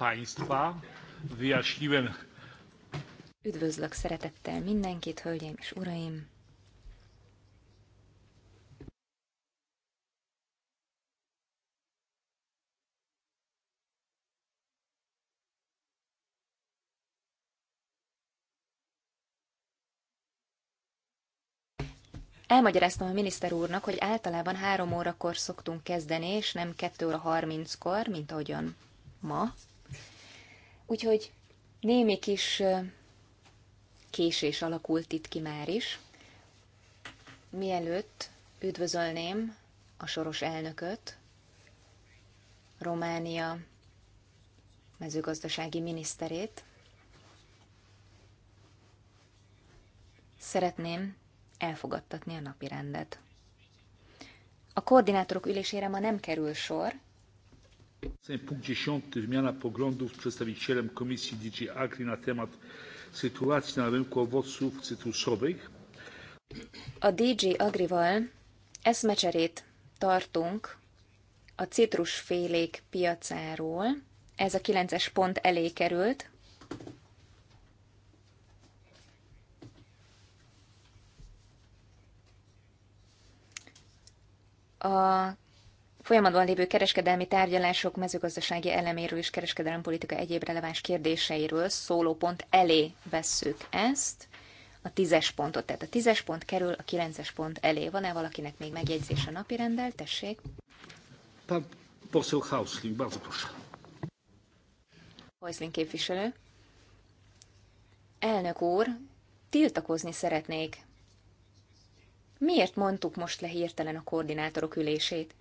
Państwa. Wyjaśniłem. Üdvözlök szeretettel mindenkit, hölgyeim és uraim! Elmagyaráztam a miniszter úrnak, hogy általában három órakor szoktunk kezdeni, és nem 2 óra 30-kor, mint ahogyan ma. Úgyhogy némi kis késés alakult itt ki már is. Mielőtt üdvözölném a soros elnököt, Románia mezőgazdasági miniszterét, szeretném elfogadtatni a napi rendet. A koordinátorok ülésére ma nem kerül sor, Punkt 10. Wymiana poglądów z przedstawicielem Komisji DG Agri na temat sytuacji na rynku owoców cytrusowych. A DG Agrival eszmecserét tartunk a citrusfélék piacáról. Ez a 9-es pont elé került. A folyamatban lévő kereskedelmi tárgyalások mezőgazdasági eleméről és kereskedelmi politika egyéb releváns kérdéseiről szóló pont elé vesszük ezt, a tízes pontot. Tehát a tízes pont kerül a kilences pont elé. Van-e valakinek még megjegyzés a napi rendel? Tessék. Pán képviselő. Elnök úr, tiltakozni szeretnék Miért mondtuk most le hirtelen a koordinátorok ülését?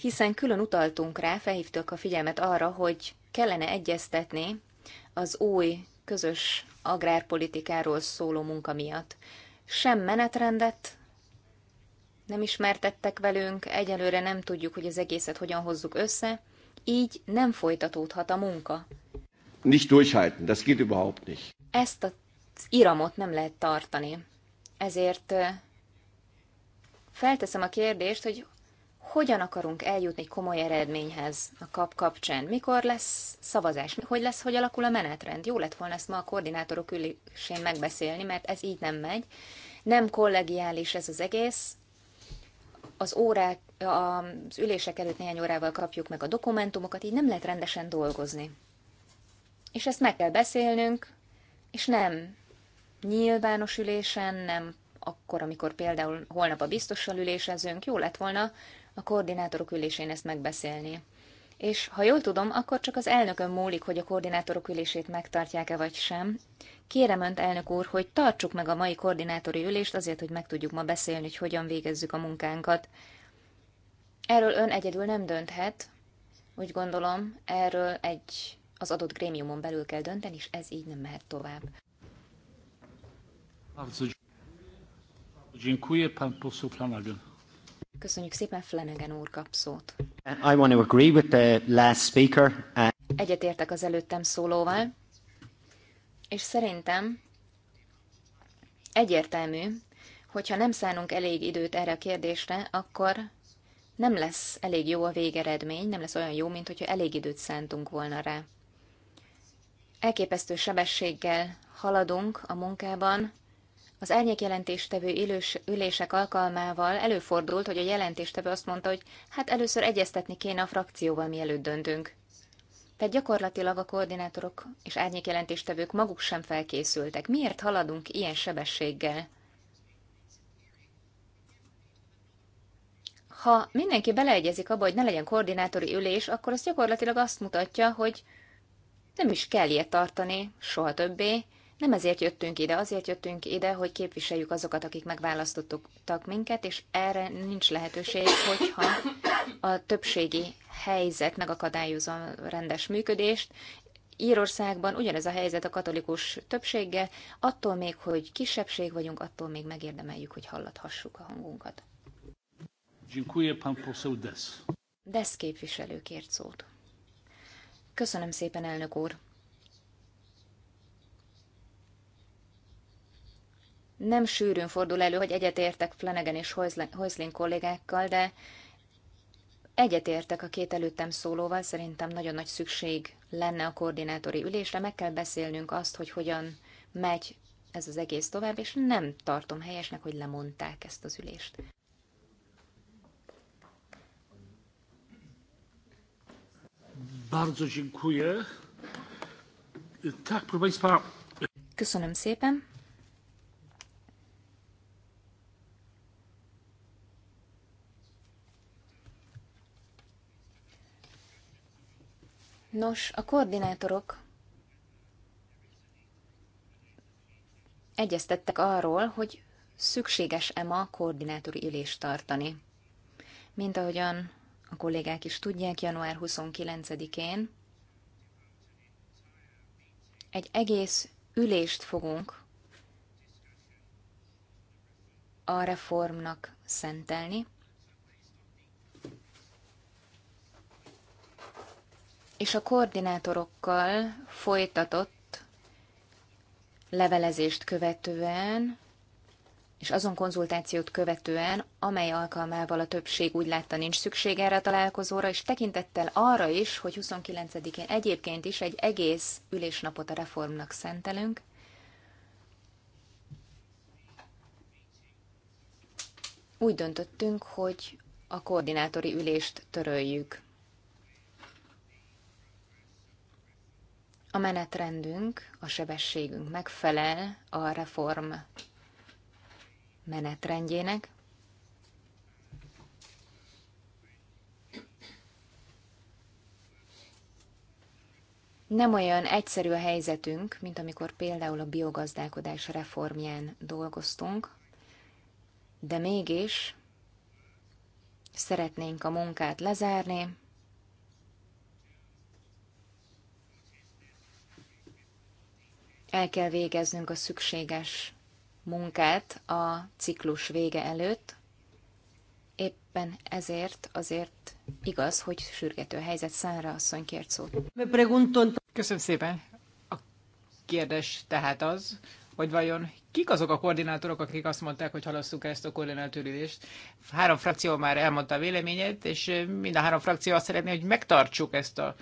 Hiszen külön utaltunk rá, felhívtuk a figyelmet arra, hogy kellene egyeztetni az új közös agrárpolitikáról szóló munka miatt. Sem menetrendet nem ismertettek velünk, egyelőre nem tudjuk, hogy az egészet hogyan hozzuk össze, így nem folytatódhat a munka. Nicht durchhalten, das geht überhaupt nicht. Ezt a iramot nem lehet tartani. Ezért felteszem a kérdést, hogy hogyan akarunk eljutni komoly eredményhez a kap kapcsán? Mikor lesz szavazás? Hogy lesz, hogy alakul a menetrend? Jó lett volna ezt ma a koordinátorok ülésén megbeszélni, mert ez így nem megy. Nem kollegiális ez az egész. Az órák, az ülések előtt néhány órával kapjuk meg a dokumentumokat, így nem lehet rendesen dolgozni. És ezt meg kell beszélnünk, és nem nyilvános ülésen, nem akkor, amikor például holnap a biztossal ülésezünk, jó lett volna a koordinátorok ülésén ezt megbeszélni. És ha jól tudom, akkor csak az elnökön múlik, hogy a koordinátorok ülését megtartják-e vagy sem. Kérem önt, elnök úr, hogy tartsuk meg a mai koordinátori ülést azért, hogy meg tudjuk ma beszélni, hogy hogyan végezzük a munkánkat. Erről ön egyedül nem dönthet. Úgy gondolom, erről egy az adott grémiumon belül kell dönteni, és ez így nem mehet tovább. Köszönjük szépen, Flanagan úr kapszót. I want to agree with the last speaker. Uh, Egyetértek az előttem szólóval, és szerintem egyértelmű, hogyha nem szánunk elég időt erre a kérdésre, akkor nem lesz elég jó a végeredmény, nem lesz olyan jó, mint hogyha elég időt szántunk volna rá. Elképesztő sebességgel haladunk a munkában, az árnyék jelentéstevő élős ülések alkalmával előfordult, hogy a jelentéstevő azt mondta, hogy hát először egyeztetni kéne a frakcióval, mielőtt döntünk. Tehát gyakorlatilag a koordinátorok és árnyékjelentéstevők maguk sem felkészültek. Miért haladunk ilyen sebességgel? Ha mindenki beleegyezik abba, hogy ne legyen koordinátori ülés, akkor az gyakorlatilag azt mutatja, hogy nem is kell ilyet tartani soha többé, nem ezért jöttünk ide, azért jöttünk ide, hogy képviseljük azokat, akik megválasztottak minket, és erre nincs lehetőség, hogyha a többségi helyzet megakadályozza a rendes működést. Írországban ugyanez a helyzet a katolikus többséggel, attól még, hogy kisebbség vagyunk, attól még megérdemeljük, hogy hallathassuk a hangunkat. Desz pan Des. képviselő kért szót. Köszönöm szépen, elnök úr. nem sűrűn fordul elő, hogy egyetértek Flanagan és Hoisling kollégákkal, de egyetértek a két előttem szólóval, szerintem nagyon nagy szükség lenne a koordinátori ülésre, meg kell beszélnünk azt, hogy hogyan megy ez az egész tovább, és nem tartom helyesnek, hogy lemondták ezt az ülést. Bardzo dziękuję. Tak, proszę Köszönöm szépen. Nos, a koordinátorok egyeztettek arról, hogy szükséges-e ma koordinátori ülést tartani. Mint ahogyan a kollégák is tudják, január 29-én egy egész ülést fogunk a reformnak szentelni, és a koordinátorokkal folytatott levelezést követően, és azon konzultációt követően, amely alkalmával a többség úgy látta nincs szükség erre a találkozóra, és tekintettel arra is, hogy 29-én egyébként is egy egész ülésnapot a reformnak szentelünk, úgy döntöttünk, hogy a koordinátori ülést töröljük. A menetrendünk, a sebességünk megfelel a reform menetrendjének. Nem olyan egyszerű a helyzetünk, mint amikor például a biogazdálkodás reformján dolgoztunk, de mégis szeretnénk a munkát lezárni, El kell végeznünk a szükséges munkát a ciklus vége előtt. Éppen ezért azért igaz, hogy sürgető helyzet szára asszony kért szót. Köszönöm szépen. A kérdés tehát az, hogy vajon kik azok a koordinátorok, akik azt mondták, hogy halasszuk ezt a koordinátorülést. Három frakció már elmondta a véleményét, és mind a három frakció azt szeretné, hogy megtartsuk ezt a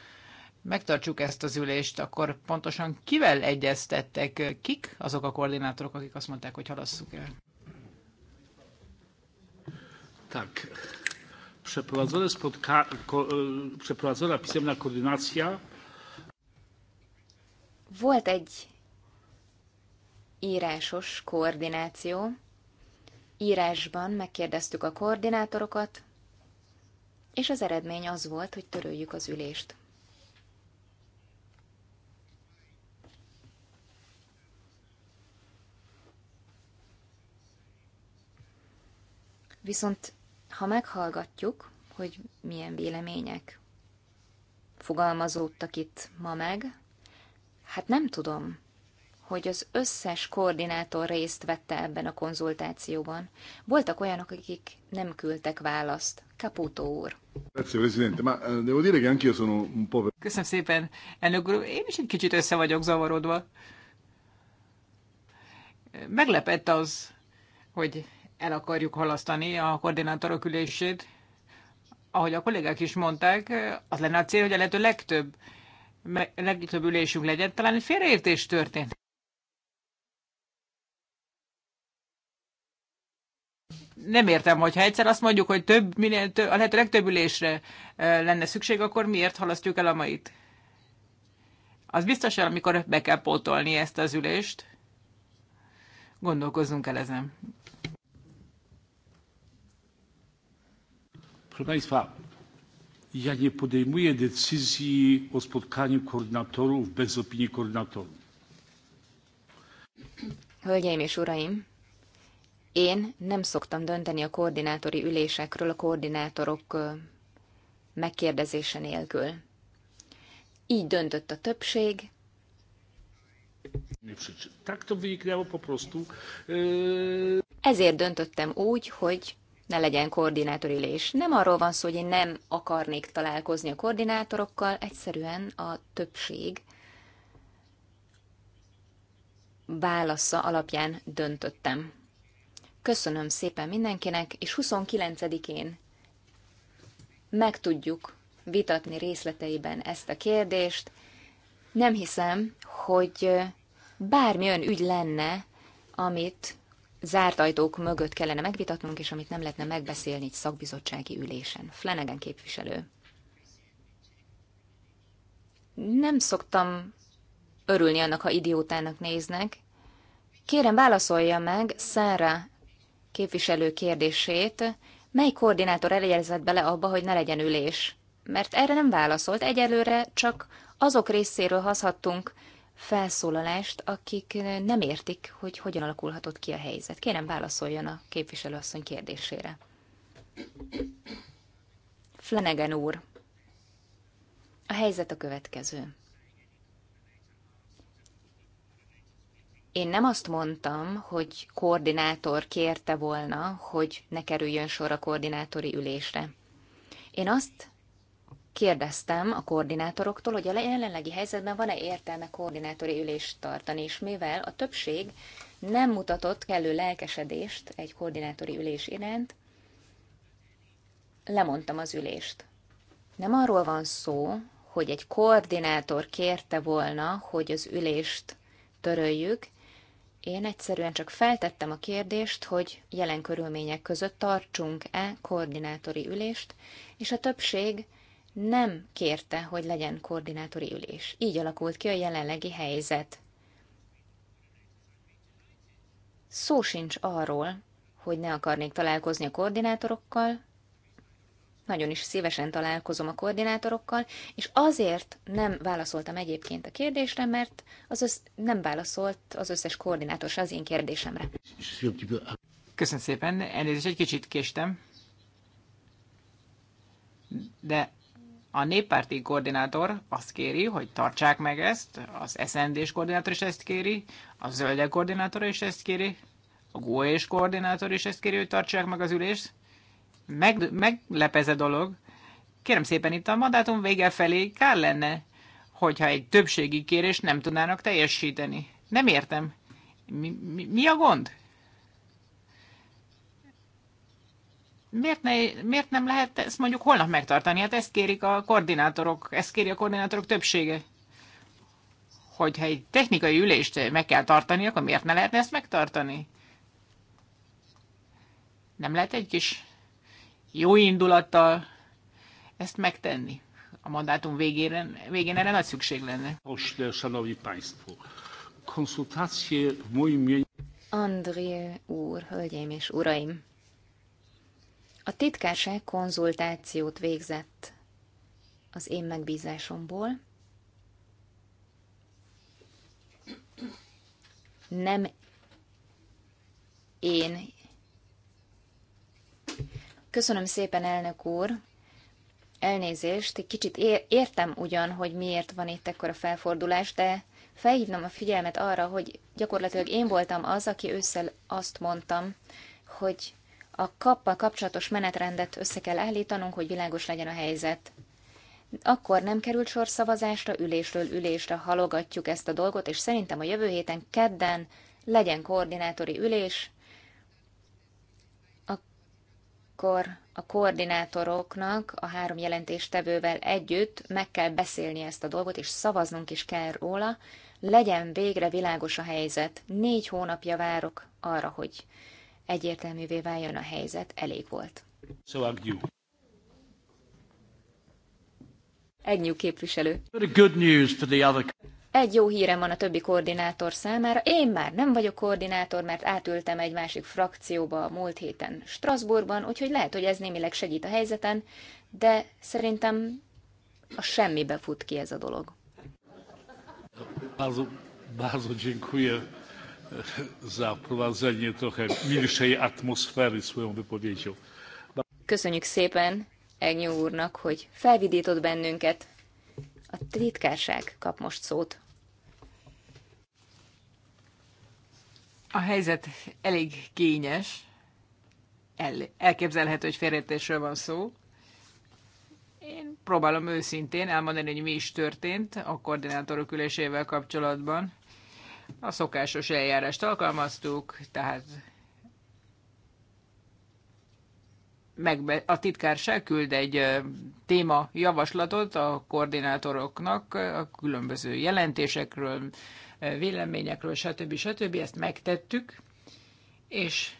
megtartjuk ezt az ülést, akkor pontosan kivel egyeztettek, kik azok a koordinátorok, akik azt mondták, hogy halasszuk el? Tak. Przeprowadzone, spotka- ko- e, przeprowadzona pisemna koordynacja. Volt egy írásos koordináció. Írásban megkérdeztük a koordinátorokat, és az eredmény az volt, hogy töröljük az ülést. Viszont ha meghallgatjuk, hogy milyen vélemények fogalmazódtak itt ma meg, hát nem tudom, hogy az összes koordinátor részt vette ebben a konzultációban. Voltak olyanok, akik nem küldtek választ. Caputo úr. Eh, Köszönöm szépen, elnök úr. Én is egy kicsit össze vagyok zavarodva. Meglepett az, hogy el akarjuk halasztani a koordinátorok ülését. Ahogy a kollégák is mondták, az lenne a cél, hogy a lehető legtöbb, legtöbb ülésünk legyen. Talán egy félreértés történt. nem értem, hogyha egyszer azt mondjuk, hogy több, minél több, a lehető legtöbb ülésre lenne szükség, akkor miért halasztjuk el a mait? Az biztos el, amikor be kell pótolni ezt az ülést. Gondolkozzunk el ezen. Proszę Państwa, ja nie podejmuję decyzji o spotkaniu koordynatorów bez opinii koordynatorów. Hölgyeim és uraim, én nem szoktam dönteni a koordinátori ülésekről a koordinátorok megkérdezése nélkül. Így döntött a többség. Ezért döntöttem úgy, hogy ne legyen koordinátorülés. Nem arról van szó, hogy én nem akarnék találkozni a koordinátorokkal, egyszerűen a többség válasza alapján döntöttem. Köszönöm szépen mindenkinek, és 29-én meg tudjuk vitatni részleteiben ezt a kérdést. Nem hiszem, hogy bármi ön ügy lenne, amit zárt ajtók mögött kellene megvitatnunk, és amit nem lehetne megbeszélni egy szakbizottsági ülésen. Flanagan képviselő. Nem szoktam örülni annak, ha idiótának néznek. Kérem, válaszolja meg Szára képviselő kérdését, mely koordinátor elegyezett bele abba, hogy ne legyen ülés? Mert erre nem válaszolt, egyelőre csak azok részéről hazhattunk felszólalást, akik nem értik, hogy hogyan alakulhatott ki a helyzet. Kérem, válaszoljon a képviselőasszony kérdésére. Flanagan úr, a helyzet a következő. Én nem azt mondtam, hogy koordinátor kérte volna, hogy ne kerüljön sor a koordinátori ülésre. Én azt kérdeztem a koordinátoroktól, hogy a jelenlegi helyzetben van-e értelme koordinátori ülést tartani, és mivel a többség nem mutatott kellő lelkesedést egy koordinátori ülés iránt, lemondtam az ülést. Nem arról van szó, hogy egy koordinátor kérte volna, hogy az ülést töröljük, én egyszerűen csak feltettem a kérdést, hogy jelen körülmények között tartsunk-e koordinátori ülést, és a többség nem kérte, hogy legyen koordinátori ülés. Így alakult ki a jelenlegi helyzet. Szó sincs arról, hogy ne akarnék találkozni a koordinátorokkal, nagyon is szívesen találkozom a koordinátorokkal, és azért nem válaszoltam egyébként a kérdésre, mert az össz, nem válaszolt az összes koordinátor az én kérdésemre. Köszönöm szépen, elnézést, egy kicsit késtem, de a néppárti koordinátor azt kéri, hogy tartsák meg ezt, az SND-s koordinátor is ezt kéri, a zöldek koordinátora is ezt kéri, a GUE-s koordinátor is ezt kéri, hogy tartsák meg az ülést. Meg, meglepez a dolog. Kérem szépen, itt a mandátum vége felé kár lenne, hogyha egy többségi kérés nem tudnának teljesíteni. Nem értem. Mi, mi, mi a gond? miért, ne, miért nem lehet ezt mondjuk holnap megtartani? Hát ezt kérik a koordinátorok, ezt kéri a koordinátorok többsége. Hogyha egy technikai ülést meg kell tartani, akkor miért ne lehetne ezt megtartani? Nem lehet egy kis jó indulattal ezt megtenni? A mandátum végére, végén erre nagy szükség lenne. André úr, hölgyeim és uraim! A titkárság konzultációt végzett az én megbízásomból. Nem én. Köszönöm szépen, elnök úr. Elnézést, egy kicsit értem ugyan, hogy miért van itt ekkora felfordulás, de felhívnom a figyelmet arra, hogy gyakorlatilag én voltam az, aki ősszel azt mondtam, hogy a kappal kapcsolatos menetrendet össze kell állítanunk, hogy világos legyen a helyzet. Akkor nem került sor szavazásra, ülésről ülésre halogatjuk ezt a dolgot, és szerintem a jövő héten kedden legyen koordinátori ülés, akkor a koordinátoroknak a három jelentéstevővel együtt meg kell beszélni ezt a dolgot, és szavaznunk is kell róla, legyen végre világos a helyzet. Négy hónapja várok arra, hogy egyértelművé váljon a helyzet, elég volt. Egy so, Egnyú képviselő. Good news for the other... Egy jó hírem van a többi koordinátor számára. Én már nem vagyok koordinátor, mert átültem egy másik frakcióba a múlt héten Strasbourgban, úgyhogy lehet, hogy ez némileg segít a helyzeten, de szerintem a semmibe fut ki ez a dolog. Bardzo, bardzo dziękuję za prowadzenie trochę milszej atmosfery swoją wypowiedzią. Köszönjük szépen Egnyú úrnak, hogy felvidított bennünket. A titkárság kap most szót. A helyzet elég kényes. El, elképzelhető, hogy félreértésről van szó. Én próbálom őszintén elmondani, hogy mi is történt a koordinátorok ülésével kapcsolatban. A szokásos eljárást alkalmaztuk, tehát megbe, a titkárság küld egy téma javaslatot a koordinátoroknak a különböző jelentésekről, véleményekről, stb. stb. Ezt megtettük, és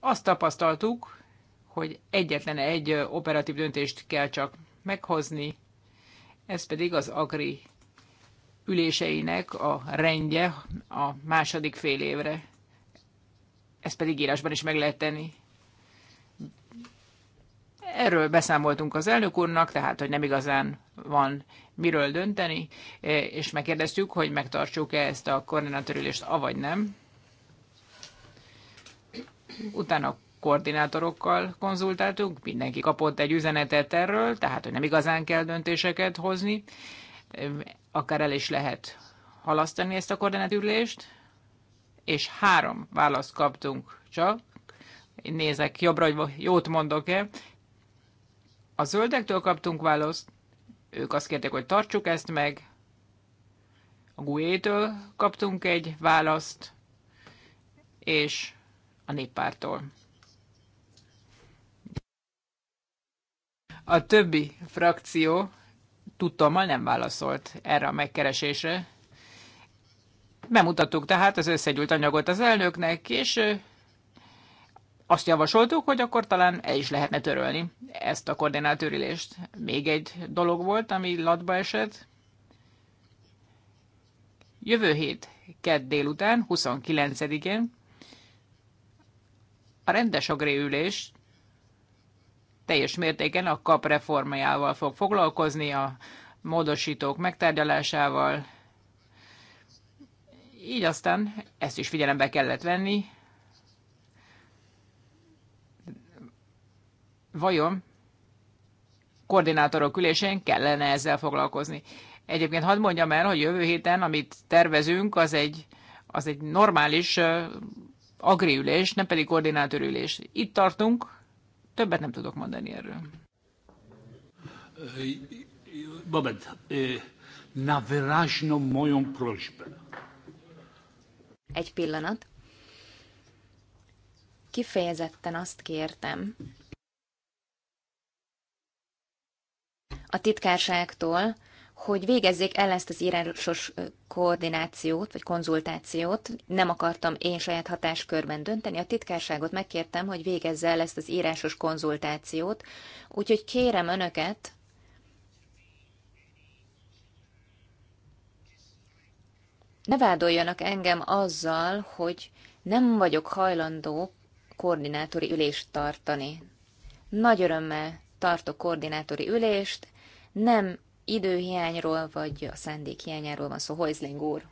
azt tapasztaltuk, hogy egyetlen egy operatív döntést kell csak meghozni, ez pedig az Agri üléseinek a rendje a második fél évre. Ezt pedig írásban is meg lehet tenni. Erről beszámoltunk az elnök úrnak, tehát, hogy nem igazán van miről dönteni, és megkérdeztük, hogy megtartsuk-e ezt a koordinátorülést, avagy nem. Utána koordinátorokkal konzultáltunk, mindenki kapott egy üzenetet erről, tehát hogy nem igazán kell döntéseket hozni akár el is lehet halasztani ezt a koordinátülést, és három választ kaptunk csak. Én nézek jobbra, hogy jót mondok-e. A zöldektől kaptunk választ, ők azt kérték, hogy tartsuk ezt meg. A GUE-től kaptunk egy választ, és a néppártól. A többi frakció tudtommal nem válaszolt erre a megkeresésre. Bemutattuk tehát az összegyűlt anyagot az elnöknek, és azt javasoltuk, hogy akkor talán el is lehetne törölni ezt a koordinátőrülést. Még egy dolog volt, ami latba esett. Jövő hét, kett délután, 29-én a rendes agréülést teljes mértéken a kap reformjával fog foglalkozni, a módosítók megtárgyalásával. Így aztán ezt is figyelembe kellett venni. Vajon koordinátorok ülésén kellene ezzel foglalkozni? Egyébként hadd mondjam el, hogy jövő héten, amit tervezünk, az egy, az egy normális agriülés, nem pedig koordinátorülés. Itt tartunk, Többet nem tudok mondani erről. Moment, na wyraźną moją prośbę. Egy pillanat. Kifejezetten azt kértem, a titkárságtól, hogy végezzék el ezt az írásos koordinációt, vagy konzultációt. Nem akartam én saját hatáskörben dönteni. A titkárságot megkértem, hogy végezze el ezt az írásos konzultációt. Úgyhogy kérem önöket, ne vádoljanak engem azzal, hogy nem vagyok hajlandó koordinátori ülést tartani. Nagy örömmel tartok koordinátori ülést, nem időhiányról, vagy a szándék hiányáról van szó. Hojzling úr.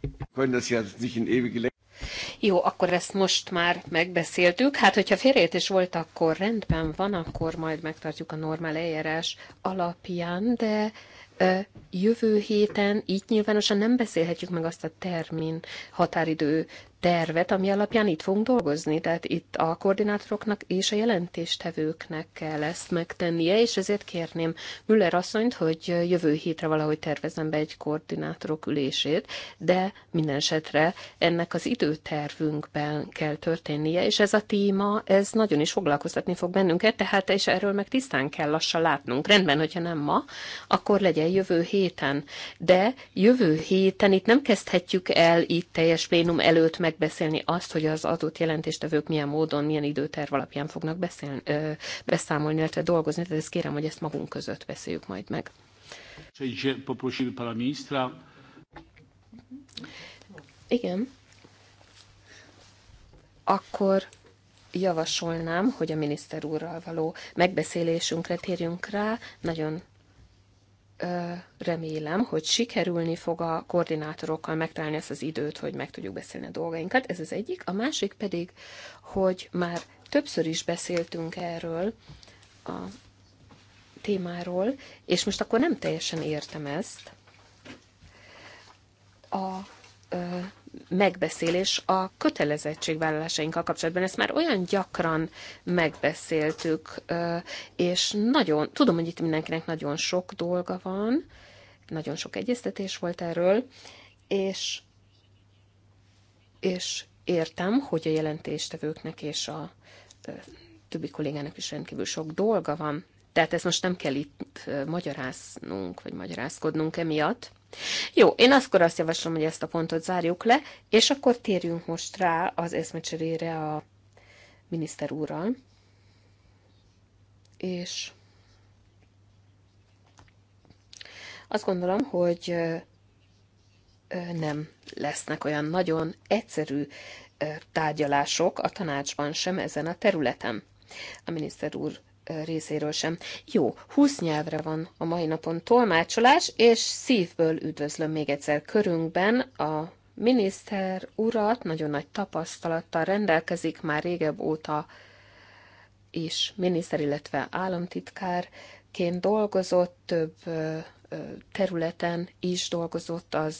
Jó, akkor ezt most már megbeszéltük. Hát, hogyha félreértés volt, akkor rendben van, akkor majd megtartjuk a normál eljárás alapján, de ö, jövő héten így nyilvánosan nem beszélhetjük meg azt a termin határidő tervet, ami alapján itt fogunk dolgozni. Tehát itt a koordinátoroknak és a jelentéstevőknek kell ezt megtennie, és ezért kérném Müller asszonyt, hogy jövő hétre valahogy tervezem be egy koordinátorok ülését, de minden esetre ennek az időtervünkben kell történnie, és ez a téma, ez nagyon is foglalkoztatni fog bennünket, tehát és erről meg tisztán kell lassan látnunk. Rendben, hogyha nem ma, akkor legyen jövő héten. De jövő héten itt nem kezdhetjük el itt teljes plénum előtt meg megbeszélni azt, hogy az adott jelentéstevők milyen módon, milyen időterv alapján fognak beszélni, ö, beszámolni, illetve dolgozni. Tehát ezt kérem, hogy ezt magunk között beszéljük majd meg. Igen. Akkor javasolnám, hogy a miniszter úrral való megbeszélésünkre térjünk rá. Nagyon remélem, hogy sikerülni fog a koordinátorokkal megtalálni ezt az időt, hogy meg tudjuk beszélni a dolgainkat. Ez az egyik. A másik pedig, hogy már többször is beszéltünk erről a témáról, és most akkor nem teljesen értem ezt. A megbeszélés a kötelezettségvállalásainkkal kapcsolatban. Ezt már olyan gyakran megbeszéltük, és nagyon, tudom, hogy itt mindenkinek nagyon sok dolga van, nagyon sok egyeztetés volt erről, és, és értem, hogy a jelentéstevőknek és a többi kollégának is rendkívül sok dolga van. Tehát ezt most nem kell itt magyaráznunk, vagy magyarázkodnunk emiatt. Jó, én akkor azt javaslom, hogy ezt a pontot zárjuk le, és akkor térjünk most rá az eszmecserére a miniszter úrral. És azt gondolom, hogy nem lesznek olyan nagyon egyszerű tárgyalások a tanácsban sem ezen a területen. A miniszter úr részéről sem. Jó, 20 nyelvre van a mai napon tolmácsolás, és szívből üdvözlöm még egyszer körünkben a miniszter urat, nagyon nagy tapasztalattal rendelkezik már régebb óta is miniszter, illetve államtitkárként dolgozott, több területen is dolgozott az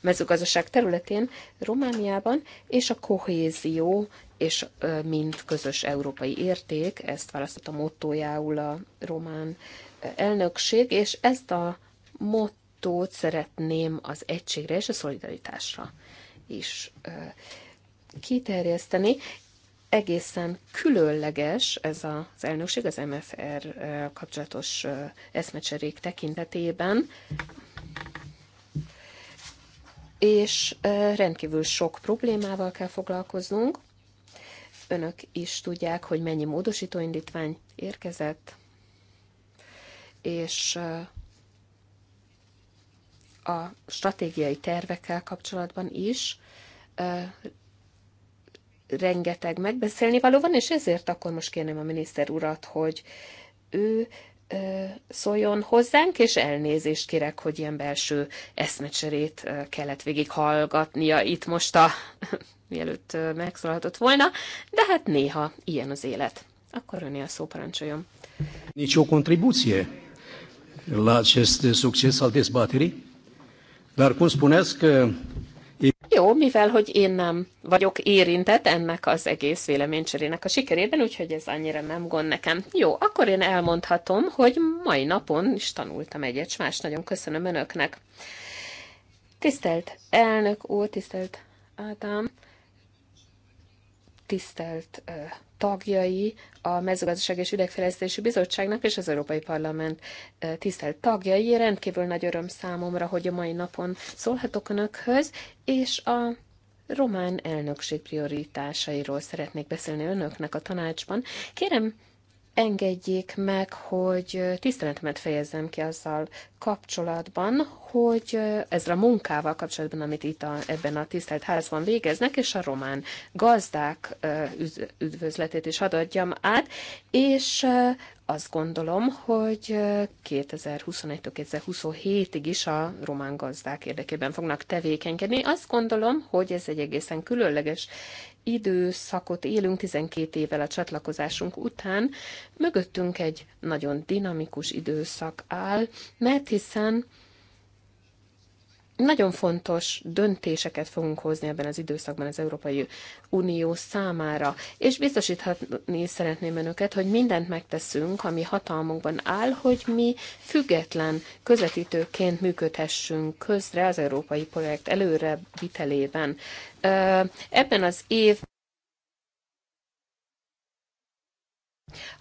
mezőgazdaság területén Romániában, és a kohézió és mint közös európai érték, ezt választotta a mottójául a román elnökség, és ezt a mottót szeretném az egységre és a szolidaritásra is kiterjeszteni. Egészen különleges ez az elnökség az MFR kapcsolatos eszmecserék tekintetében, és rendkívül sok problémával kell foglalkoznunk, Önök is tudják, hogy mennyi módosítóindítvány érkezett, és a stratégiai tervekkel kapcsolatban is rengeteg megbeszélni való van, és ezért akkor most kérném a miniszter urat, hogy ő szóljon hozzánk, és elnézést kérek, hogy ilyen belső eszmecserét kellett végig hallgatnia itt most a mielőtt megszólalhatott volna, de hát néha ilyen az élet. Akkor öné a szó parancsoljon. Nincs jó kontribúció la acest succes al dezbaterii, dar cum spuneați că e- jó, mivel hogy én nem vagyok érintett ennek az egész véleménycserének a sikerében, úgyhogy ez annyira nem gond nekem. Jó, akkor én elmondhatom, hogy mai napon is tanultam egyet, s más nagyon köszönöm önöknek. Tisztelt elnök úr, tisztelt Ádám, tisztelt tagjai a Mezőgazdaság és Üdegfejlesztési Bizottságnak és az Európai Parlament tisztelt tagjai. Rendkívül nagy öröm számomra, hogy a mai napon szólhatok Önökhöz, és a román elnökség prioritásairól szeretnék beszélni Önöknek a tanácsban. Kérem, engedjék meg, hogy tiszteletemet fejezzem ki azzal kapcsolatban, hogy ez a munkával kapcsolatban, amit itt a, ebben a tisztelt házban végeznek, és a román gazdák üdvözletét is hadd adjam át, és azt gondolom, hogy 2021-től 2027-ig is a román gazdák érdekében fognak tevékenykedni. Azt gondolom, hogy ez egy egészen különleges időszakot élünk 12 évvel a csatlakozásunk után, mögöttünk egy nagyon dinamikus időszak áll, mert hiszen nagyon fontos döntéseket fogunk hozni ebben az időszakban az Európai Unió számára, és biztosíthatni szeretném önöket, hogy mindent megteszünk, ami hatalmunkban áll, hogy mi független közvetítőként működhessünk közre az európai projekt előre vitelében. Ebben az év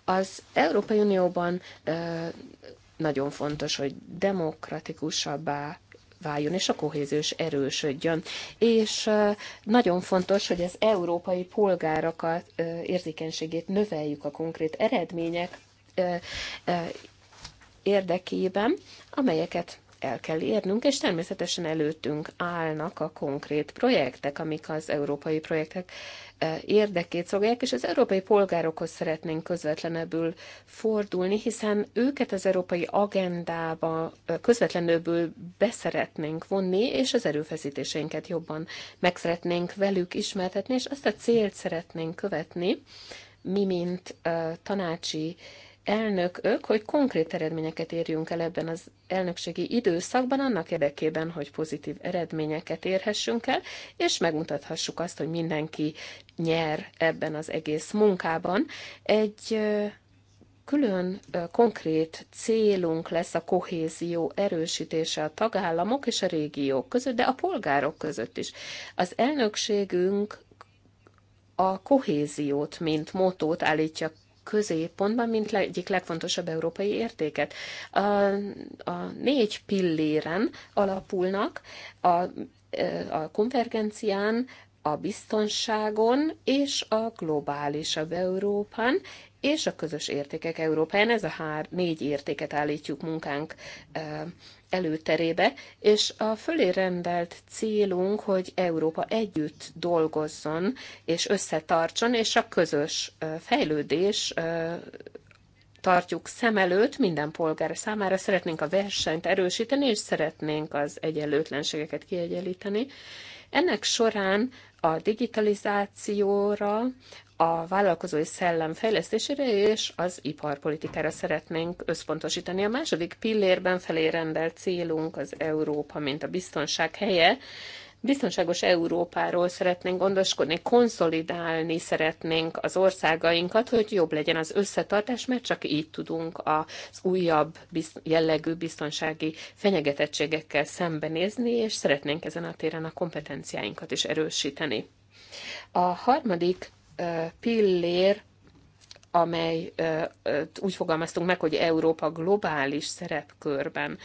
az Európai Unióban nagyon fontos, hogy demokratikusabbá váljon, és a kohéziós erősödjön. És nagyon fontos, hogy az európai polgárokat érzékenységét növeljük a konkrét eredmények érdekében, amelyeket el kell érnünk, és természetesen előttünk állnak a konkrét projektek, amik az európai projektek e, érdekét szolgálják, és az európai polgárokhoz szeretnénk közvetlenebbül fordulni, hiszen őket az európai agendába e, közvetlenebbül beszeretnénk vonni, és az erőfeszítéseinket jobban meg szeretnénk velük ismertetni, és azt a célt szeretnénk követni, mi, mint e, tanácsi elnökök, hogy konkrét eredményeket érjünk el ebben az elnökségi időszakban, annak érdekében, hogy pozitív eredményeket érhessünk el, és megmutathassuk azt, hogy mindenki nyer ebben az egész munkában. Egy külön konkrét célunk lesz a kohézió erősítése a tagállamok és a régiók között, de a polgárok között is. Az elnökségünk a kohéziót, mint motót állítja középpontban, mint egyik legfontosabb európai értéket. A, a négy pilléren alapulnak a, e, a konvergencián, a biztonságon és a globálisabb Európán, és a közös értékek európán. Ez a hár, négy értéket állítjuk munkánk e, előterébe, és a fölé rendelt célunk, hogy Európa együtt dolgozzon és összetartson, és a közös fejlődés tartjuk szem előtt minden polgár számára. Szeretnénk a versenyt erősíteni, és szeretnénk az egyenlőtlenségeket kiegyenlíteni. Ennek során a digitalizációra, a vállalkozói szellem fejlesztésére és az iparpolitikára szeretnénk összpontosítani. A második pillérben felé rendelt célunk az Európa, mint a biztonság helye, biztonságos Európáról szeretnénk gondoskodni, konszolidálni szeretnénk az országainkat, hogy jobb legyen az összetartás, mert csak így tudunk az újabb jellegű biztonsági fenyegetettségekkel szembenézni, és szeretnénk ezen a téren a kompetenciáinkat is erősíteni. A harmadik pillér amely úgy fogalmaztunk meg, hogy Európa globális szerepkörben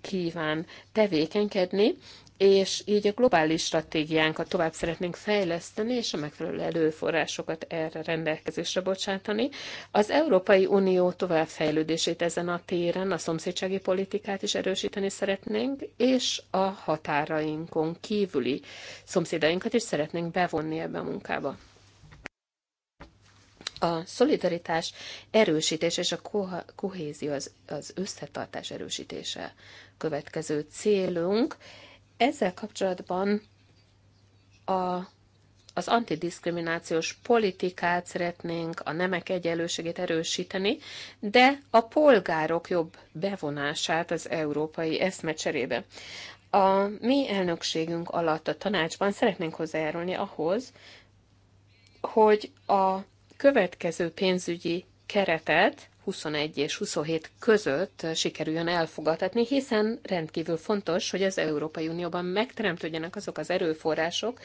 kíván tevékenykedni, és így a globális stratégiánkat tovább szeretnénk fejleszteni, és a megfelelő előforrásokat erre rendelkezésre bocsátani. Az Európai Unió továbbfejlődését ezen a téren, a szomszédsági politikát is erősíteni szeretnénk, és a határainkon kívüli szomszédainkat is szeretnénk bevonni ebbe a munkába a szolidaritás erősítése és a kohézió, az, az összetartás erősítése következő célunk, ezzel kapcsolatban a, az antidiszkriminációs politikát szeretnénk a nemek egyenlőségét erősíteni, de a polgárok jobb bevonását az európai eszmecserébe. A mi elnökségünk alatt a tanácsban szeretnénk hozzájárulni ahhoz, hogy a következő pénzügyi keretet 21 és 27 között sikerüljön elfogadhatni, hiszen rendkívül fontos, hogy az Európai Unióban megteremtődjenek azok az erőforrások,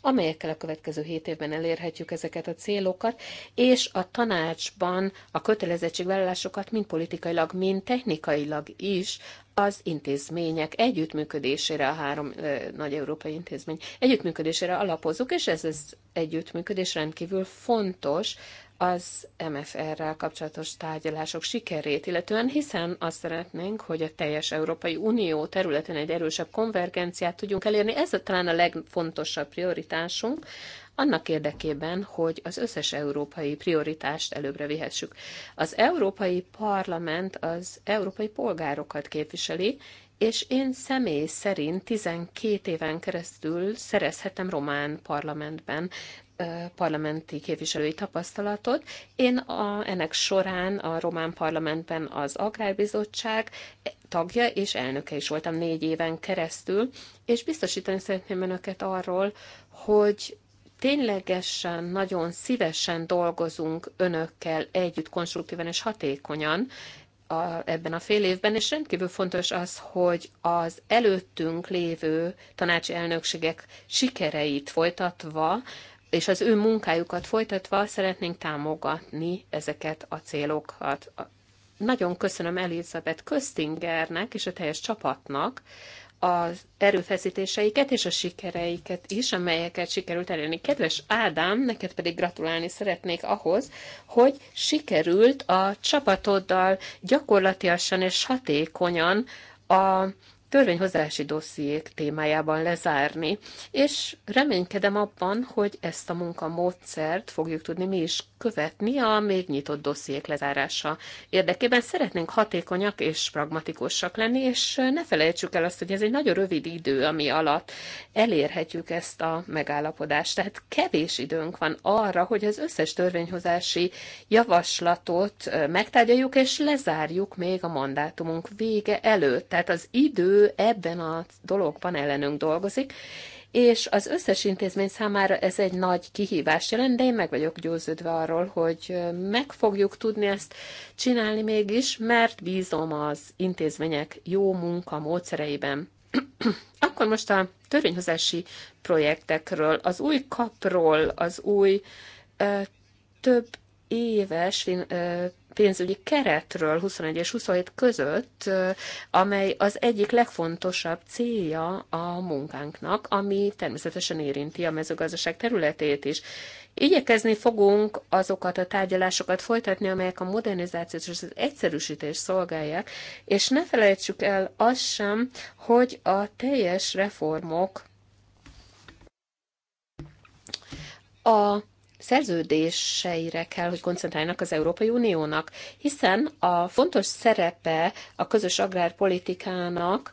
amelyekkel a következő 7 évben elérhetjük ezeket a célokat, és a tanácsban a kötelezettségvállalásokat mind politikailag, mind technikailag is az intézmények együttműködésére, a három ö, nagy európai intézmény együttműködésére alapozunk, és ez az együttműködés rendkívül fontos az MFR-rel kapcsolatos tárgyalások sikerét, illetően hiszen azt szeretnénk, hogy a teljes Európai Unió területén egy erősebb konvergenciát tudjunk elérni. Ez a, talán a legfontosabb prioritásunk annak érdekében, hogy az összes európai prioritást előbbre vihessük. Az Európai Parlament az európai polgárokat képviseli, és én személy szerint 12 éven keresztül szerezhetem román parlamentben parlamenti képviselői tapasztalatot. Én a, ennek során a román parlamentben az Agrárbizottság tagja és elnöke is voltam négy éven keresztül, és biztosítani szeretném önöket arról, hogy ténylegesen nagyon szívesen dolgozunk önökkel együtt konstruktívan és hatékonyan, a, ebben a fél évben, és rendkívül fontos az, hogy az előttünk lévő tanácsi elnökségek sikereit folytatva, és az ő munkájukat folytatva szeretnénk támogatni ezeket a célokat. Nagyon köszönöm Elizabeth Köstingernek és a teljes csapatnak az erőfeszítéseiket és a sikereiket is, amelyeket sikerült elérni. Kedves Ádám, neked pedig gratulálni szeretnék ahhoz, hogy sikerült a csapatoddal gyakorlatiasan és hatékonyan a törvényhozási dossziék témájában lezárni, és reménykedem abban, hogy ezt a munkamódszert fogjuk tudni mi is követni a még nyitott dossziék lezárása érdekében. Szeretnénk hatékonyak és pragmatikusak lenni, és ne felejtsük el azt, hogy ez egy nagyon rövid idő, ami alatt elérhetjük ezt a megállapodást. Tehát kevés időnk van arra, hogy az összes törvényhozási javaslatot megtárgyaljuk, és lezárjuk még a mandátumunk vége előtt. Tehát az idő ebben a dologban ellenünk dolgozik, és az összes intézmény számára ez egy nagy kihívás jelent, de én meg vagyok győződve arról, hogy meg fogjuk tudni ezt csinálni mégis, mert bízom az intézmények jó munka módszereiben. Akkor most a törvényhozási projektekről, az új kapról, az új ö, több éves ö, pénzügyi keretről 21 és 27 között, amely az egyik legfontosabb célja a munkánknak, ami természetesen érinti a mezőgazdaság területét is. Igyekezni fogunk azokat a tárgyalásokat folytatni, amelyek a modernizációt és az egyszerűsítést szolgálják, és ne felejtsük el azt sem, hogy a teljes reformok a szerződéseire kell, hogy koncentráljanak az Európai Uniónak, hiszen a fontos szerepe a közös agrárpolitikának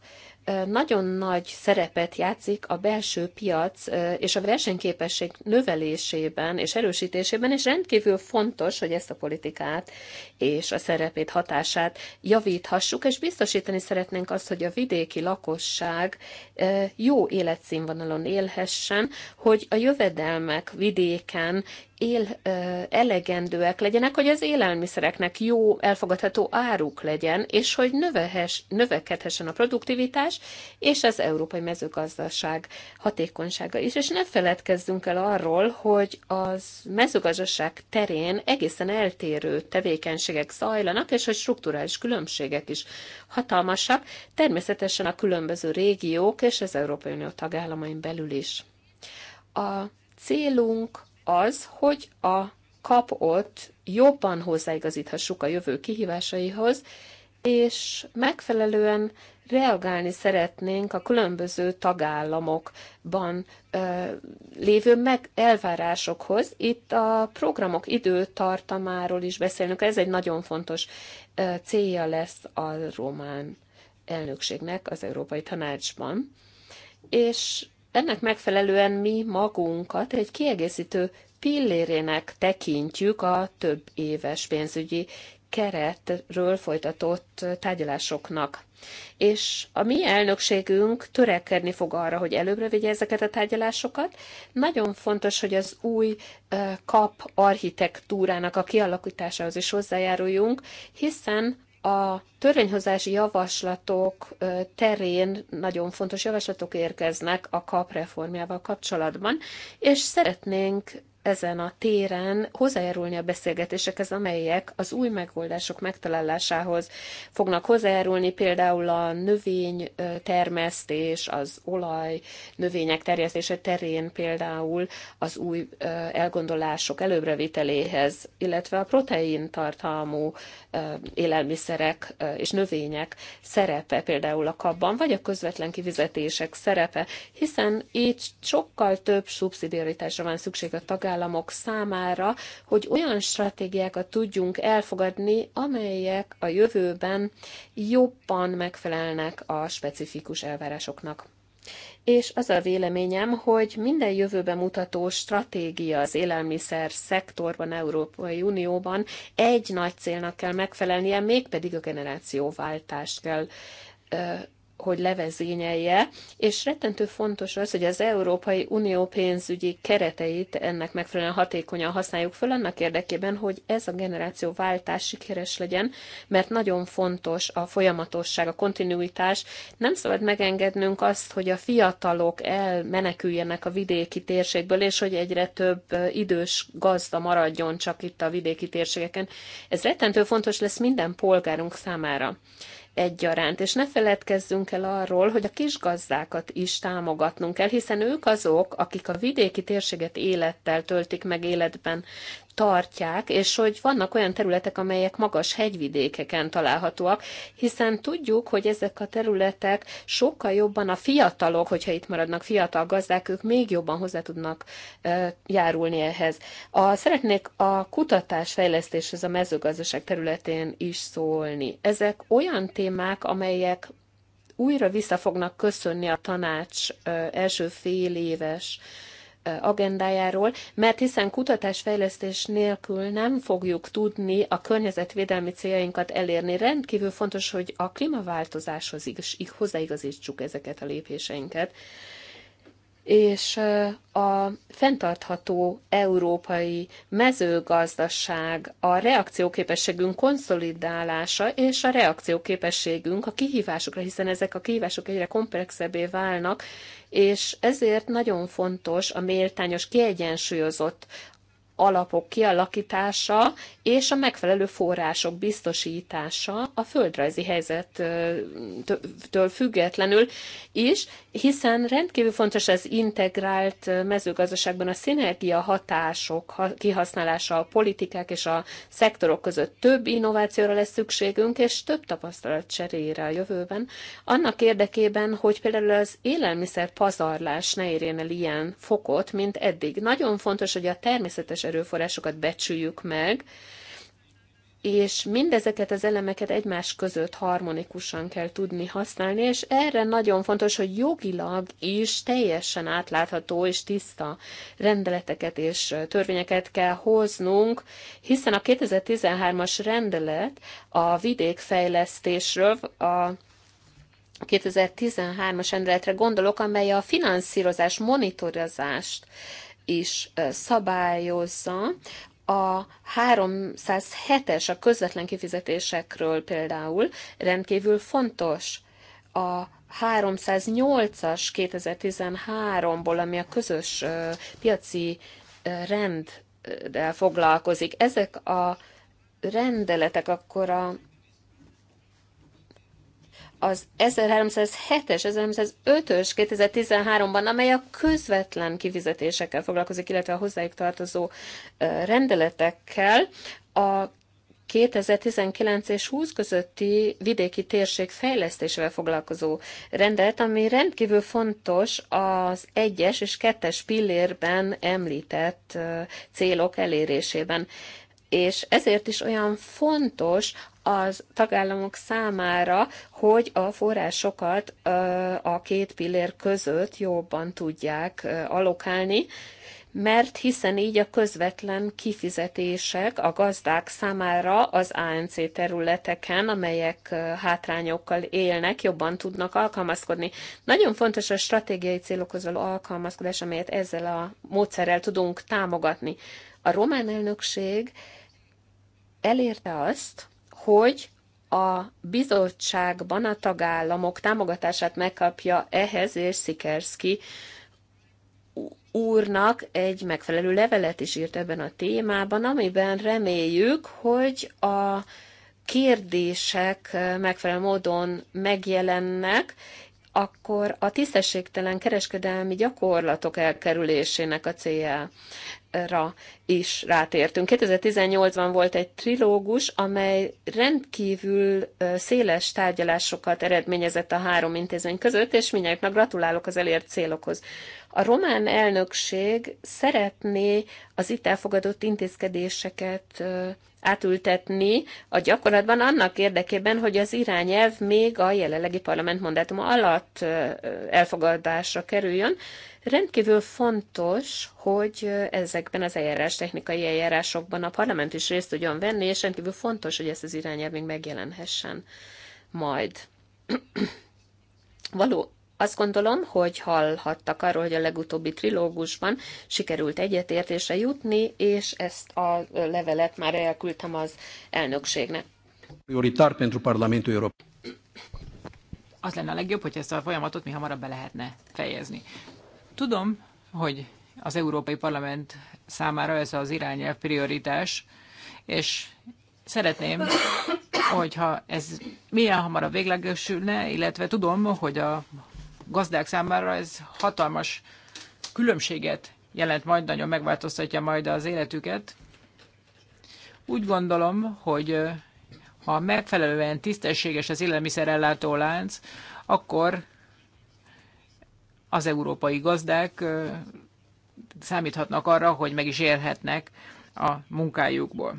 nagyon nagy szerepet játszik a belső piac és a versenyképesség növelésében és erősítésében, és rendkívül fontos, hogy ezt a politikát és a szerepét, hatását javíthassuk, és biztosítani szeretnénk azt, hogy a vidéki lakosság jó életszínvonalon élhessen, hogy a jövedelmek vidéken él, elegendőek legyenek, hogy az élelmiszereknek jó, elfogadható áruk legyen, és hogy növehes, növekedhessen a produktivitás, és az európai mezőgazdaság hatékonysága is. És ne feledkezzünk el arról, hogy az mezőgazdaság terén egészen eltérő tevékenységek zajlanak, és hogy strukturális különbségek is hatalmasak, természetesen a különböző régiók és az Európai Unió tagállamain belül is. A célunk az, hogy a kapott jobban hozzáigazíthassuk a jövő kihívásaihoz, és megfelelően reagálni szeretnénk a különböző tagállamokban ö, lévő meg elvárásokhoz. Itt a programok időtartamáról is beszélünk, ez egy nagyon fontos ö, célja lesz a román elnökségnek az Európai Tanácsban. És ennek megfelelően mi magunkat egy kiegészítő pillérének tekintjük a több éves pénzügyi keretről folytatott tárgyalásoknak. És a mi elnökségünk törekedni fog arra, hogy előbbre vigye ezeket a tárgyalásokat. Nagyon fontos, hogy az új kap architektúrának a kialakításához is hozzájáruljunk, hiszen a törvényhozási javaslatok terén nagyon fontos javaslatok érkeznek a kap reformjával kapcsolatban, és szeretnénk ezen a téren hozzájárulni a beszélgetésekhez, amelyek az új megoldások megtalálásához fognak hozzájárulni, például a növénytermesztés, az olaj növények terjesztése terén például az új elgondolások előbrevételéhez, illetve a protein tartalmú élelmiszerek és növények szerepe például a kabban, vagy a közvetlen kivizetések szerepe, hiszen így sokkal több szubszidiaritásra van szükség a tagállamokban, tagállamok számára, hogy olyan stratégiákat tudjunk elfogadni, amelyek a jövőben jobban megfelelnek a specifikus elvárásoknak és az a véleményem, hogy minden jövőbe mutató stratégia az élelmiszer szektorban, Európai Unióban egy nagy célnak kell megfelelnie, mégpedig a generációváltást kell hogy levezényelje, és rettentő fontos az, hogy az Európai Unió pénzügyi kereteit ennek megfelelően hatékonyan használjuk föl, annak érdekében, hogy ez a generáció váltás sikeres legyen, mert nagyon fontos a folyamatosság, a kontinuitás. Nem szabad megengednünk azt, hogy a fiatalok elmeneküljenek a vidéki térségből, és hogy egyre több idős gazda maradjon csak itt a vidéki térségeken. Ez rettentő fontos lesz minden polgárunk számára egyaránt. És ne feledkezzünk el arról, hogy a kisgazdákat is támogatnunk kell, hiszen ők azok, akik a vidéki térséget élettel töltik meg, életben tartják, és hogy vannak olyan területek, amelyek magas hegyvidékeken találhatóak, hiszen tudjuk, hogy ezek a területek sokkal jobban a fiatalok, hogyha itt maradnak fiatal gazdák, ők még jobban hozzá tudnak járulni ehhez. A, szeretnék a kutatás fejlesztéshez a mezőgazdaság területén is szólni. Ezek olyan témák, amelyek újra vissza fognak köszönni a tanács első fél éves agendájáról, mert hiszen kutatásfejlesztés nélkül nem fogjuk tudni a környezetvédelmi céljainkat elérni. Rendkívül fontos, hogy a klímaváltozáshoz is hozzáigazítsuk ezeket a lépéseinket és a fenntartható európai mezőgazdaság, a reakcióképességünk konszolidálása és a reakcióképességünk a kihívásokra, hiszen ezek a kihívások egyre komplexebbé válnak, és ezért nagyon fontos a méltányos, kiegyensúlyozott alapok kialakítása és a megfelelő források biztosítása a földrajzi helyzettől függetlenül is, hiszen rendkívül fontos az integrált mezőgazdaságban a szinergia hatások kihasználása a politikák és a szektorok között több innovációra lesz szükségünk, és több tapasztalat cserére a jövőben, annak érdekében, hogy például az élelmiszer pazarlás ne érjen el ilyen fokot, mint eddig. Nagyon fontos, hogy a természetes erőforrásokat becsüljük meg, és mindezeket az elemeket egymás között harmonikusan kell tudni használni, és erre nagyon fontos, hogy jogilag is teljesen átlátható és tiszta rendeleteket és törvényeket kell hoznunk, hiszen a 2013-as rendelet a vidékfejlesztésről a 2013-as rendeletre gondolok, amely a finanszírozás monitorozást is szabályozza, a 307-es, a közvetlen kifizetésekről például rendkívül fontos. A 308-as 2013-ból, ami a közös piaci renddel foglalkozik, ezek a rendeletek akkor a az 1307-es, 1305-ös 2013-ban, amely a közvetlen kifizetésekkel foglalkozik, illetve a hozzájuk tartozó rendeletekkel, a 2019 és 20 közötti vidéki térség fejlesztésével foglalkozó rendelet, ami rendkívül fontos az egyes és kettes pillérben említett célok elérésében. És ezért is olyan fontos az tagállamok számára, hogy a forrásokat a két pillér között jobban tudják alokálni, mert hiszen így a közvetlen kifizetések a gazdák számára az ANC területeken, amelyek hátrányokkal élnek, jobban tudnak alkalmazkodni. Nagyon fontos a stratégiai célokhoz való alkalmazkodás, amelyet ezzel a módszerrel tudunk támogatni. A román elnökség elérte azt, hogy a bizottságban a tagállamok támogatását megkapja ehhez, és Szikerszki úrnak egy megfelelő levelet is írt ebben a témában, amiben reméljük, hogy a kérdések megfelelő módon megjelennek, akkor a tisztességtelen kereskedelmi gyakorlatok elkerülésének a célja is rátértünk. 2018-ban volt egy trilógus, amely rendkívül széles tárgyalásokat eredményezett a három intézmény között, és mindjárt gratulálok az elért célokhoz. A román elnökség szeretné az itt elfogadott intézkedéseket átültetni a gyakorlatban annak érdekében, hogy az irányelv még a jelenlegi parlament mandátuma alatt elfogadásra kerüljön. Rendkívül fontos, hogy ezekben az eljárás technikai eljárásokban a parlament is részt tudjon venni, és rendkívül fontos, hogy ezt az irányelv még megjelenhessen majd. Való azt gondolom, hogy hallhattak arról, hogy a legutóbbi trilógusban sikerült egyetértésre jutni, és ezt a levelet már elküldtem az elnökségnek. Prioritár pentru Parlamentul Európai. Az lenne a legjobb, hogy ezt a folyamatot mi hamarabb be lehetne fejezni. Tudom, hogy az Európai Parlament számára ez az irányelv prioritás, és szeretném, hogyha ez milyen hamarabb véglegesülne, illetve tudom, hogy a gazdák számára ez hatalmas különbséget jelent majd, nagyon megváltoztatja majd az életüket. Úgy gondolom, hogy ha megfelelően tisztességes az élelmiszerellátó lánc, akkor az európai gazdák számíthatnak arra, hogy meg is élhetnek a munkájukból.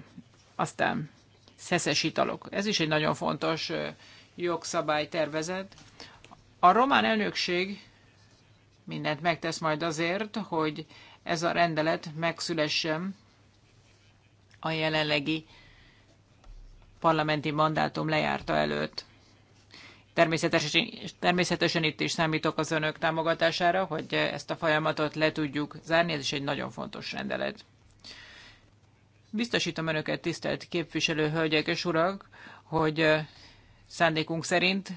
Aztán szeszes italok. Ez is egy nagyon fontos jogszabálytervezet. A román elnökség mindent megtesz majd azért, hogy ez a rendelet megszülessen a jelenlegi parlamenti mandátum lejárta előtt. Természetesen, természetesen itt is számítok az önök támogatására, hogy ezt a folyamatot le tudjuk zárni, ez is egy nagyon fontos rendelet. Biztosítom önöket, tisztelt képviselő hölgyek és urak, hogy szándékunk szerint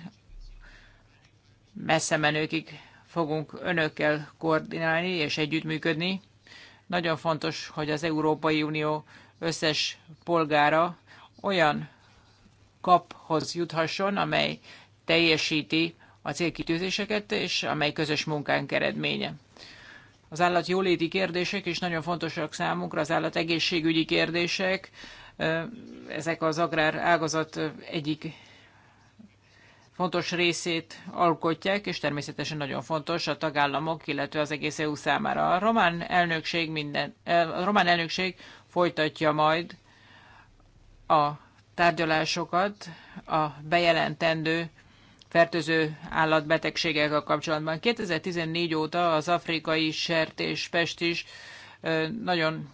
messze menőkig fogunk önökkel koordinálni és együttműködni. Nagyon fontos, hogy az Európai Unió összes polgára olyan kaphoz juthasson, amely teljesíti a célkitűzéseket, és amely közös munkánk eredménye. Az állat jóléti kérdések is nagyon fontosak számunkra, az állat egészségügyi kérdések, ezek az agrár ágazat egyik fontos részét alkotják, és természetesen nagyon fontos a tagállamok, illetve az egész EU számára. A román elnökség, minden, e, a román elnökség folytatja majd a tárgyalásokat a bejelentendő fertőző állatbetegségekkel kapcsolatban. 2014 óta az afrikai sertéspest is nagyon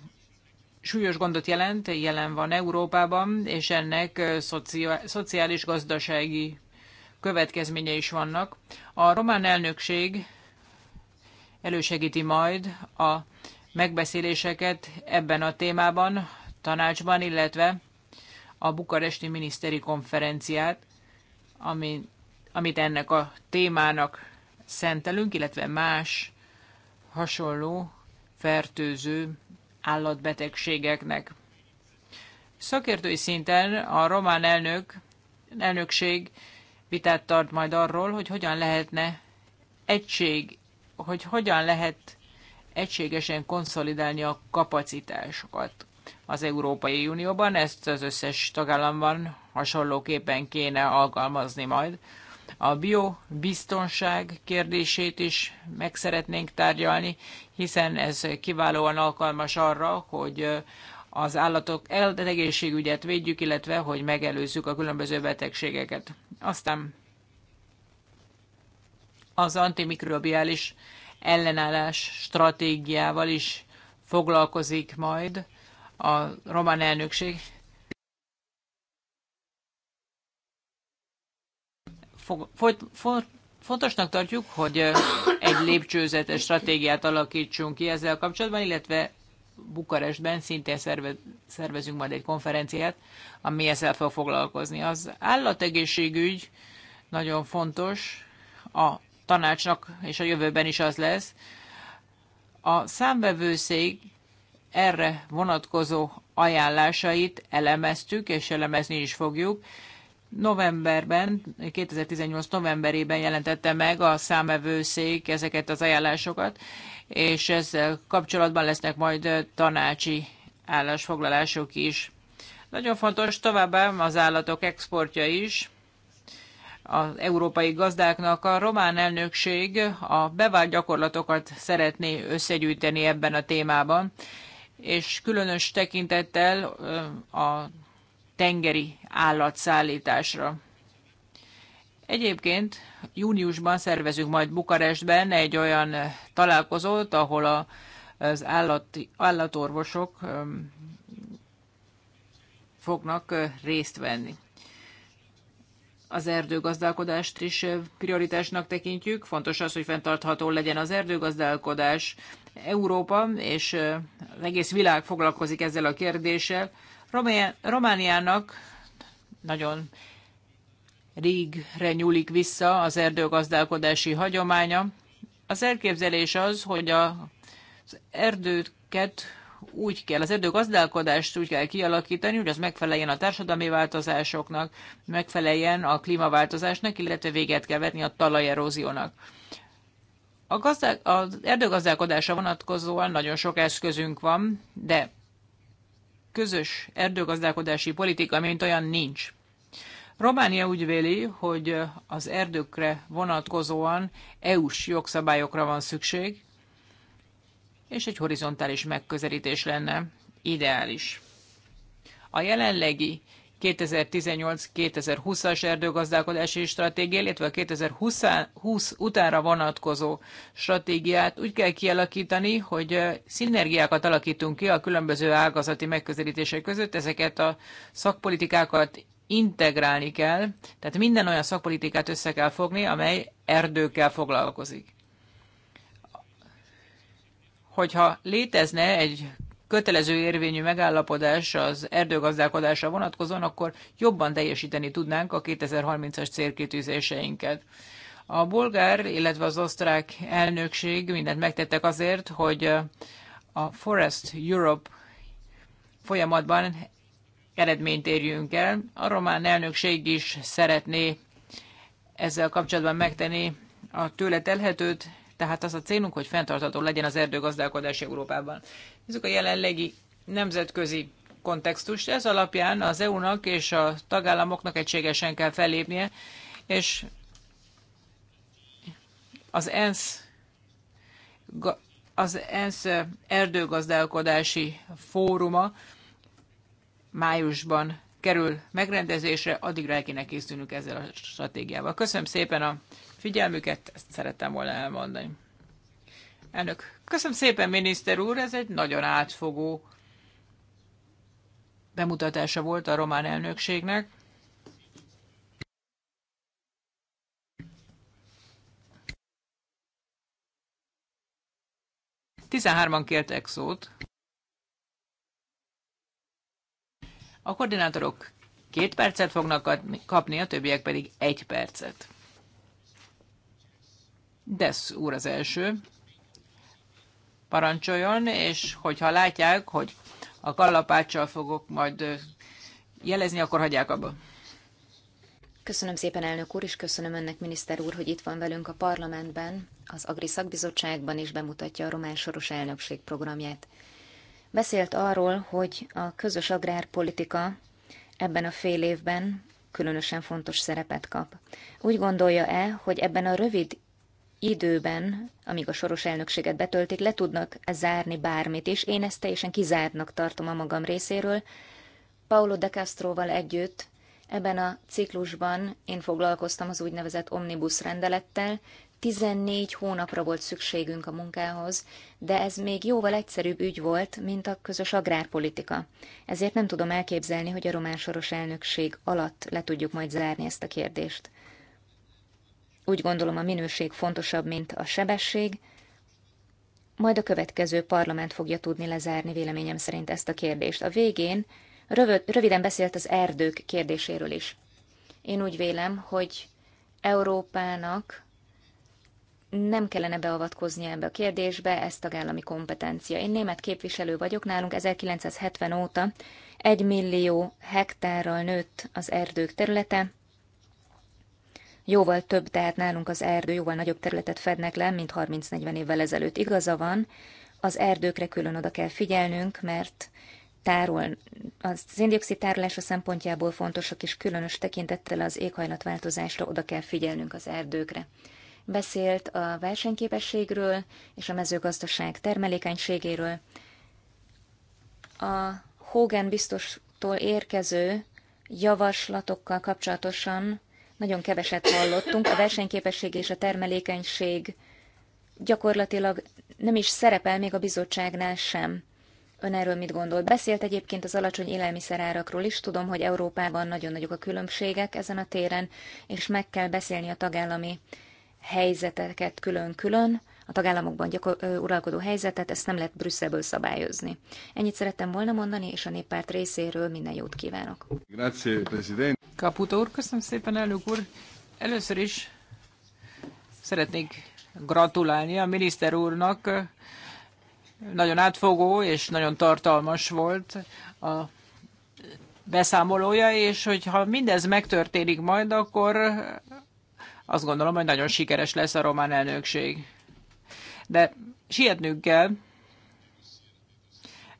súlyos gondot jelent, jelen van Európában, és ennek szociális-gazdasági következménye is vannak. A román elnökség elősegíti majd a megbeszéléseket ebben a témában, tanácsban, illetve a bukaresti miniszteri konferenciát, ami, amit ennek a témának szentelünk, illetve más hasonló fertőző állatbetegségeknek. Szakértői szinten a román elnök, elnökség vitát tart majd arról, hogy hogyan lehetne egység, hogy hogyan lehet egységesen konszolidálni a kapacitásokat az Európai Unióban. Ezt az összes tagállamban hasonlóképpen kéne alkalmazni majd. A biobiztonság kérdését is meg szeretnénk tárgyalni, hiszen ez kiválóan alkalmas arra, hogy az állatok egészségügyet védjük, illetve hogy megelőzzük a különböző betegségeket. Aztán az antimikrobiális ellenállás stratégiával is foglalkozik majd a román elnökség. Fontosnak tartjuk, hogy egy lépcsőzetes stratégiát alakítsunk ki ezzel kapcsolatban, illetve Bukarestben szintén szervez, szervezünk majd egy konferenciát, ami ezzel fog foglalkozni. Az állategészségügy nagyon fontos, a tanácsnak és a jövőben is az lesz. A számvevőszék erre vonatkozó ajánlásait elemeztük, és elemezni is fogjuk. Novemberben, 2018 novemberében jelentette meg a számvevőszék ezeket az ajánlásokat, és ezzel kapcsolatban lesznek majd tanácsi állásfoglalások is. Nagyon fontos továbbá az állatok exportja is. Az európai gazdáknak a román elnökség a bevált gyakorlatokat szeretné összegyűjteni ebben a témában, és különös tekintettel a tengeri állatszállításra. Egyébként júniusban szervezünk majd Bukarestben egy olyan találkozót, ahol a, az állati állatorvosok fognak részt venni. Az erdőgazdálkodást is prioritásnak tekintjük. Fontos az, hogy fenntartható legyen az erdőgazdálkodás. Európa és az egész világ foglalkozik ezzel a kérdéssel. Romániának nagyon Régre nyúlik vissza az erdőgazdálkodási hagyománya. Az elképzelés az, hogy a, az erdőket úgy kell, az erdőgazdálkodást úgy kell kialakítani, hogy az megfeleljen a társadalmi változásoknak, megfeleljen a klímaváltozásnak, illetve véget kell vetni a talajeróziónak. A gazdál az erdőgazdálkodásra vonatkozóan nagyon sok eszközünk van, de közös erdőgazdálkodási politika, mint olyan nincs. Románia úgy véli, hogy az erdőkre vonatkozóan EU-s jogszabályokra van szükség, és egy horizontális megközelítés lenne ideális. A jelenlegi 2018-2020-as erdőgazdálkodási stratégia, illetve a 2020 utánra vonatkozó stratégiát úgy kell kialakítani, hogy szinergiákat alakítunk ki a különböző ágazati megközelítések között, ezeket a szakpolitikákat integrálni kell, tehát minden olyan szakpolitikát össze kell fogni, amely erdőkkel foglalkozik. Hogyha létezne egy kötelező érvényű megállapodás az erdőgazdálkodásra vonatkozóan, akkor jobban teljesíteni tudnánk a 2030-as célkitűzéseinket. A bolgár, illetve az osztrák elnökség mindent megtettek azért, hogy a Forest Europe folyamatban eredményt érjünk el. A román elnökség is szeretné ezzel kapcsolatban megtenni a tőle telhetőt, tehát az a célunk, hogy fenntartható legyen az erdőgazdálkodás Európában. Ezek a jelenlegi nemzetközi kontextust Ez alapján az EU-nak és a tagállamoknak egységesen kell fellépnie, és az ENSZ az ENSZ erdőgazdálkodási fóruma májusban kerül megrendezésre, addigra el kéne készülnünk ezzel a stratégiával. Köszönöm szépen a figyelmüket, ezt szerettem volna elmondani. Elnök, köszönöm szépen, miniszter úr, ez egy nagyon átfogó bemutatása volt a román elnökségnek. Tizenhárman kértek szót. A koordinátorok két percet fognak kapni, a többiek pedig egy percet. Desz úr az első. Parancsoljon, és hogyha látják, hogy a kallapáccsal fogok majd jelezni, akkor hagyják abba. Köszönöm szépen, elnök úr, és köszönöm önnek, miniszter úr, hogy itt van velünk a parlamentben, az Agri Szakbizottságban, és bemutatja a román soros elnökség programját. Beszélt arról, hogy a közös agrárpolitika ebben a fél évben különösen fontos szerepet kap. Úgy gondolja-e, hogy ebben a rövid időben, amíg a soros elnökséget betöltik, le tudnak -e zárni bármit is. Én ezt teljesen kizártnak tartom a magam részéről. Paulo de Castroval együtt ebben a ciklusban én foglalkoztam az úgynevezett omnibus rendelettel, 14 hónapra volt szükségünk a munkához, de ez még jóval egyszerűbb ügy volt, mint a közös agrárpolitika. Ezért nem tudom elképzelni, hogy a román soros elnökség alatt le tudjuk majd zárni ezt a kérdést. Úgy gondolom a minőség fontosabb, mint a sebesség, majd a következő parlament fogja tudni lezárni véleményem szerint ezt a kérdést. A végén rövöd, röviden beszélt az erdők kérdéséről is. Én úgy vélem, hogy Európának nem kellene beavatkozni ebbe a kérdésbe, ez tagállami kompetencia. Én német képviselő vagyok, nálunk 1970 óta 1 millió hektárral nőtt az erdők területe, Jóval több, tehát nálunk az erdő jóval nagyobb területet fednek le, mint 30-40 évvel ezelőtt. Igaza van, az erdőkre külön oda kell figyelnünk, mert tárol, az széndiokszid tárolása szempontjából fontosak, és különös tekintettel az éghajlatváltozásra oda kell figyelnünk az erdőkre beszélt a versenyképességről és a mezőgazdaság termelékenységéről. A Hogan biztostól érkező javaslatokkal kapcsolatosan nagyon keveset hallottunk. A versenyképesség és a termelékenység gyakorlatilag nem is szerepel még a bizottságnál sem. Ön erről mit gondol? Beszélt egyébként az alacsony élelmiszerárakról is. Tudom, hogy Európában nagyon nagyok a különbségek ezen a téren, és meg kell beszélni a tagállami helyzeteket külön-külön, a tagállamokban gyakor- uralkodó helyzetet, ezt nem lehet Brüsszelből szabályozni. Ennyit szerettem volna mondani, és a néppárt részéről minden jót kívánok. Grazie, Kaputa úr, köszönöm szépen, elnök úr. Először is szeretnék gratulálni a miniszter úrnak. Nagyon átfogó és nagyon tartalmas volt a beszámolója, és hogyha mindez megtörténik majd, akkor azt gondolom, hogy nagyon sikeres lesz a román elnökség. De sietnünk kell,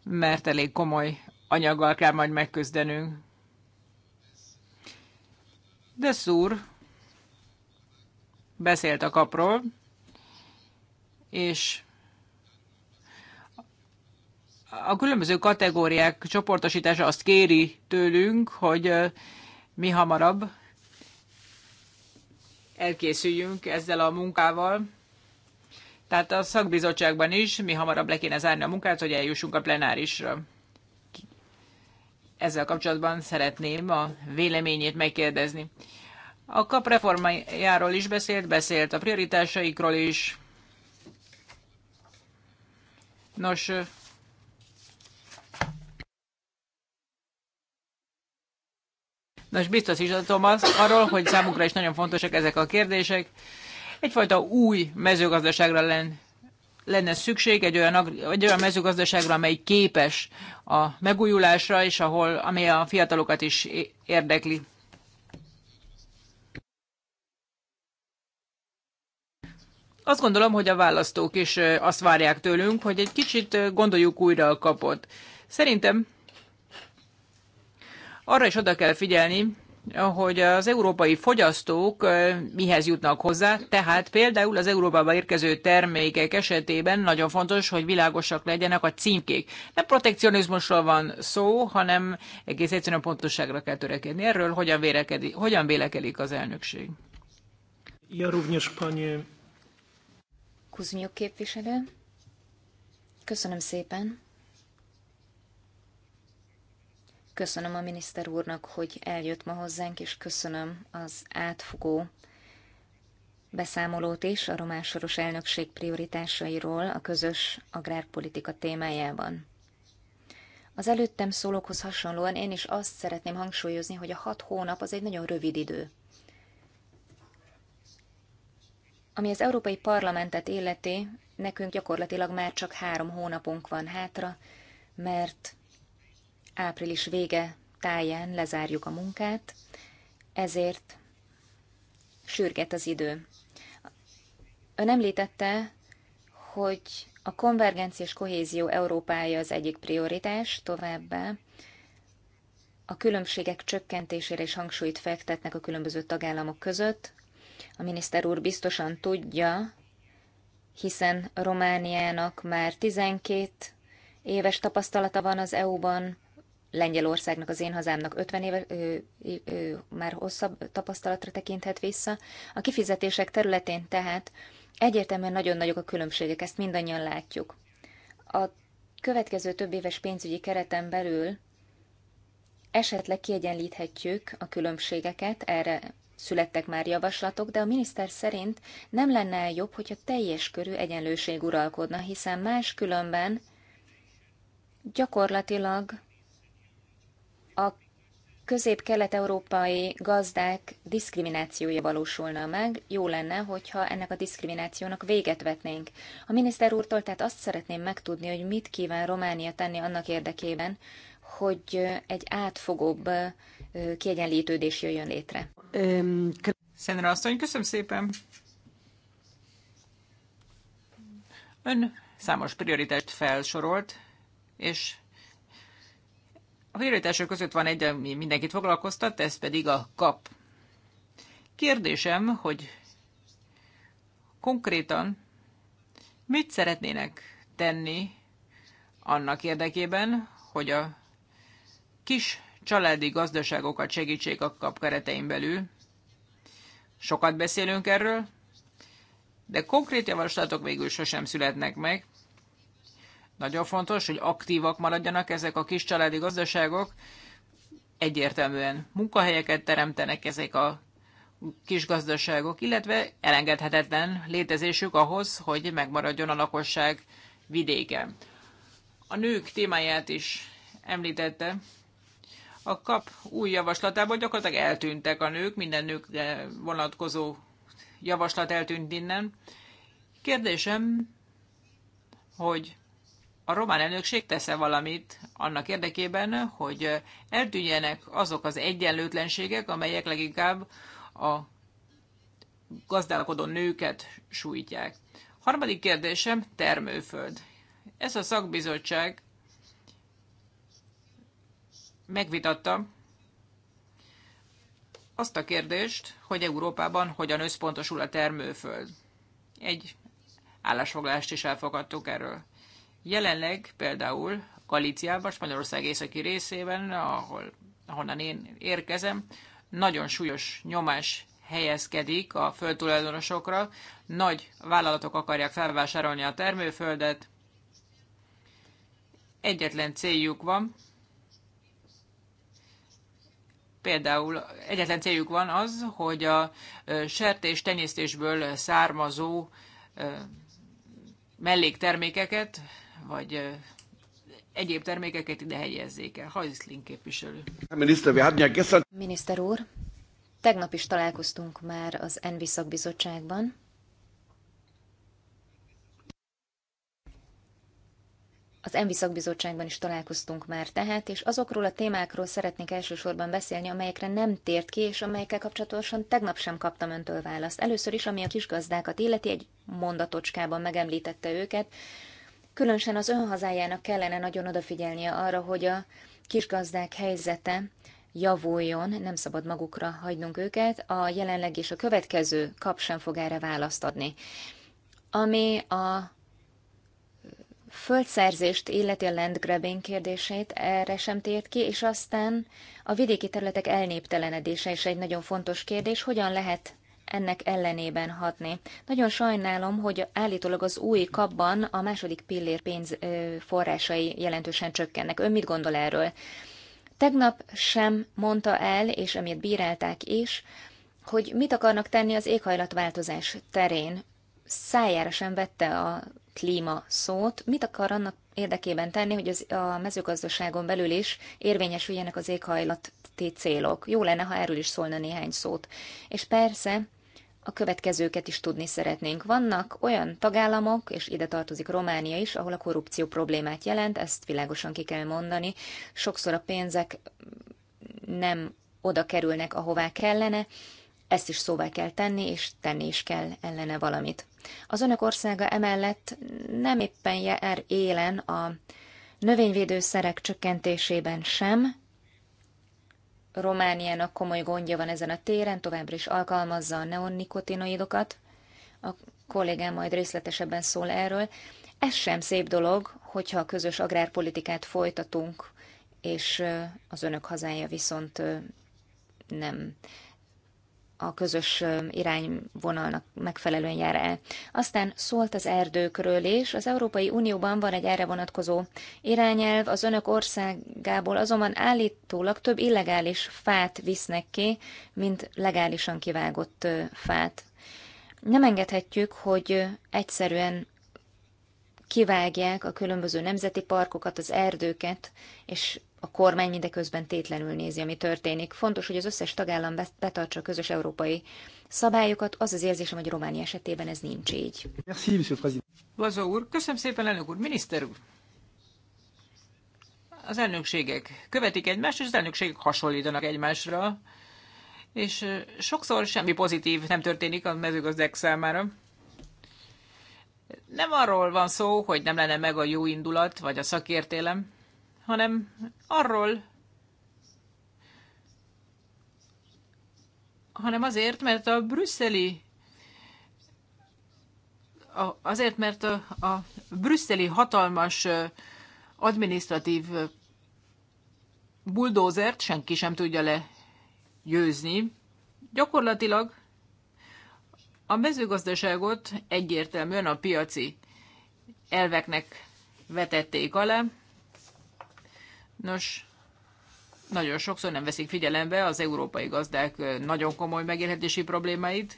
mert elég komoly anyaggal kell majd megküzdenünk. De szúr beszélt a kapról, és a különböző kategóriák csoportosítása azt kéri tőlünk, hogy mi hamarabb elkészüljünk ezzel a munkával. Tehát a szakbizottságban is mi hamarabb le kéne zárni a munkát, hogy eljussunk a plenárisra. Ezzel kapcsolatban szeretném a véleményét megkérdezni. A KAP reformjáról is beszélt, beszélt a prioritásaikról is. Nos, Nos, biztos is adatom az arról, hogy számukra is nagyon fontosak ezek a kérdések. Egyfajta új mezőgazdaságra len, lenne szükség, egy olyan, egy olyan mezőgazdaságra, amely képes a megújulásra, és ahol, amely a fiatalokat is érdekli. azt gondolom, hogy a választók is azt várják tőlünk, hogy egy kicsit gondoljuk újra a kapot. Szerintem arra is oda kell figyelni, hogy az európai fogyasztók mihez jutnak hozzá, tehát például az Európába érkező termékek esetében nagyon fontos, hogy világosak legyenek a címkék. Nem protekcionizmusról van szó, hanem egész egyszerűen pontosságra kell törekedni. Erről hogyan, hogyan vélekedik az elnökség? Ja również, panie... Kuzmiuk képviselő. Köszönöm szépen. Köszönöm a miniszter úrnak, hogy eljött ma hozzánk, és köszönöm az átfogó beszámolót is a román soros elnökség prioritásairól a közös agrárpolitika témájában. Az előttem szólókhoz hasonlóan én is azt szeretném hangsúlyozni, hogy a hat hónap az egy nagyon rövid idő. Ami az Európai Parlamentet illeti, nekünk gyakorlatilag már csak három hónapunk van hátra, mert április vége táján lezárjuk a munkát, ezért sürget az idő. Ön említette, hogy a konvergencia és kohézió Európája az egyik prioritás, továbbá a különbségek csökkentésére is hangsúlyt fektetnek a különböző tagállamok között. A miniszter úr biztosan tudja, hiszen Romániának már 12 éves tapasztalata van az EU-ban, Lengyelországnak, az én hazámnak 50 éve ö, ö, ö, már hosszabb tapasztalatra tekinthet vissza. A kifizetések területén tehát egyértelműen nagyon nagyok a különbségek, ezt mindannyian látjuk. A következő több éves pénzügyi kereten belül esetleg kiegyenlíthetjük a különbségeket, erre születtek már javaslatok, de a miniszter szerint nem lenne jobb, hogyha teljes körű egyenlőség uralkodna, hiszen más különben gyakorlatilag a közép-kelet-európai gazdák diszkriminációja valósulna meg, jó lenne, hogyha ennek a diszkriminációnak véget vetnénk. A miniszter úrtól tehát azt szeretném megtudni, hogy mit kíván Románia tenni annak érdekében, hogy egy átfogóbb kiegyenlítődés jöjjön létre. Szenra asszony, köszönöm szépen! Ön számos prioritást felsorolt, és prioritások között van egy, ami mindenkit foglalkoztat, ez pedig a kap. Kérdésem, hogy konkrétan mit szeretnének tenni annak érdekében, hogy a kis családi gazdaságokat segítsék a kap keretein belül. Sokat beszélünk erről, de konkrét javaslatok végül sosem születnek meg. Nagyon fontos, hogy aktívak maradjanak ezek a kis családi gazdaságok. Egyértelműen munkahelyeket teremtenek ezek a kis gazdaságok, illetve elengedhetetlen létezésük ahhoz, hogy megmaradjon a lakosság vidéke. A nők témáját is említette. A kap új javaslatában gyakorlatilag eltűntek a nők, minden nők vonatkozó javaslat eltűnt innen. Kérdésem, hogy a román elnökség tesz-e valamit annak érdekében, hogy eltűnjenek azok az egyenlőtlenségek, amelyek leginkább a gazdálkodó nőket sújtják. Harmadik kérdésem termőföld. Ez a szakbizottság megvitatta azt a kérdést, hogy Európában hogyan összpontosul a termőföld. Egy állásfoglalást is elfogadtuk erről. Jelenleg például Galíciában, Spanyolország északi részében, ahol, ahonnan én érkezem, nagyon súlyos nyomás helyezkedik a földtulajdonosokra, nagy vállalatok akarják felvásárolni a termőföldet, egyetlen céljuk van, például egyetlen céljuk van az, hogy a sertés tenyésztésből származó melléktermékeket vagy egyéb termékeket ide helyezzék el. Hajszlin képviselő. Miniszter úr, tegnap is találkoztunk már az ENVI szakbizottságban. Az ENVI szakbizottságban is találkoztunk már tehát, és azokról a témákról szeretnék elsősorban beszélni, amelyekre nem tért ki, és amelyekkel kapcsolatosan tegnap sem kaptam öntől választ. Először is, ami a kisgazdákat illeti, egy mondatocskában megemlítette őket, Különösen az hazájának kellene nagyon odafigyelnie arra, hogy a kisgazdák helyzete javuljon, nem szabad magukra hagynunk őket, a jelenleg és a következő kap sem fog erre választ adni. Ami a földszerzést, illeti a land grabbing kérdését, erre sem tért ki, és aztán a vidéki területek elnéptelenedése is egy nagyon fontos kérdés, hogyan lehet ennek ellenében hatni. Nagyon sajnálom, hogy állítólag az új kapban a második pillér pénz forrásai jelentősen csökkennek. Ön mit gondol erről? Tegnap sem mondta el, és amit bírálták is, hogy mit akarnak tenni az éghajlatváltozás terén. Szájára sem vette a klíma szót. Mit akar annak érdekében tenni, hogy az, a mezőgazdaságon belül is érvényesüljenek az éghajlati célok? Jó lenne, ha erről is szólna néhány szót. És persze a következőket is tudni szeretnénk. Vannak olyan tagállamok, és ide tartozik Románia is, ahol a korrupció problémát jelent, ezt világosan ki kell mondani. Sokszor a pénzek nem oda kerülnek, ahová kellene, ezt is szóvá kell tenni, és tenni is kell ellene valamit. Az önök országa emellett nem éppen jár élen a növényvédőszerek csökkentésében sem, Romániának komoly gondja van ezen a téren, továbbra is alkalmazza a neonikotinoidokat. A kollégám majd részletesebben szól erről. Ez sem szép dolog, hogyha a közös agrárpolitikát folytatunk, és az önök hazája viszont nem a közös irányvonalnak megfelelően jár el. Aztán szólt az erdőkről és az Európai Unióban van egy erre vonatkozó irányelv, az önök országából azonban állítólag több illegális fát visznek ki, mint legálisan kivágott fát. Nem engedhetjük, hogy egyszerűen kivágják a különböző nemzeti parkokat, az erdőket, és a kormány mindeközben tétlenül nézi, ami történik. Fontos, hogy az összes tagállam betartsa a közös európai szabályokat. Az az érzésem, hogy Románia esetében ez nincs így. Merci, monsieur úr, köszönöm szépen, elnök úr, miniszter úr. Az elnökségek követik egymást, és az elnökségek hasonlítanak egymásra, és sokszor semmi pozitív nem történik a mezőgazdák számára. Nem arról van szó, hogy nem lenne meg a jó indulat, vagy a szakértélem, hanem arról, hanem azért, mert a brüsszeli azért, mert a, a brüsszeli hatalmas administratív buldózert senki sem tudja legyőzni. Gyakorlatilag a mezőgazdaságot egyértelműen a piaci elveknek vetették alá. Nos, nagyon sokszor nem veszik figyelembe az európai gazdák nagyon komoly megélhetési problémáit,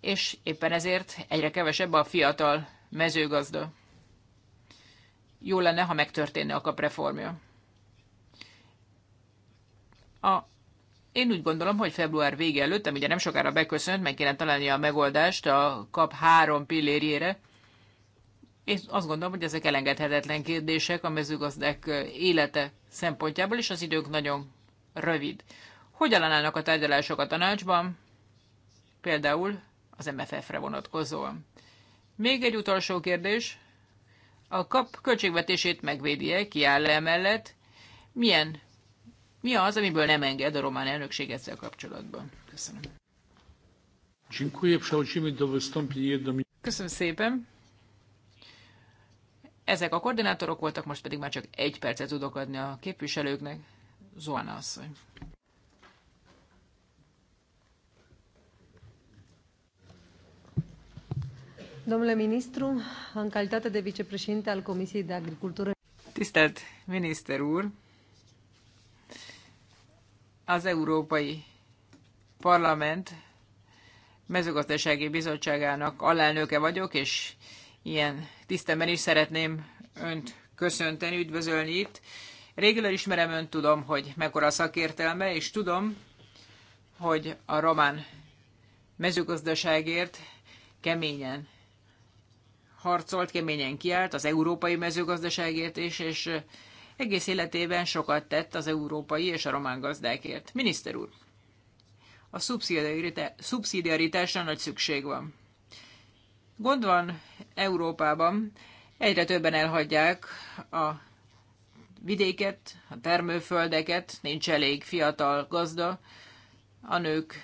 és éppen ezért egyre kevesebb a fiatal mezőgazda. Jó lenne, ha megtörténne a kapreformja. A én úgy gondolom, hogy február vége előtt, ami ugye nem sokára beköszönt, meg kéne találni a megoldást a kap három pillérjére. Én azt gondolom, hogy ezek elengedhetetlen kérdések a mezőgazdák élete szempontjából, és az idők nagyon rövid. Hogyan állnak a tárgyalások a tanácsban? Például az MFF-re vonatkozóan. Még egy utolsó kérdés. A kap költségvetését megvédi-e, kiáll -e emellett? Milyen mi az, amiből nem enged a román elnökség ezzel kapcsolatban? Köszönöm. Köszönöm szépen. Ezek a koordinátorok voltak, most pedig már csak egy percet tudok adni a képviselőknek. Zóna asszony. Domnule ministru, în calitate de vicepreședinte al Comisiei de Agricultură. Tisztelt miniszter úr, az Európai Parlament mezőgazdasági bizottságának alelnöke vagyok, és ilyen tisztemben is szeretném önt köszönteni, üdvözölni itt. Régülön ismerem önt, tudom, hogy mekkora szakértelme, és tudom, hogy a román mezőgazdaságért keményen harcolt, keményen kiállt, az európai mezőgazdaságért is, és egész életében sokat tett az európai és a román gazdákért. Miniszter úr, a szubszidiaritásra nagy szükség van. Gond van Európában, egyre többen elhagyják a vidéket, a termőföldeket, nincs elég fiatal gazda, a nők,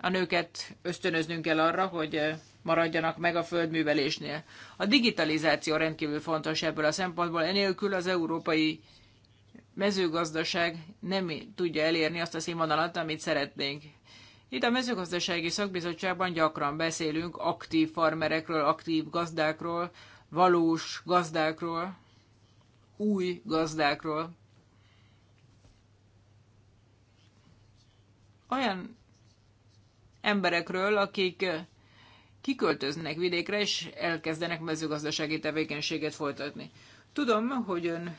a nőket ösztönöznünk kell arra, hogy maradjanak meg a földművelésnél. A digitalizáció rendkívül fontos ebből a szempontból, enélkül az európai mezőgazdaság nem tudja elérni azt a színvonalat, amit szeretnénk. Itt a mezőgazdasági szakbizottságban gyakran beszélünk aktív farmerekről, aktív gazdákról, valós gazdákról, új gazdákról. Olyan emberekről, akik kiköltöznek vidékre, és elkezdenek mezőgazdasági tevékenységet folytatni. Tudom, hogy ön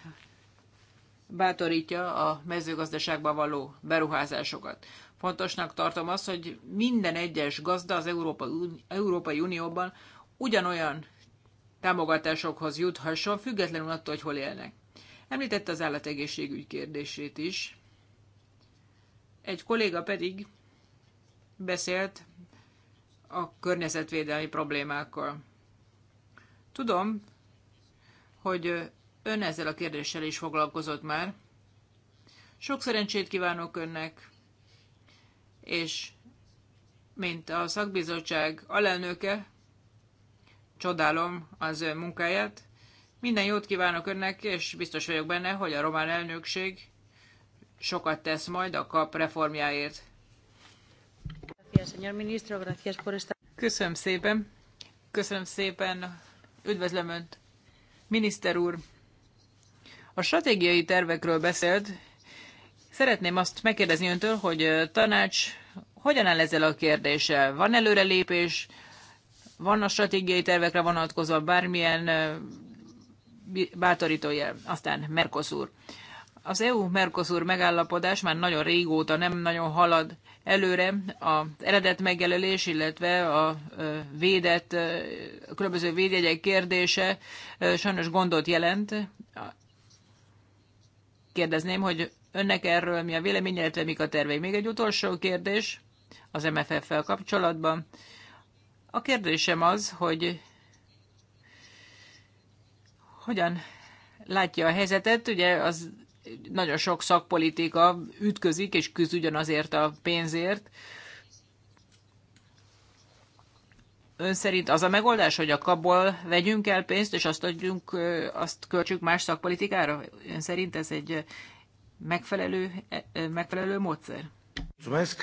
bátorítja a mezőgazdaságba való beruházásokat. Fontosnak tartom azt, hogy minden egyes gazda az Európa, Európai Unióban ugyanolyan támogatásokhoz juthasson, függetlenül attól, hogy hol élnek. Említette az állategészségügy kérdését is. Egy kolléga pedig beszélt a környezetvédelmi problémákkal. Tudom, hogy ön ezzel a kérdéssel is foglalkozott már. Sok szerencsét kívánok önnek, és mint a szakbizottság alelnöke, csodálom az ön munkáját. Minden jót kívánok önnek, és biztos vagyok benne, hogy a román elnökség sokat tesz majd a kap reformjáért. Köszönöm szépen. Köszönöm szépen. Üdvözlöm Önt. Miniszter úr, a stratégiai tervekről beszélt. Szeretném azt megkérdezni Öntől, hogy tanács hogyan áll ezzel a kérdéssel? Van előrelépés? Van a stratégiai tervekre vonatkozva bármilyen bátorítója Aztán Mercosur. Az EU-Mercosur megállapodás már nagyon régóta nem nagyon halad előre az eredet megjelölés, illetve a védett, a különböző védjegyek kérdése sajnos gondot jelent. Kérdezném, hogy önnek erről mi a vélemény, illetve mik a tervei. Még egy utolsó kérdés az MFF-fel kapcsolatban. A kérdésem az, hogy hogyan látja a helyzetet. Ugye az nagyon sok szakpolitika ütközik és küzd ugyanazért a pénzért. Ön szerint az a megoldás, hogy a kapból vegyünk el pénzt, és azt adjunk, azt költsük más szakpolitikára? Ön szerint ez egy megfelelő, e, megfelelő módszer? Mulțumesc.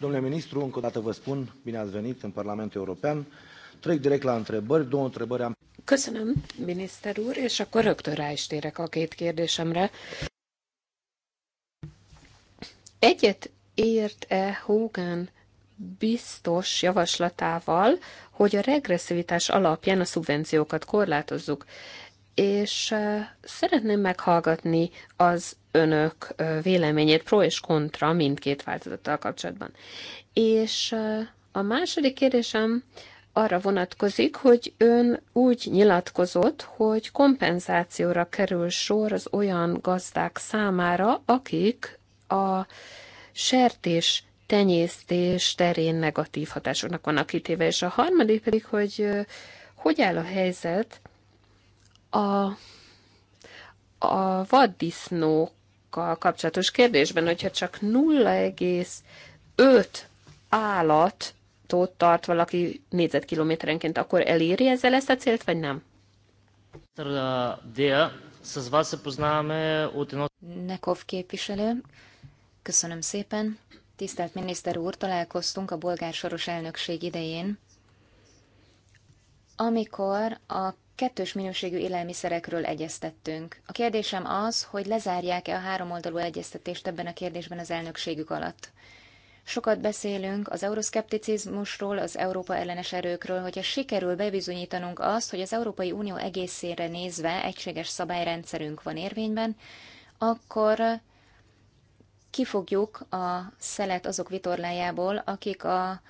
Domnule ministru, încă o dată vă spun, bine ați venit în Parlamentul European. Trec direct la întrebări, două întrebări am. Köszönöm, miniszter úr, és akkor rögtön rá is térek a két kérdésemre. Egyet ért-e Hogan biztos javaslatával, hogy a regresszivitás alapján a szubvenciókat korlátozzuk. És szeretném meghallgatni az önök véleményét pro és kontra mindkét változattal kapcsolatban. És a második kérdésem arra vonatkozik, hogy ön úgy nyilatkozott, hogy kompenzációra kerül sor az olyan gazdák számára, akik a sertés tenyésztés terén negatív hatásoknak vannak kitéve. És a harmadik pedig, hogy hogy áll a helyzet a, a vaddisznókkal kapcsolatos kérdésben, hogyha csak 0,5 állat autót tart valaki négyzetkilométerenként, akkor eléri ezzel ezt a célt, vagy nem? Nekov képviselő, köszönöm szépen. Tisztelt miniszter úr, találkoztunk a bolgár soros elnökség idején, amikor a kettős minőségű élelmiszerekről egyeztettünk. A kérdésem az, hogy lezárják-e a háromoldalú egyeztetést ebben a kérdésben az elnökségük alatt. Sokat beszélünk az euroszkepticizmusról, az Európa ellenes erőkről, hogyha sikerül bebizonyítanunk azt, hogy az Európai Unió egészére nézve egységes szabályrendszerünk van érvényben, akkor kifogjuk a szelet azok vitorlájából, akik a,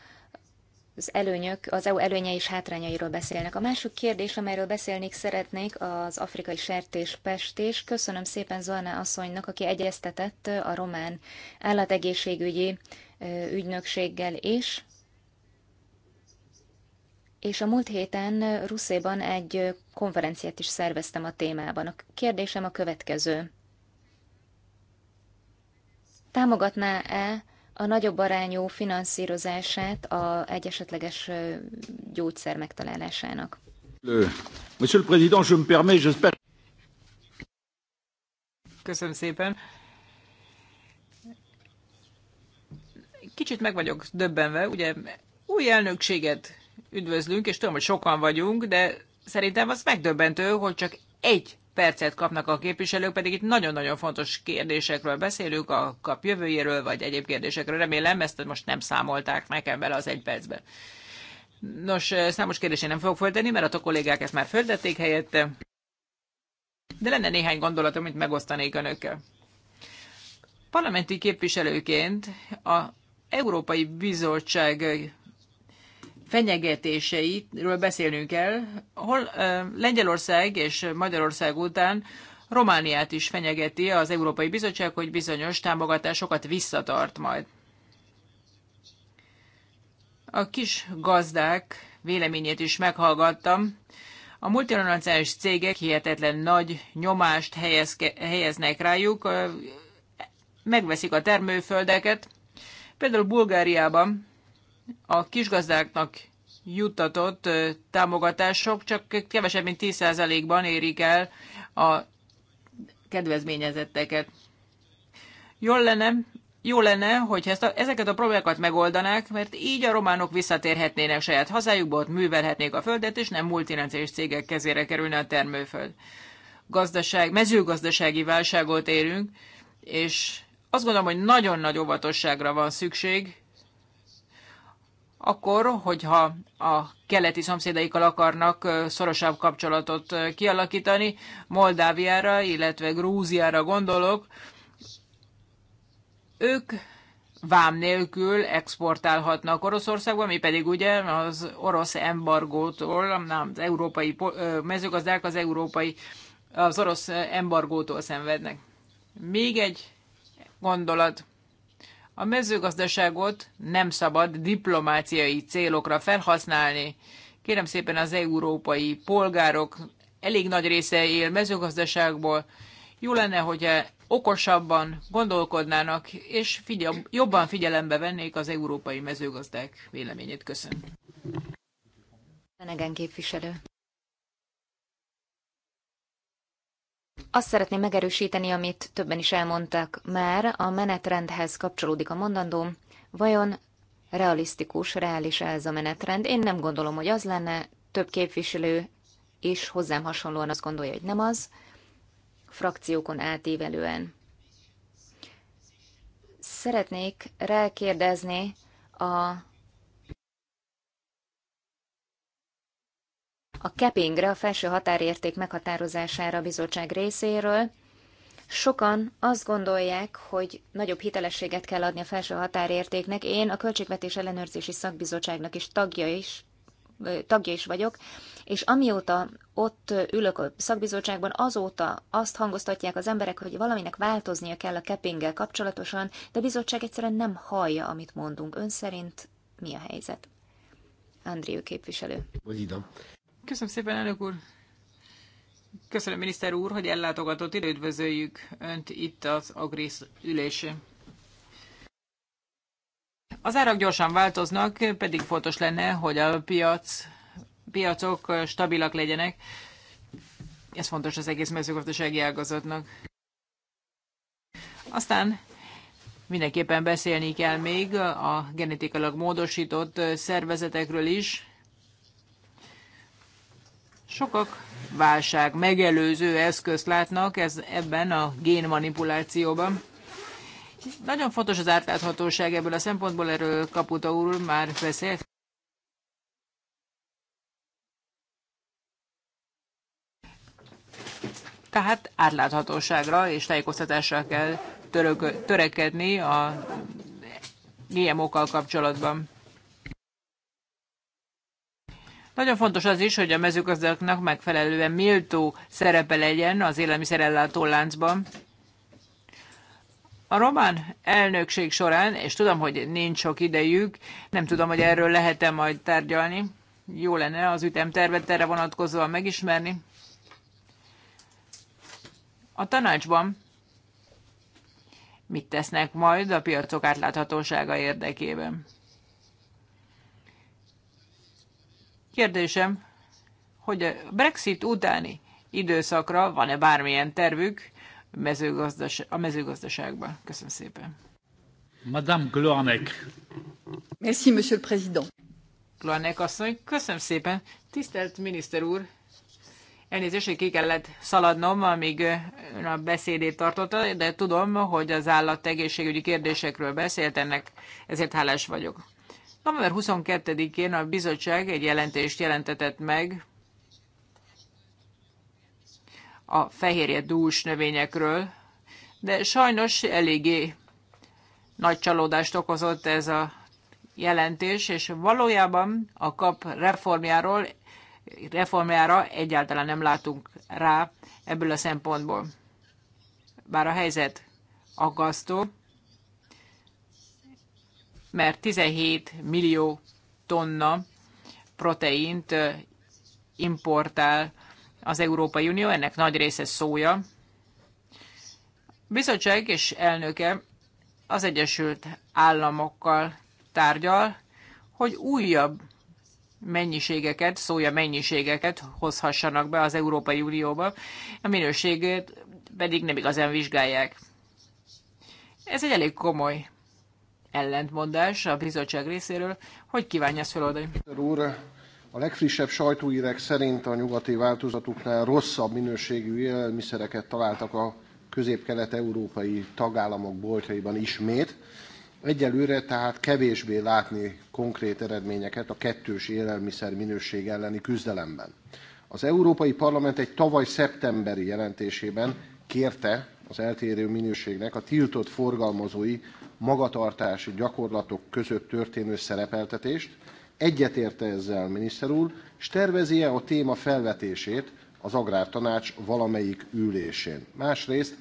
az előnyök, az EU előnye és hátrányairól beszélnek. A másik kérdés, amelyről beszélnék szeretnék, az afrikai sertéspestés. Köszönöm szépen Zolna asszonynak, aki egyeztetett a román állategészségügyi ügynökséggel is. És a múlt héten Ruszéban egy konferenciát is szerveztem a témában. A kérdésem a következő. Támogatná-e a nagyobb arányú finanszírozását a egy esetleges gyógyszer megtalálásának? Monsieur le Président, je me permets, j'espère... Köszönöm szépen. Kicsit meg vagyok döbbenve, ugye új elnökséget üdvözlünk, és tudom, hogy sokan vagyunk, de szerintem az megdöbbentő, hogy csak egy percet kapnak a képviselők, pedig itt nagyon-nagyon fontos kérdésekről beszélünk, a kap jövőjéről, vagy egyéb kérdésekről. Remélem, ezt most nem számolták nekem bele az egy percben. Nos, eh, számos kérdésén nem fogok föltenni, mert a kollégák ezt már föltették helyette, de lenne néhány gondolatom, amit megosztanék önökkel. Parlamenti képviselőként a Európai Bizottság fenyegetéseiről beszélnünk el. Hol, Lengyelország és Magyarország után Romániát is fenyegeti az Európai Bizottság, hogy bizonyos támogatásokat visszatart majd. A kis gazdák véleményét is meghallgattam. A multinacionális cégek hihetetlen nagy nyomást helyeznek rájuk, megveszik a termőföldeket, Például Bulgáriában a kisgazdáknak juttatott támogatások csak kevesebb, mint 10%-ban érik el a kedvezményezetteket. Jól lenne, jó lenne, hogyha ezt a, ezeket a problémákat megoldanák, mert így a románok visszatérhetnének saját hazájukba, ott művelhetnék a földet, és nem multinacionális cégek kezére kerülne a termőföld. Gazdaság, mezőgazdasági válságot érünk, és azt gondolom, hogy nagyon nagy óvatosságra van szükség, akkor, hogyha a keleti szomszédaikkal akarnak szorosabb kapcsolatot kialakítani, Moldáviára, illetve Grúziára gondolok, ők vám nélkül exportálhatnak Oroszországba, mi pedig ugye az orosz embargótól, nem, az európai mezőgazdák az európai, az orosz embargótól szenvednek. Még egy gondolat. A mezőgazdaságot nem szabad diplomáciai célokra felhasználni. Kérem szépen az európai polgárok elég nagy része él mezőgazdaságból. Jó lenne, hogyha okosabban gondolkodnának, és figyel, jobban figyelembe vennék az európai mezőgazdák véleményét. Köszönöm. Menegen képviselő. Azt szeretném megerősíteni, amit többen is elmondtak már, a menetrendhez kapcsolódik a mondandóm. Vajon realisztikus, reális ez a menetrend? Én nem gondolom, hogy az lenne, több képviselő is hozzám hasonlóan azt gondolja, hogy nem az, frakciókon átívelően. Szeretnék rákérdezni a a kepingre, a felső határérték meghatározására a bizottság részéről. Sokan azt gondolják, hogy nagyobb hitelességet kell adni a felső határértéknek. Én a Költségvetés Ellenőrzési Szakbizottságnak is tagja is, tagja is vagyok, és amióta ott ülök a szakbizottságban, azóta azt hangoztatják az emberek, hogy valaminek változnia kell a keppinggel kapcsolatosan, de a bizottság egyszerűen nem hallja, amit mondunk. Ön szerint mi a helyzet? Andrió képviselő. Vagy Köszönöm szépen, elnök úr. Köszönöm, miniszter úr, hogy ellátogatott ide. Üdvözöljük Önt itt az Agrész ülésén. Az árak gyorsan változnak, pedig fontos lenne, hogy a piac, piacok stabilak legyenek. Ez fontos az egész mezőgazdasági ágazatnak. Aztán mindenképpen beszélni kell még a genetikailag módosított szervezetekről is. Sokak válság megelőző eszközt látnak ez, ebben a génmanipulációban. Nagyon fontos az átláthatóság ebből a szempontból, erről Kaputa úr már beszélt. Tehát átláthatóságra és tájékoztatásra kell török, törekedni a GMO-kkal kapcsolatban. Nagyon fontos az is, hogy a mezőgazdáknak megfelelően méltó szerepe legyen az élelmiszerellátó láncban. A román elnökség során, és tudom, hogy nincs sok idejük, nem tudom, hogy erről lehet-e majd tárgyalni. Jó lenne az ütemtervet erre vonatkozóan megismerni. A tanácsban mit tesznek majd a piacok átláthatósága érdekében? Kérdésem, hogy a Brexit utáni időszakra van-e bármilyen tervük a mezőgazdaságban? Köszönöm szépen. Madame Gloanek. Merci, Monsieur le Président. Gloanek asszony, köszönöm szépen. Tisztelt miniszter úr, elnézést, hogy ki kellett szaladnom, amíg ön a beszédét tartotta, de tudom, hogy az állat egészségügyi kérdésekről beszélt, ennek ezért hálás vagyok. November 22-én a bizottság egy jelentést jelentetett meg a fehérje dús növényekről, de sajnos eléggé nagy csalódást okozott ez a jelentés, és valójában a kap reformjáról, reformjára egyáltalán nem látunk rá ebből a szempontból. Bár a helyzet aggasztó, mert 17 millió tonna proteint importál az Európai Unió, ennek nagy része szója. Bizottság és elnöke az Egyesült Államokkal tárgyal, hogy újabb mennyiségeket, szója mennyiségeket hozhassanak be az Európai Unióba, a minőségét pedig nem igazán vizsgálják. Ez egy elég komoly ellentmondás a bizottság részéről. Hogy kívánja ezt feloldani? Úr, a legfrissebb sajtóírek szerint a nyugati változatuknál rosszabb minőségű élelmiszereket találtak a közép-kelet-európai tagállamok boltjaiban ismét. Egyelőre tehát kevésbé látni konkrét eredményeket a kettős élelmiszer minőség elleni küzdelemben. Az Európai Parlament egy tavaly szeptemberi jelentésében kérte az eltérő minőségnek a tiltott forgalmazói magatartási gyakorlatok között történő szerepeltetést, egyetérte ezzel miniszter úr, és tervezi-e a téma felvetését az Agrártanács valamelyik ülésén. Másrészt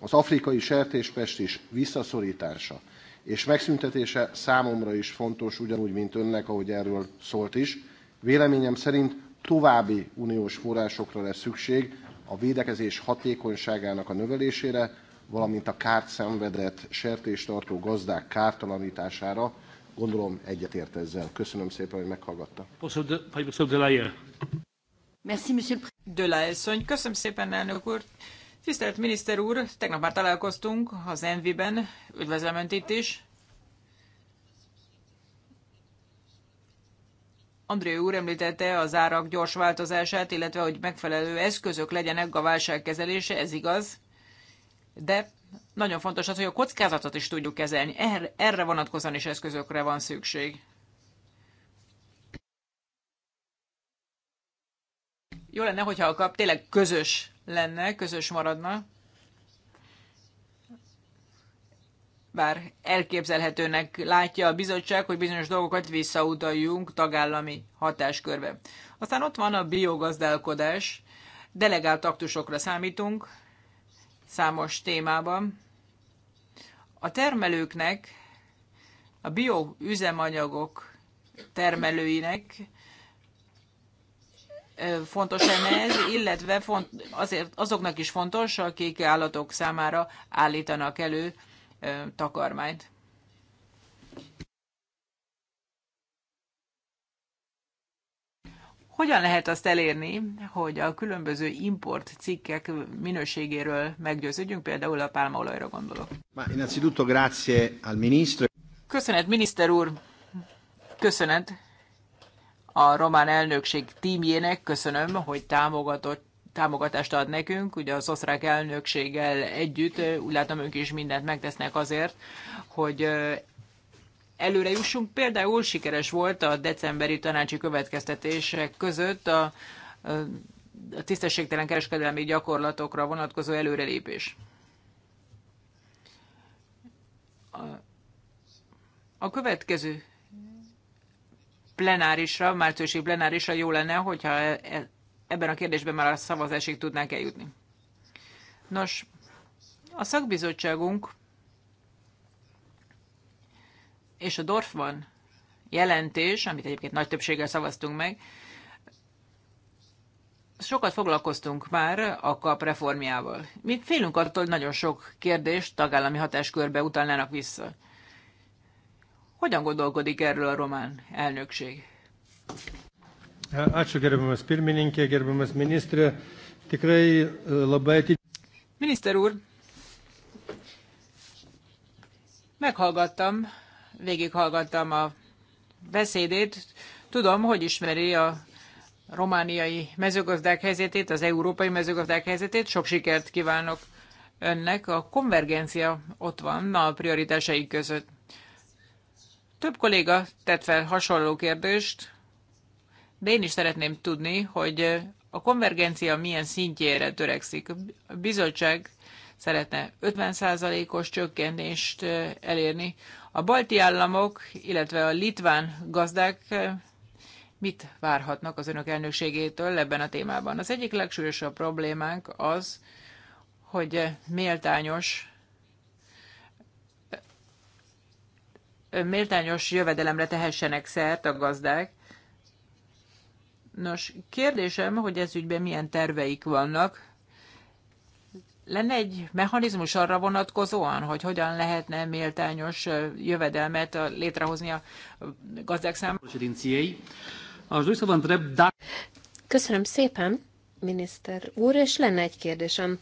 az afrikai sertéspest is visszaszorítása és megszüntetése számomra is fontos, ugyanúgy, mint önnek, ahogy erről szólt is. Véleményem szerint további uniós forrásokra lesz szükség a védekezés hatékonyságának a növelésére, valamint a kárt szenvedett sertéstartó gazdák kártalanítására. Gondolom egyetért ezzel. Köszönöm szépen, hogy meghallgatta. Dölaelszony, köszönöm szépen, elnök úr. Tisztelt miniszter úr, tegnap már találkoztunk az Envi-ben, üdvözlöm Önt itt is. André úr említette az árak gyors változását, illetve hogy megfelelő eszközök legyenek a válság kezelése. ez igaz de nagyon fontos az, hogy a kockázatot is tudjuk kezelni. Erre vonatkozóan is eszközökre van szükség. Jó lenne, hogyha a kap tényleg közös lenne, közös maradna. Bár elképzelhetőnek látja a bizottság, hogy bizonyos dolgokat visszautaljunk tagállami hatáskörbe. Aztán ott van a biogazdálkodás. Delegált aktusokra számítunk, számos témában. A termelőknek, a bioüzemanyagok termelőinek fontos lenne ez, illetve font, azért azoknak is fontos, akik állatok számára állítanak elő takarmányt. Hogyan lehet azt elérni, hogy a különböző import cikkek minőségéről meggyőződjünk, például a pálmaolajra gondolok? Köszönet, miniszter úr! Köszönet a román elnökség tímjének, köszönöm, hogy támogatott támogatást ad nekünk, ugye az osztrák elnökséggel együtt, úgy látom ők is mindent megtesznek azért, hogy előre jussunk. Például sikeres volt a decemberi tanácsi következtetések között a, a tisztességtelen kereskedelmi gyakorlatokra vonatkozó előrelépés. A, a következő plenárisra, márciusi plenárisra jó lenne, hogyha e, e, ebben a kérdésben már a szavazásig tudnánk eljutni. Nos, a szakbizottságunk és a Dorfman jelentés, amit egyébként nagy többséggel szavaztunk meg, sokat foglalkoztunk már a KAP reformjával. Mi félünk attól, hogy nagyon sok kérdést tagállami hatáskörbe utalnának vissza. Hogyan gondolkodik erről a román elnökség? Ačiū gerbiamas pirmininkė, gerbiamas ministrė. Tikrai e, labai Miniszter úr, meghallgattam végighallgattam a beszédét. Tudom, hogy ismeri a romániai mezőgazdák helyzetét, az európai mezőgazdák helyzetét. Sok sikert kívánok önnek. A konvergencia ott van a prioritásai között. Több kolléga tett fel hasonló kérdést, de én is szeretném tudni, hogy a konvergencia milyen szintjére törekszik. A bizottság szeretne 50%-os csökkentést elérni. A balti államok, illetve a litván gazdák eh, mit várhatnak az önök elnökségétől ebben a témában? Az egyik legsúlyosabb problémánk az, hogy méltányos eh, méltányos jövedelemre tehessenek szert a gazdák. Nos, kérdésem, hogy ez ügyben milyen terveik vannak, lenne egy mechanizmus arra vonatkozóan, hogy hogyan lehetne méltányos jövedelmet létrehozni a gazdák számára? Köszönöm szépen, miniszter úr, és lenne egy kérdésem.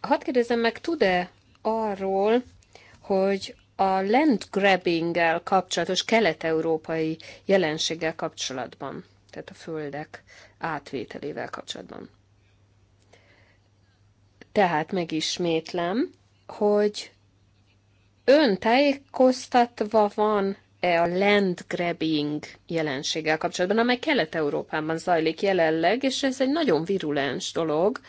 Hadd kérdezem meg, tud-e arról, hogy a land grabbing kapcsolatos kelet-európai jelenséggel kapcsolatban, tehát a földek átvételével kapcsolatban. Tehát megismétlem, hogy ön tájékoztatva van -e a land grabbing jelenséggel kapcsolatban, amely Kelet-Európában zajlik jelenleg, és ez egy nagyon virulens dolog.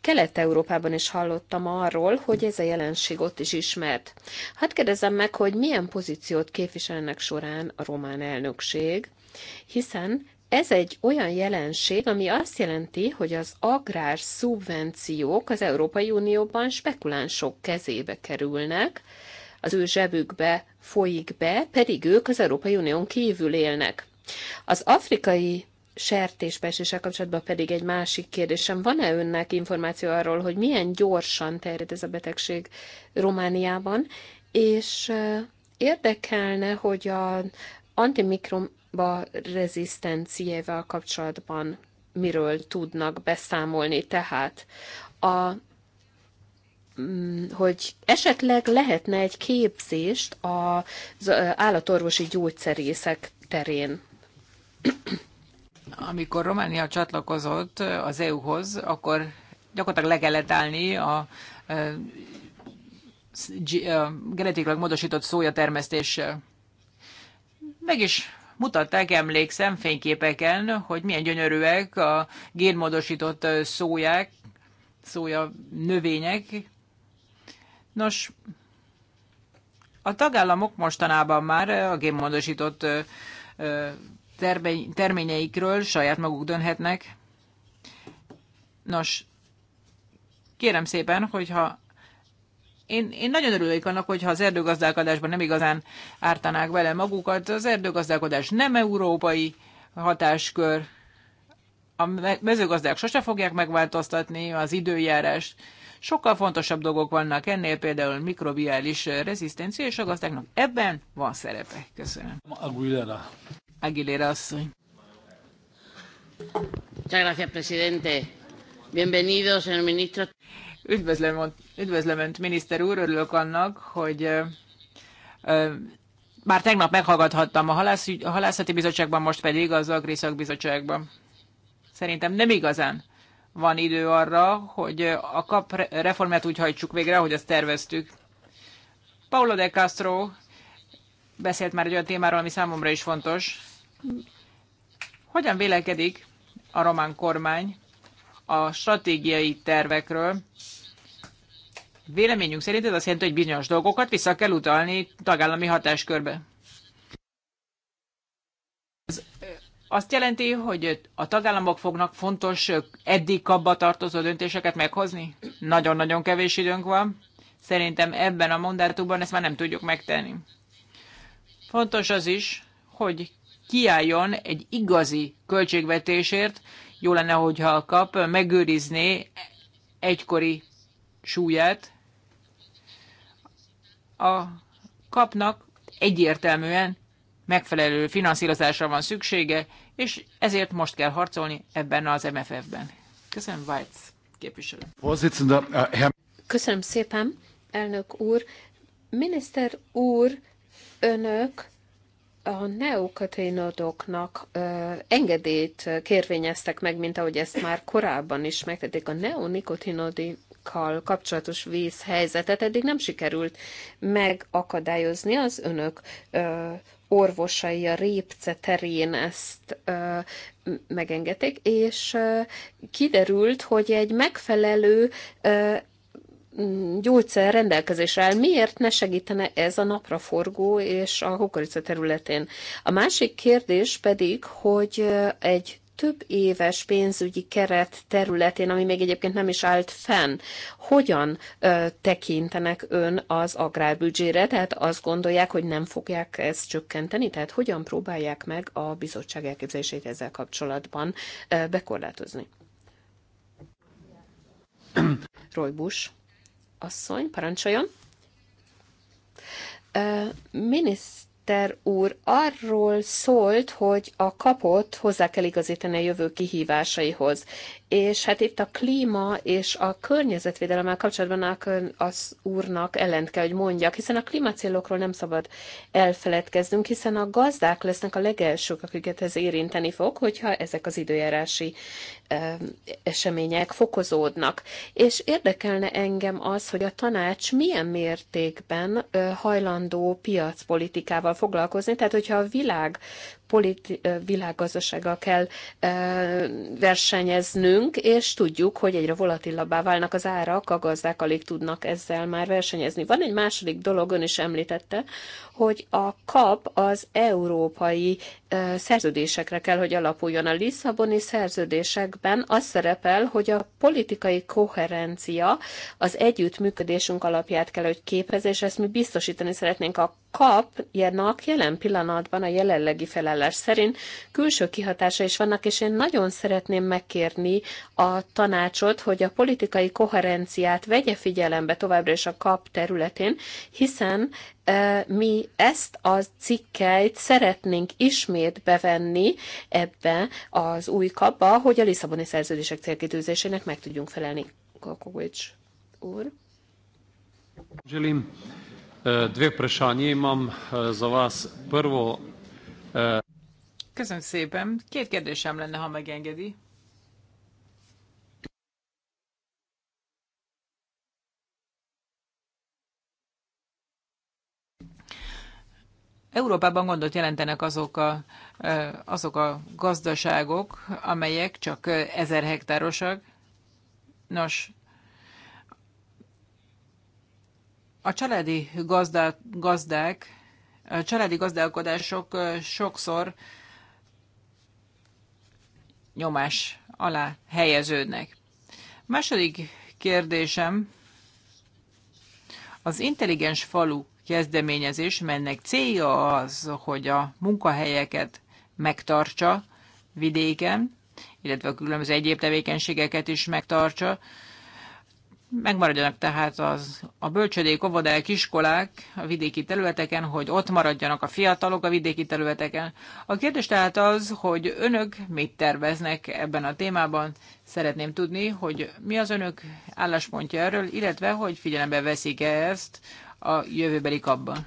Kelet-Európában is hallottam arról, hogy ez a jelenség ott is ismert. Hát kérdezem meg, hogy milyen pozíciót képviselnek során a román elnökség, hiszen ez egy olyan jelenség, ami azt jelenti, hogy az agrár szubvenciók az Európai Unióban spekulánsok kezébe kerülnek, az ő zsebükbe folyik be, pedig ők az Európai Unión kívül élnek. Az afrikai sertéspeséssel kapcsolatban pedig egy másik kérdésem. Van-e önnek információ arról, hogy milyen gyorsan terjed ez a betegség Romániában? És eh, érdekelne, hogy a, antimikrom ba rezisztenciével kapcsolatban miről tudnak beszámolni. Tehát a mm, hogy esetleg lehetne egy képzést az állatorvosi gyógyszerészek terén. Amikor Románia csatlakozott az EU-hoz, akkor gyakorlatilag le kellett állni a genetikailag módosított szója termesztés. Meg is mutatták, emlékszem fényképeken, hogy milyen gyönyörűek a génmódosított szóják, szója növények. Nos, a tagállamok mostanában már a génmódosított terményeikről saját maguk dönhetnek. Nos, kérem szépen, hogyha én, én nagyon örülök annak, hogyha az erdőgazdálkodásban nem igazán ártanák vele magukat. Az erdőgazdálkodás nem európai hatáskör. A mezőgazdák sose fogják megváltoztatni az időjárást. Sokkal fontosabb dolgok vannak ennél, például mikrobiális rezisztencia, és a gazdáknak ebben van szerepe. Köszönöm. Aguilera. Aguilera asszony. Muchas gracias, presidente. Bienvenidos, señor ministro. Üdvözlöm, üdvözlöm Önt, miniszter úr, örülök annak, hogy már tegnap meghallgathattam a, halász, a halászati bizottságban, most pedig az Agri szakbizottságban. Szerintem nem igazán van idő arra, hogy a kap reformját úgy hajtsuk végre, ahogy azt terveztük. Paulo de Castro beszélt már egy olyan témáról, ami számomra is fontos. Hogyan vélekedik a román kormány a stratégiai tervekről. Véleményünk szerint ez azt jelenti, hogy bizonyos dolgokat vissza kell utalni tagállami hatáskörbe. Ez azt jelenti, hogy a tagállamok fognak fontos eddig kabba tartozó döntéseket meghozni? Nagyon-nagyon kevés időnk van. Szerintem ebben a mondátumban ezt már nem tudjuk megtenni. Fontos az is, hogy kiálljon egy igazi költségvetésért, jó lenne, hogyha a kap megőrizné egykori súlyát. A kapnak egyértelműen megfelelő finanszírozásra van szüksége, és ezért most kell harcolni ebben az MFF-ben. Köszönöm, Weitz képviselő. Äh, Köszönöm szépen, elnök úr. Miniszter úr, önök a neokaténodoknak engedélyt kérvényeztek meg, mint ahogy ezt már korábban is megtették. A neonikotinodi kal kapcsolatos vízhelyzetet eddig nem sikerült megakadályozni az önök ö, orvosai a répce terén ezt ö, megengedték, és ö, kiderült, hogy egy megfelelő ö, gyógyszer rendelkezésre áll, miért ne segítene ez a napraforgó és a kukorica területén? A másik kérdés pedig, hogy egy több éves pénzügyi keret területén, ami még egyébként nem is állt fenn, hogyan ö, tekintenek ön az agrárbüdzsére, tehát azt gondolják, hogy nem fogják ezt csökkenteni, tehát hogyan próbálják meg a bizottság elképzelését ezzel kapcsolatban ö, bekorlátozni? Roy Bush asszony, parancsoljon. Miniszter úr arról szólt, hogy a kapot hozzá kell igazítani a jövő kihívásaihoz, és hát itt a klíma és a környezetvédelemmel kapcsolatban az úrnak ellent kell, hogy mondjak, hiszen a klímacélokról nem szabad elfeledkeznünk, hiszen a gazdák lesznek a legelsők, akiket ez érinteni fog, hogyha ezek az időjárási események fokozódnak. És érdekelne engem az, hogy a tanács milyen mértékben hajlandó piacpolitikával foglalkozni, tehát hogyha a világ politi- világgazdasággal kell versenyeznünk, és tudjuk, hogy egyre volatilabbá válnak az árak, a gazdák alig tudnak ezzel már versenyezni. Van egy második dolog, ön is említette, hogy a kap az európai szerződésekre kell, hogy alapuljon. A Lisszaboni szerződésekben az szerepel, hogy a politikai koherencia az együttműködésünk alapját kell, hogy képezze, és ezt mi biztosítani szeretnénk a kapjának jelen pillanatban a jelenlegi felállás szerint külső kihatása is vannak, és én nagyon szeretném megkérni a tanácsot, hogy a politikai koherenciát vegye figyelembe továbbra is a kap területén, hiszen mi ezt a cikkeit szeretnénk ismét bevenni ebbe az új kapba, hogy a Lisszaboni szerződések célkitűzésének meg tudjunk felelni. Kokovics úr. Želim dve vprašanje imam za vas. Prvo... Köszönöm szépen. Két kérdésem lenne, ha megengedi. Európában gondot jelentenek azok a, azok a gazdaságok, amelyek csak ezer hektárosak. Nos, a családi gazda, gazdák, a családi gazdálkodások sokszor nyomás alá helyeződnek. Második kérdésem az intelligens falu kezdeményezés, melynek célja az, hogy a munkahelyeket megtartsa vidéken, illetve a különböző egyéb tevékenységeket is megtartsa. Megmaradjanak tehát az, a bölcsödék, óvodák, iskolák a vidéki területeken, hogy ott maradjanak a fiatalok a vidéki területeken. A kérdés tehát az, hogy önök mit terveznek ebben a témában. Szeretném tudni, hogy mi az önök álláspontja erről, illetve hogy figyelembe veszik-e ezt a jövőbeli kapban.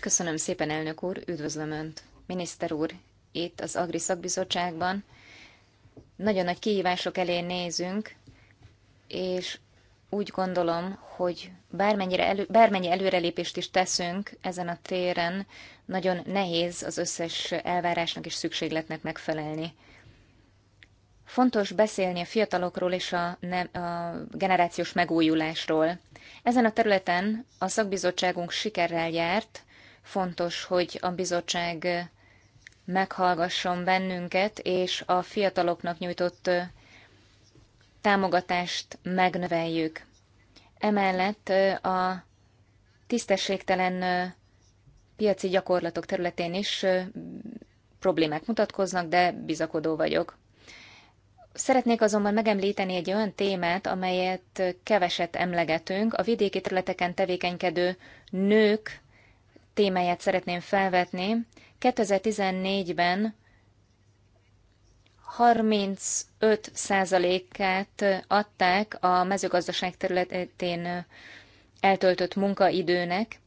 Köszönöm szépen, elnök úr, üdvözlöm Önt. Miniszter úr, itt az Agri Szakbizottságban nagyon nagy kihívások elé nézünk, és úgy gondolom, hogy bármennyire elő, bármennyi előrelépést is teszünk ezen a téren, nagyon nehéz az összes elvárásnak és szükségletnek megfelelni. Fontos beszélni a fiatalokról és a, ne, a generációs megújulásról. Ezen a területen a szakbizottságunk sikerrel járt, fontos, hogy a bizottság meghallgasson bennünket, és a fiataloknak nyújtott támogatást megnöveljük. Emellett a tisztességtelen piaci gyakorlatok területén is problémák mutatkoznak, de bizakodó vagyok. Szeretnék azonban megemlíteni egy olyan témát, amelyet keveset emlegetünk. A vidéki területeken tevékenykedő nők témáját szeretném felvetni. 2014-ben 35%-át adták a mezőgazdaság területén eltöltött munkaidőnek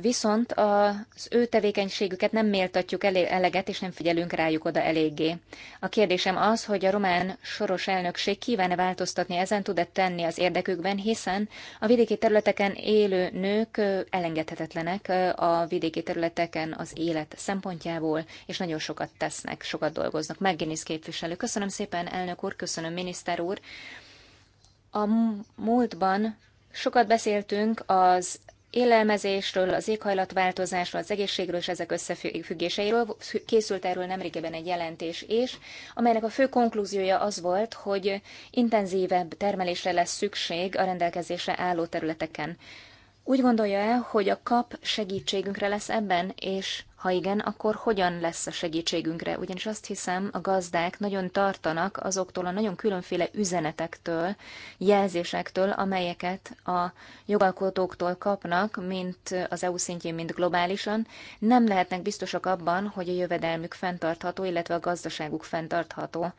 viszont az ő tevékenységüket nem méltatjuk eleget, és nem figyelünk rájuk oda eléggé. A kérdésem az, hogy a román soros elnökség kíván-e változtatni ezen, tud-e tenni az érdekükben, hiszen a vidéki területeken élő nők elengedhetetlenek a vidéki területeken az élet szempontjából, és nagyon sokat tesznek, sokat dolgoznak. Meggenész képviselő. Köszönöm szépen, elnök úr, köszönöm, miniszter úr. A múltban sokat beszéltünk az élelmezésről, az éghajlatváltozásról, az egészségről és ezek összefüggéseiről. Készült erről nemrégiben egy jelentés is, amelynek a fő konklúziója az volt, hogy intenzívebb termelésre lesz szükség a rendelkezésre álló területeken. Úgy gondolja el, hogy a kap segítségünkre lesz ebben, és ha igen, akkor hogyan lesz a segítségünkre? Ugyanis azt hiszem, a gazdák nagyon tartanak azoktól a nagyon különféle üzenetektől, jelzésektől, amelyeket a jogalkotóktól kapnak, mint az EU szintjén, mint globálisan. Nem lehetnek biztosak abban, hogy a jövedelmük fenntartható, illetve a gazdaságuk fenntartható.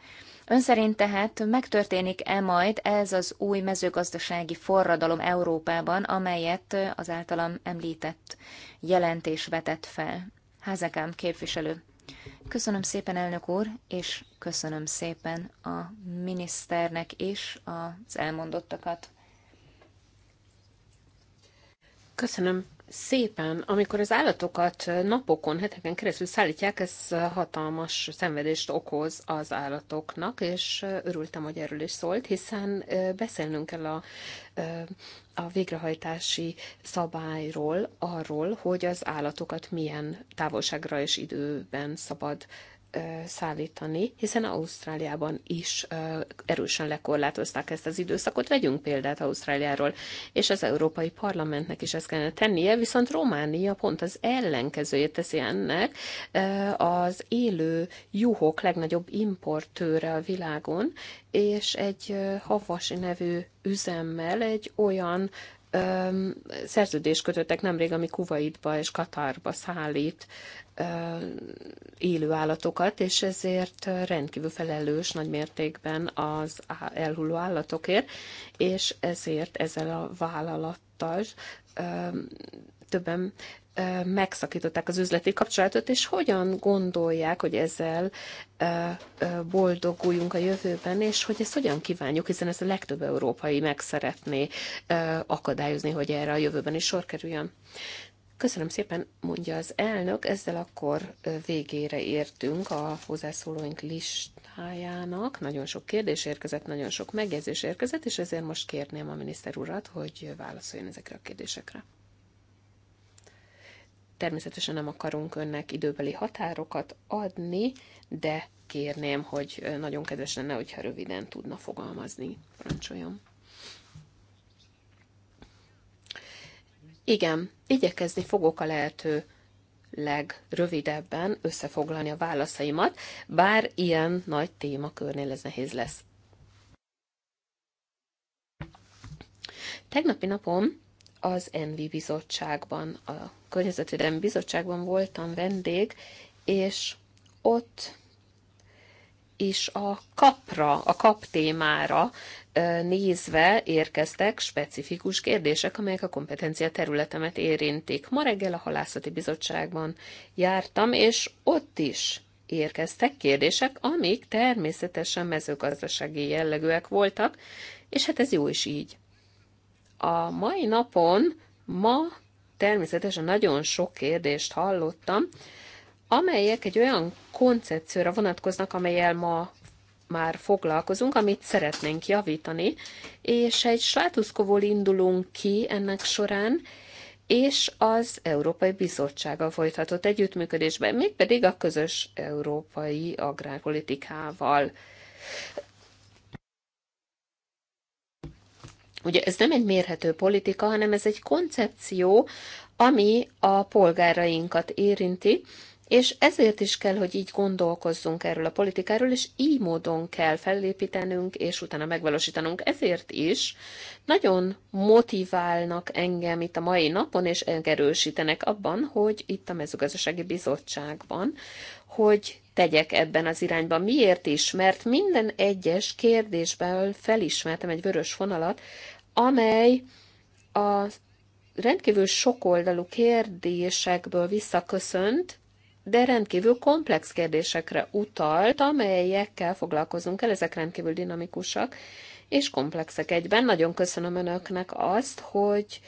Ön szerint tehát megtörténik-e majd ez az új mezőgazdasági forradalom Európában, amelyet az általam említett jelentés vetett fel? Házekám képviselő. Köszönöm szépen, elnök úr, és köszönöm szépen a miniszternek is az elmondottakat. Köszönöm szépen, amikor az állatokat napokon, heteken keresztül szállítják, ez hatalmas szenvedést okoz az állatoknak, és örültem, hogy erről is szólt, hiszen beszélnünk kell a, a végrehajtási szabályról, arról, hogy az állatokat milyen távolságra és időben szabad szállítani, hiszen Ausztráliában is erősen lekorlátozták ezt az időszakot. Vegyünk példát Ausztráliáról, és az Európai Parlamentnek is ezt kellene tennie, viszont Románia pont az ellenkezőjét teszi ennek az élő juhok legnagyobb importőre a világon, és egy havasi nevű üzemmel egy olyan öm, szerződést kötöttek nemrég, ami Kuwaitba és Katarba szállít élő állatokat, és ezért rendkívül felelős nagy mértékben az elhulló állatokért, és ezért ezzel a vállalattal többen megszakították az üzleti kapcsolatot, és hogyan gondolják, hogy ezzel boldoguljunk a jövőben, és hogy ezt hogyan kívánjuk, hiszen ezt a legtöbb európai meg szeretné akadályozni, hogy erre a jövőben is sor kerüljön. Köszönöm szépen, mondja az elnök. Ezzel akkor végére értünk a hozzászólóink listájának. Nagyon sok kérdés érkezett, nagyon sok megjegyzés érkezett, és ezért most kérném a miniszter urat, hogy válaszoljon ezekre a kérdésekre. Természetesen nem akarunk önnek időbeli határokat adni, de kérném, hogy nagyon kedves lenne, hogyha röviden tudna fogalmazni. Parancsoljon. Igen, igyekezni fogok a lehető legrövidebben összefoglalni a válaszaimat, bár ilyen nagy témakörnél ez nehéz lesz. Tegnapi napom az Envi Bizottságban a Környezetvédelmi Bizottságban voltam vendég, és ott is a kapra, a kap témára nézve érkeztek specifikus kérdések, amelyek a kompetencia területemet érintik. Ma reggel a halászati bizottságban jártam, és ott is érkeztek kérdések, amik természetesen mezőgazdasági jellegűek voltak, és hát ez jó is így. A mai napon, ma természetesen nagyon sok kérdést hallottam, amelyek egy olyan koncepcióra vonatkoznak, amelyel ma már foglalkozunk, amit szeretnénk javítani, és egy státuszkovól indulunk ki ennek során, és az Európai Bizottsággal folytatott együttműködésben, mégpedig a közös európai agrárpolitikával. Ugye ez nem egy mérhető politika, hanem ez egy koncepció, ami a polgárainkat érinti, és ezért is kell, hogy így gondolkozzunk erről a politikáról, és így módon kell fellépítenünk, és utána megvalósítanunk. Ezért is nagyon motiválnak engem itt a mai napon, és erősítenek abban, hogy itt a mezőgazdasági bizottságban, hogy tegyek ebben az irányban. Miért is? Mert minden egyes kérdésben felismertem egy vörös vonalat, amely a rendkívül sokoldalú kérdésekből visszaköszönt, de rendkívül komplex kérdésekre utalt, amelyekkel foglalkozunk el, ezek rendkívül dinamikusak és komplexek egyben. Nagyon köszönöm Önöknek azt, hogy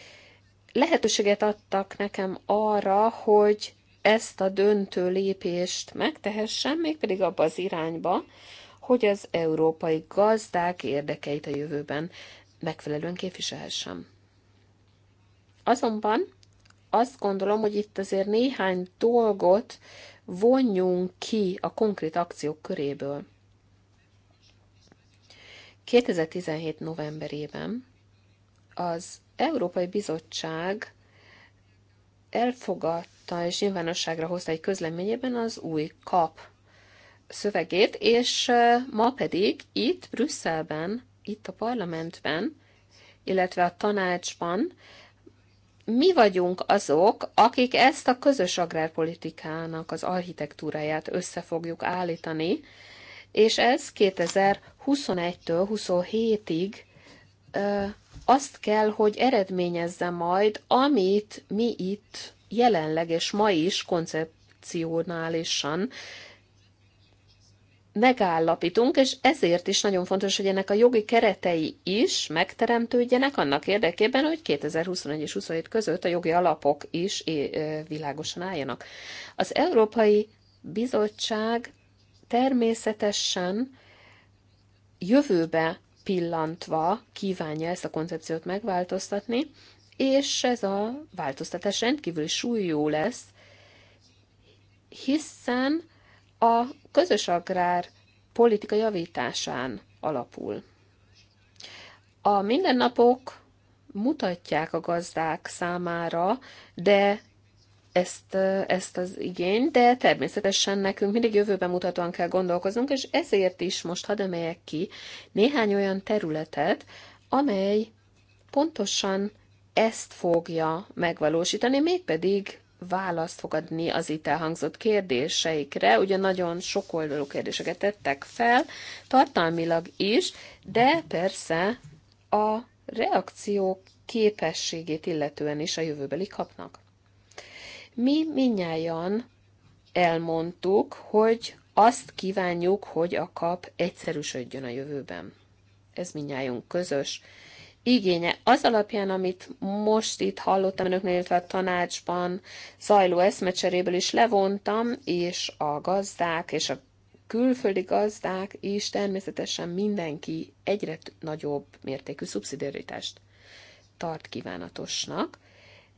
lehetőséget adtak nekem arra, hogy ezt a döntő lépést megtehessen, mégpedig abba az irányba, hogy az európai gazdák érdekeit a jövőben megfelelően képviselhessem. Azonban azt gondolom, hogy itt azért néhány dolgot vonjunk ki a konkrét akciók köréből. 2017. novemberében az Európai Bizottság elfogadta és nyilvánosságra hozta egy közleményében az új kap szövegét, és ma pedig itt Brüsszelben, itt a parlamentben, illetve a tanácsban mi vagyunk azok, akik ezt a közös agrárpolitikának az architektúráját össze fogjuk állítani, és ez 2021-től 27-ig azt kell, hogy eredményezze majd, amit mi itt jelenleg és ma is koncepcionálisan megállapítunk, és ezért is nagyon fontos, hogy ennek a jogi keretei is megteremtődjenek annak érdekében, hogy 2021 és 27 között a jogi alapok is világosan álljanak. Az Európai Bizottság természetesen jövőbe pillantva kívánja ezt a koncepciót megváltoztatni, és ez a változtatás rendkívül súlyú lesz, hiszen a közös agrár politika javításán alapul. A mindennapok mutatják a gazdák számára, de ezt, ezt az igényt, de természetesen nekünk mindig jövőben mutatóan kell gondolkoznunk, és ezért is most hadd emeljek ki néhány olyan területet, amely pontosan ezt fogja megvalósítani, mégpedig választ fogadni az itt elhangzott kérdéseikre. Ugye nagyon sokoldalú kérdéseket tettek fel, tartalmilag is, de persze a reakciók képességét illetően is a jövőbeli kapnak. Mi minnyáján elmondtuk, hogy azt kívánjuk, hogy a kap egyszerűsödjön a jövőben. Ez minnyájunk közös igénye. Az alapján, amit most itt hallottam önöknél, illetve a tanácsban zajló eszmecseréből is levontam, és a gazdák és a külföldi gazdák is természetesen mindenki egyre nagyobb mértékű szubszidiaritást tart kívánatosnak,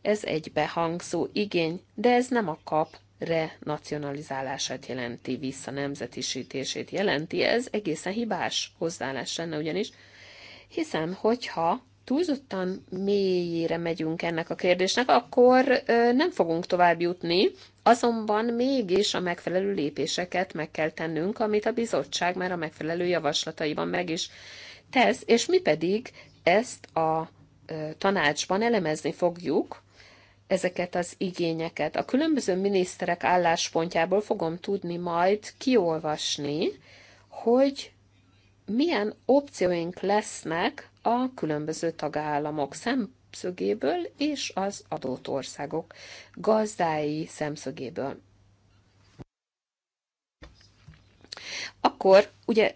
ez egybehangzó igény, de ez nem a kap renacionalizálását jelenti, nemzetisítését jelenti, ez egészen hibás hozzáállás lenne ugyanis, hiszen hogyha túlzottan mélyére megyünk ennek a kérdésnek, akkor ö, nem fogunk tovább jutni, azonban mégis a megfelelő lépéseket meg kell tennünk, amit a bizottság már a megfelelő javaslataiban meg is tesz, és mi pedig ezt a ö, tanácsban elemezni fogjuk, ezeket az igényeket. A különböző miniszterek álláspontjából fogom tudni majd kiolvasni, hogy milyen opcióink lesznek a különböző tagállamok szemszögéből és az adott országok gazdái szemszögéből. Akkor ugye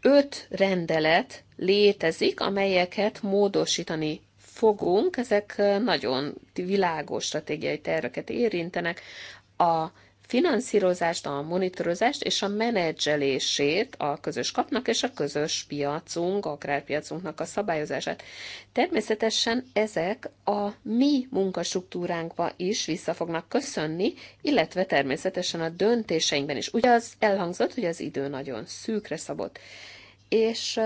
öt rendelet létezik, amelyeket módosítani fogunk, ezek nagyon világos stratégiai terveket érintenek. A finanszírozást, a monitorozást és a menedzselését a közös kapnak és a közös piacunk, agrárpiacunknak a szabályozását. Természetesen ezek a mi munkastruktúránkba is vissza fognak köszönni, illetve természetesen a döntéseinkben is. Ugye az elhangzott, hogy az idő nagyon szűkre szabott. És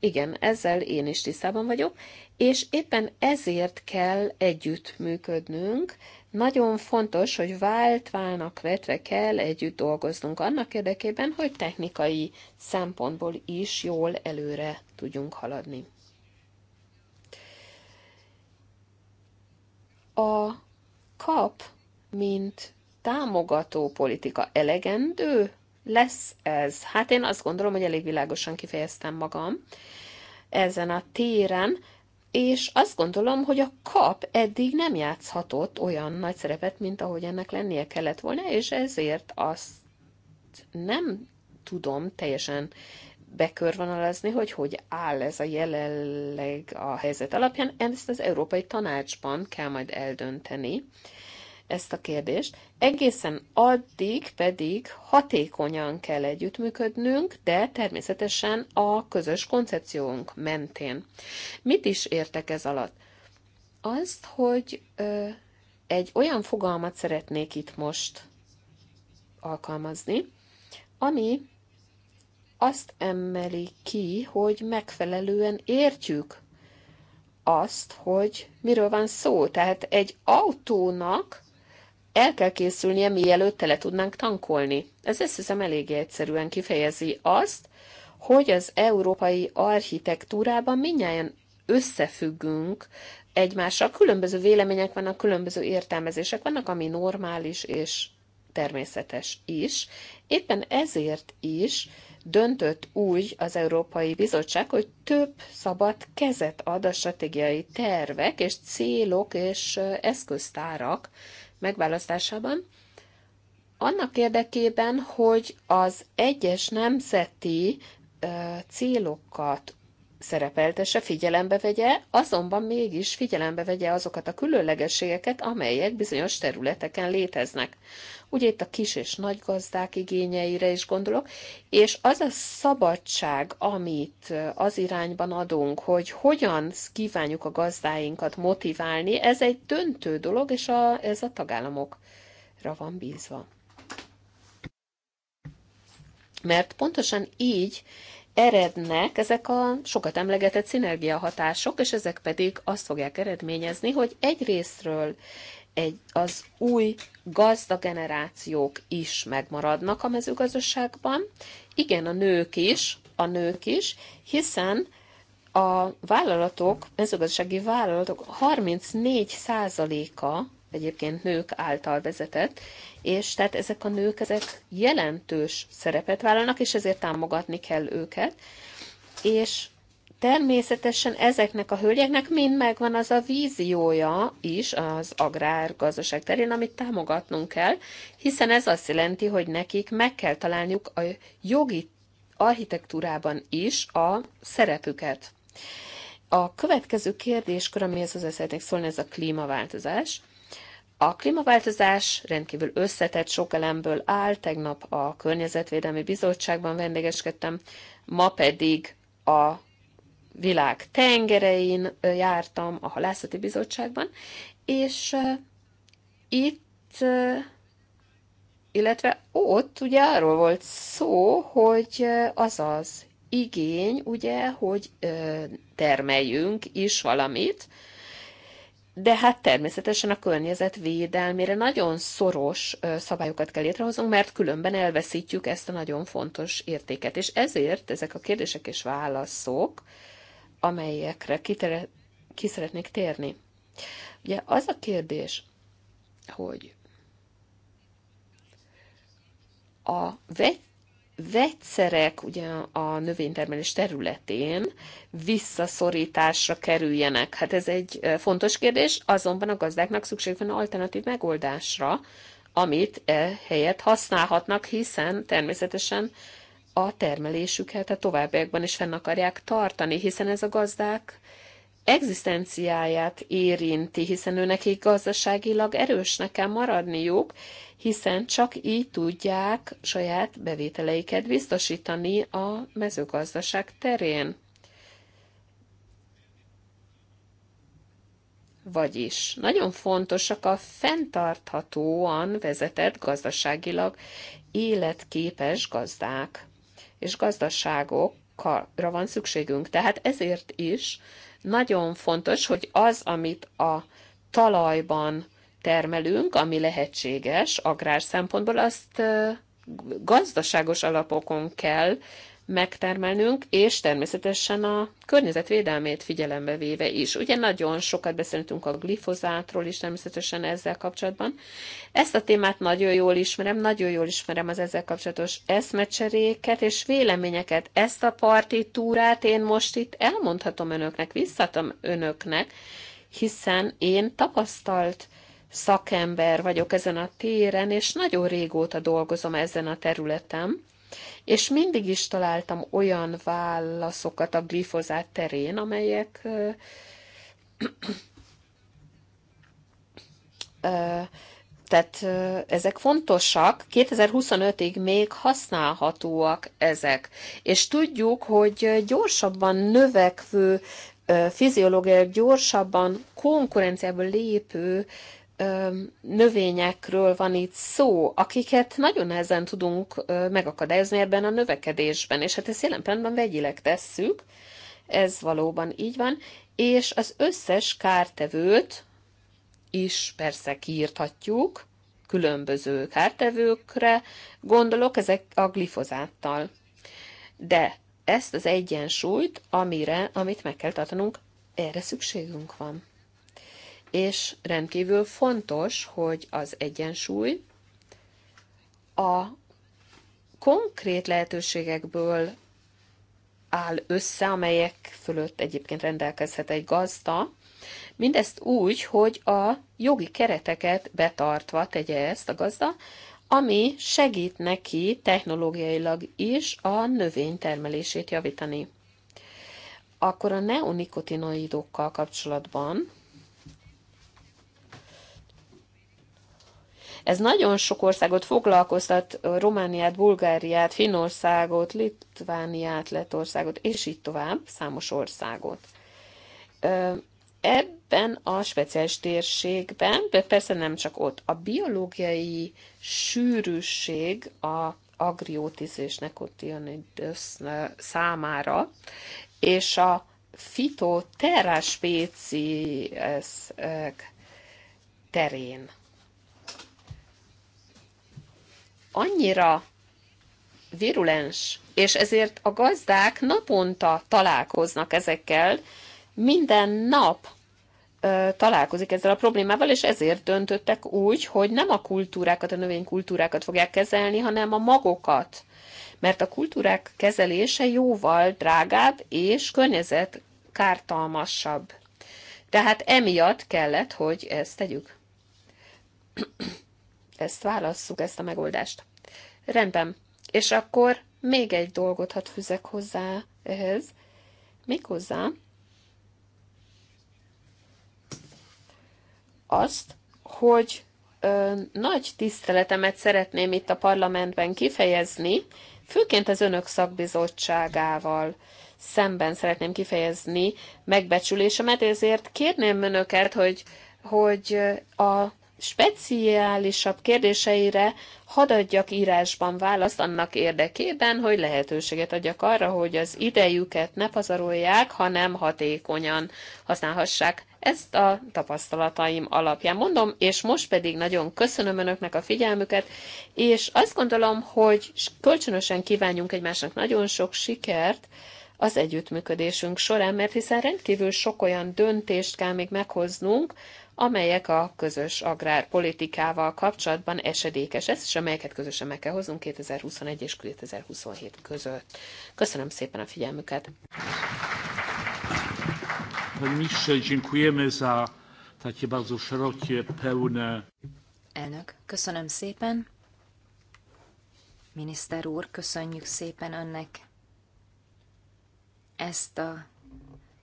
igen, ezzel én is tisztában vagyok, és éppen ezért kell együttműködnünk. Nagyon fontos, hogy váltvának vetve kell együtt dolgoznunk annak érdekében, hogy technikai szempontból is jól előre tudjunk haladni. A kap, mint támogató politika elegendő lesz ez? Hát én azt gondolom, hogy elég világosan kifejeztem magam ezen a téren, és azt gondolom, hogy a kap eddig nem játszhatott olyan nagy szerepet, mint ahogy ennek lennie kellett volna, és ezért azt nem tudom teljesen bekörvonalazni, hogy hogy áll ez a jelenleg a helyzet alapján. Ezt az Európai Tanácsban kell majd eldönteni, ezt a kérdést, egészen addig pedig hatékonyan kell együttműködnünk, de természetesen a közös koncepciónk mentén. Mit is értek ez alatt? Azt, hogy ö, egy olyan fogalmat szeretnék itt most alkalmazni, ami azt emeli ki, hogy megfelelően értjük azt, hogy miről van szó. Tehát egy autónak el kell készülnie, mielőtt tele tudnánk tankolni. Ez azt hiszem eléggé egyszerűen kifejezi azt, hogy az európai architektúrában minnyáján összefüggünk egymással, különböző vélemények vannak, különböző értelmezések vannak, ami normális és természetes is. Éppen ezért is döntött úgy az Európai Bizottság, hogy több szabad kezet ad a stratégiai tervek és célok és eszköztárak megválasztásában, annak érdekében, hogy az egyes nemzeti célokat szerepeltesse, figyelembe vegye, azonban mégis figyelembe vegye azokat a különlegességeket, amelyek bizonyos területeken léteznek ugye itt a kis és nagy gazdák igényeire is gondolok, és az a szabadság, amit az irányban adunk, hogy hogyan kívánjuk a gazdáinkat motiválni, ez egy döntő dolog, és a, ez a tagállamokra van bízva. Mert pontosan így erednek ezek a sokat emlegetett szinergiahatások, és ezek pedig azt fogják eredményezni, hogy egy részről egy, az új gazda generációk is megmaradnak a mezőgazdaságban. Igen, a nők is, a nők is, hiszen a vállalatok, mezőgazdasági vállalatok 34%-a egyébként nők által vezetett, és tehát ezek a nők ezek jelentős szerepet vállalnak, és ezért támogatni kell őket. És Természetesen ezeknek a hölgyeknek mind megvan az a víziója is az agrárgazdaság terén, amit támogatnunk kell, hiszen ez azt jelenti, hogy nekik meg kell találniuk a jogi architektúrában is a szerepüket. A következő kérdéskör, amihez az szeretnék szólni, ez a klímaváltozás. A klímaváltozás rendkívül összetett, sok elemből áll. Tegnap a Környezetvédelmi Bizottságban vendégeskedtem, ma pedig a világ tengerein jártam a halászati bizottságban, és itt, illetve ott ugye arról volt szó, hogy az az igény, ugye, hogy termeljünk is valamit, de hát természetesen a környezet védelmére nagyon szoros szabályokat kell létrehoznunk, mert különben elveszítjük ezt a nagyon fontos értéket. És ezért ezek a kérdések és válaszok amelyekre kitere, ki szeretnék térni. Ugye az a kérdés, hogy a vegy vegyszerek ugye a növénytermelés területén visszaszorításra kerüljenek. Hát ez egy fontos kérdés, azonban a gazdáknak szükség van alternatív megoldásra, amit e helyett használhatnak, hiszen természetesen a termelésüket a továbbiakban is fenn akarják tartani, hiszen ez a gazdák egzisztenciáját érinti, hiszen ő nekik gazdaságilag erősnek kell maradniuk, hiszen csak így tudják saját bevételeiket biztosítani a mezőgazdaság terén. Vagyis nagyon fontosak a fenntarthatóan vezetett gazdaságilag életképes gazdák és gazdaságokra van szükségünk. Tehát ezért is nagyon fontos, hogy az, amit a talajban termelünk, ami lehetséges agrár szempontból, azt gazdaságos alapokon kell megtermelnünk, és természetesen a környezetvédelmét figyelembe véve is. Ugye nagyon sokat beszéltünk a glifozátról is természetesen ezzel kapcsolatban. Ezt a témát nagyon jól ismerem, nagyon jól ismerem az ezzel kapcsolatos eszmecseréket és véleményeket. Ezt a partitúrát én most itt elmondhatom önöknek, visszatom önöknek, hiszen én tapasztalt szakember vagyok ezen a téren, és nagyon régóta dolgozom ezen a területen és mindig is találtam olyan válaszokat a glifozát terén, amelyek tehát ezek fontosak, 2025-ig még használhatóak ezek. És tudjuk, hogy gyorsabban növekvő, fiziológiai gyorsabban konkurenciából lépő növényekről van itt szó, akiket nagyon nehezen tudunk megakadályozni ebben a növekedésben, és hát ezt jelen pillanatban vegyileg tesszük, ez valóban így van, és az összes kártevőt is persze kiírthatjuk, különböző kártevőkre gondolok, ezek a glifozáttal. De ezt az egyensúlyt, amire, amit meg kell tartanunk, erre szükségünk van és rendkívül fontos, hogy az egyensúly a konkrét lehetőségekből áll össze, amelyek fölött egyébként rendelkezhet egy gazda, mindezt úgy, hogy a jogi kereteket betartva tegye ezt a gazda, ami segít neki technológiailag is a növény termelését javítani. Akkor a neonikotinoidokkal kapcsolatban Ez nagyon sok országot foglalkoztat, Romániát, Bulgáriát, Finországot, Litvániát, Letországot, és így tovább, számos országot. Ebben a speciális térségben, de persze nem csak ott, a biológiai sűrűség a agriotis és necotianidus számára, és a fitoterra terén annyira virulens, és ezért a gazdák naponta találkoznak ezekkel, minden nap ö, találkozik ezzel a problémával, és ezért döntöttek úgy, hogy nem a kultúrákat, a növénykultúrákat fogják kezelni, hanem a magokat. Mert a kultúrák kezelése jóval drágább és környezetkártalmasabb. Tehát emiatt kellett, hogy ezt tegyük ezt válasszuk, ezt a megoldást. Rendben. És akkor még egy dolgot hadd fűzek hozzá ehhez. Méghozzá azt, hogy ö, nagy tiszteletemet szeretném itt a parlamentben kifejezni, főként az önök szakbizottságával szemben szeretném kifejezni megbecsülésemet, ezért kérném önöket, hogy, hogy a speciálisabb kérdéseire hadd adjak írásban választ annak érdekében, hogy lehetőséget adjak arra, hogy az idejüket ne pazarolják, hanem hatékonyan használhassák. Ezt a tapasztalataim alapján mondom, és most pedig nagyon köszönöm Önöknek a figyelmüket, és azt gondolom, hogy kölcsönösen kívánjunk egymásnak nagyon sok sikert, az együttműködésünk során, mert hiszen rendkívül sok olyan döntést kell még meghoznunk, amelyek a közös agrárpolitikával kapcsolatban esedékes, és amelyeket közösen meg kell hoznunk 2021 és 2027 között. Köszönöm szépen a figyelmüket! dziękujemy za takie bardzo szerokie, Elnök, köszönöm szépen. Miniszter úr, köszönjük szépen önnek ezt a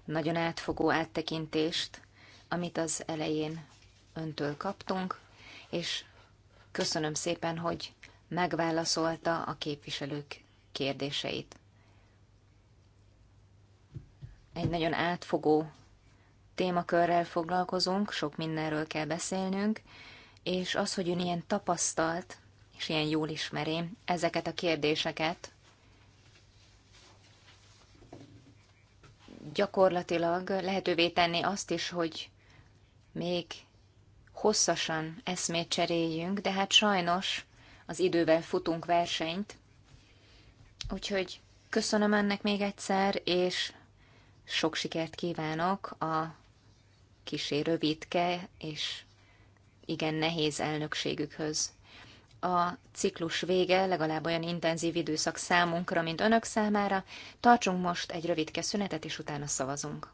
nagyon átfogó áttekintést amit az elején öntől kaptunk, és köszönöm szépen, hogy megválaszolta a képviselők kérdéseit. Egy nagyon átfogó témakörrel foglalkozunk, sok mindenről kell beszélnünk, és az, hogy ön ilyen tapasztalt, és ilyen jól ismeri ezeket a kérdéseket, gyakorlatilag lehetővé tenni azt is, hogy még hosszasan eszmét cseréljünk, de hát sajnos az idővel futunk versenyt. Úgyhogy köszönöm ennek még egyszer, és sok sikert kívánok a kisé rövidke és igen nehéz elnökségükhöz. A ciklus vége legalább olyan intenzív időszak számunkra, mint önök számára. Tartsunk most egy rövidke szünetet, és utána szavazunk.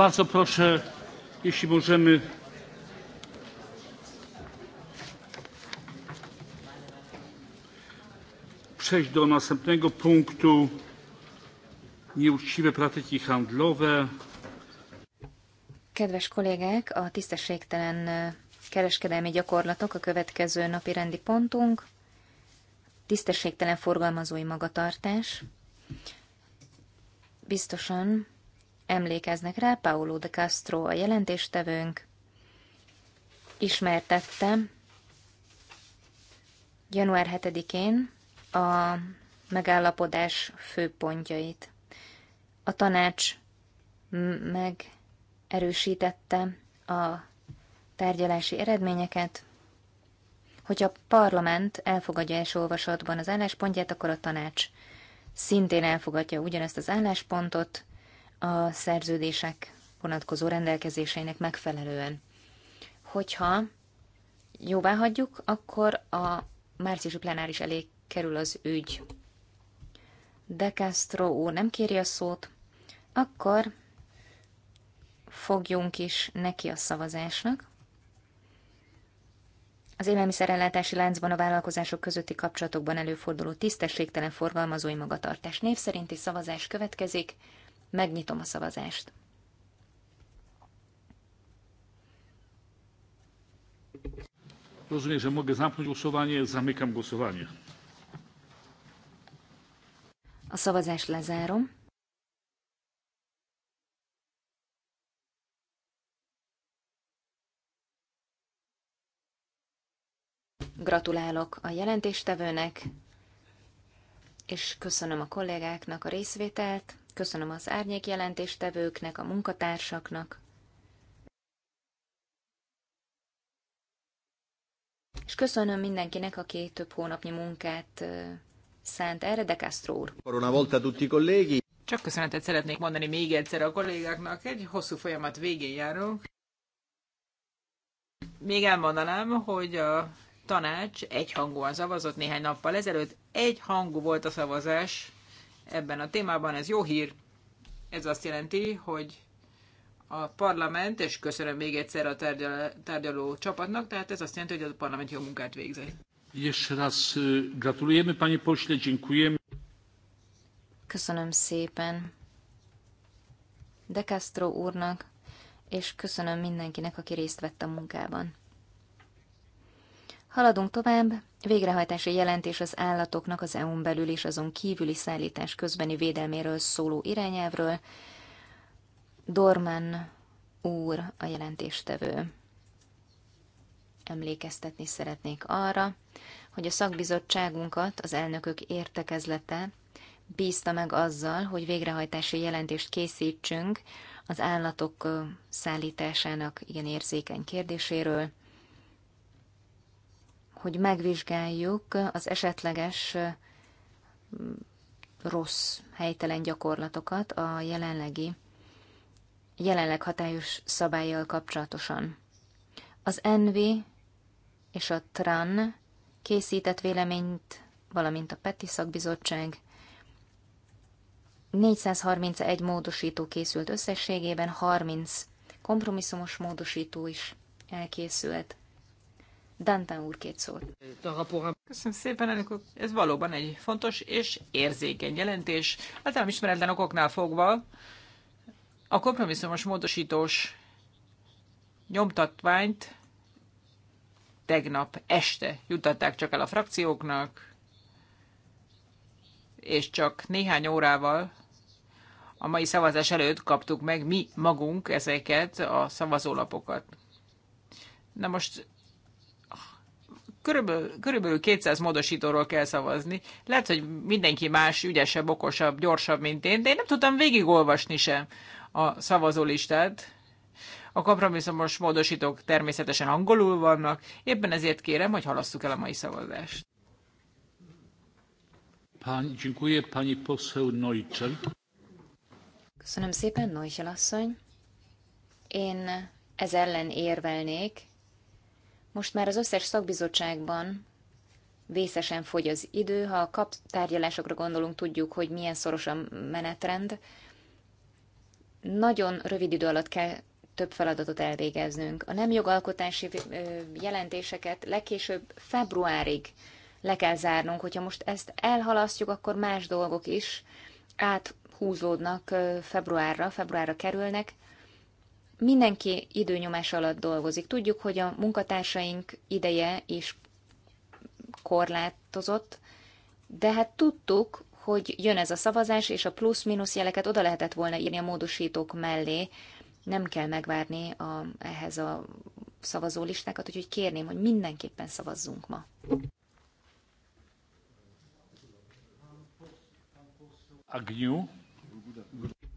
Bardzo proszę, jeśli możemy. Przejść do następnego punktu. Nieuczciwe praktyki handlowe. Kedves kollégák, a tisztességtelen kereskedelmi gyakorlatok a következő napi rendi pontunk. Tisztességtelen forgalmazói magatartás. Biztosan emlékeznek rá, Paulo de Castro a jelentéstevőnk, ismertette január 7-én a megállapodás főpontjait. A tanács megerősítette a tárgyalási eredményeket, hogy a parlament elfogadja első olvasatban az álláspontját, akkor a tanács szintén elfogadja ugyanezt az álláspontot, a szerződések vonatkozó rendelkezéseinek megfelelően. Hogyha jóvá hagyjuk, akkor a márciusi plenáris elé kerül az ügy. De Castro úr nem kéri a szót, akkor fogjunk is neki a szavazásnak. Az élelmiszerellátási láncban a vállalkozások közötti kapcsolatokban előforduló tisztességtelen forgalmazói magatartás név szerinti szavazás következik. Megnyitom a szavazást. Rozumiem, że mogę zamknąć głosowanie. Zamykam głosowanie. A szavazást lezárom. Gratulálok a jelentéstevőnek, és köszönöm a kollégáknak a részvételt köszönöm az árnyék jelentéstevőknek, a munkatársaknak, és köszönöm mindenkinek, aki több hónapnyi munkát szánt erre, de Castro úr. Csak köszönetet szeretnék mondani még egyszer a kollégáknak, egy hosszú folyamat végén járunk. Még elmondanám, hogy a tanács egyhangúan szavazott néhány nappal ezelőtt. Egy hangú volt a szavazás, ebben a témában, ez jó hír. Ez azt jelenti, hogy a parlament, és köszönöm még egyszer a tárgyal, tárgyaló csapatnak, tehát ez azt jelenti, hogy a parlament jó munkát végzett. Jeszcze raz gratulujemy, panie pośle, dziękujemy. Köszönöm szépen De Castro úrnak, és köszönöm mindenkinek, aki részt vett a munkában. Haladunk tovább. Végrehajtási jelentés az állatoknak az EU-n belül és azon kívüli szállítás közbeni védelméről szóló irányelvről. Dorman úr a jelentéstevő. Emlékeztetni szeretnék arra, hogy a szakbizottságunkat az elnökök értekezlete bízta meg azzal, hogy végrehajtási jelentést készítsünk az állatok szállításának igen érzékeny kérdéséről hogy megvizsgáljuk az esetleges rossz, helytelen gyakorlatokat a jelenlegi, jelenleg hatályos szabályjal kapcsolatosan. Az NV és a TRAN készített véleményt, valamint a PETI szakbizottság 431 módosító készült összességében, 30 kompromisszumos módosító is elkészült. Dantán úr két szót. Köszönöm szépen, elnök úr. Ez valóban egy fontos és érzékeny jelentés. Hát nem ismeretlen okoknál fogva a kompromisszumos módosítós nyomtatványt tegnap este jutatták csak el a frakcióknak, és csak néhány órával a mai szavazás előtt kaptuk meg mi magunk ezeket a szavazólapokat. Na most körülbelül, körülbelül 200 módosítóról kell szavazni. Lehet, hogy mindenki más ügyesebb, okosabb, gyorsabb, mint én, de én nem tudtam végigolvasni sem a szavazólistát. A kompromisszumos módosítók természetesen angolul vannak, éppen ezért kérem, hogy halasszuk el a mai szavazást. pani Köszönöm szépen, Neuchel asszony. Én ez ellen érvelnék, most már az összes szakbizottságban vészesen fogy az idő, ha a kap tárgyalásokra gondolunk, tudjuk, hogy milyen szoros a menetrend. Nagyon rövid idő alatt kell több feladatot elvégeznünk. A nem jogalkotási jelentéseket legkésőbb februárig le kell zárnunk. Hogyha most ezt elhalasztjuk, akkor más dolgok is áthúzódnak februárra, februárra kerülnek mindenki időnyomás alatt dolgozik. Tudjuk, hogy a munkatársaink ideje is korlátozott, de hát tudtuk, hogy jön ez a szavazás, és a plusz-minusz jeleket oda lehetett volna írni a módosítók mellé. Nem kell megvárni a, ehhez a szavazólistákat, úgyhogy kérném, hogy mindenképpen szavazzunk ma. Agnew.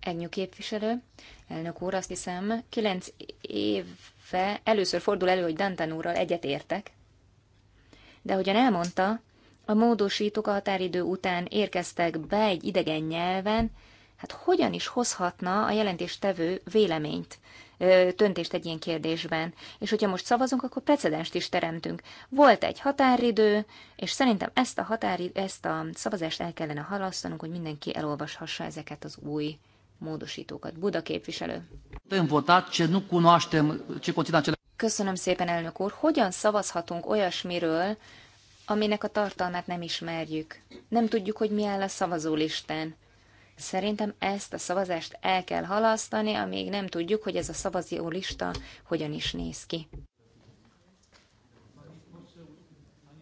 Egnyú képviselő, elnök úr, azt hiszem, kilenc éve először fordul elő, hogy Dantan úrral értek. de ahogyan elmondta, a módosítók a határidő után érkeztek be egy idegen nyelven, hát hogyan is hozhatna a jelentéstevő véleményt, ö, egy ilyen kérdésben. És hogyha most szavazunk, akkor precedenst is teremtünk. Volt egy határidő, és szerintem ezt a, határidő, ezt a szavazást el kellene halasztanunk, hogy mindenki elolvashassa ezeket az új módosítókat. Buda képviselő. Köszönöm szépen, elnök úr. Hogyan szavazhatunk olyasmiről, aminek a tartalmát nem ismerjük? Nem tudjuk, hogy mi áll a szavazólisten. Szerintem ezt a szavazást el kell halasztani, amíg nem tudjuk, hogy ez a szavazólista hogyan is néz ki.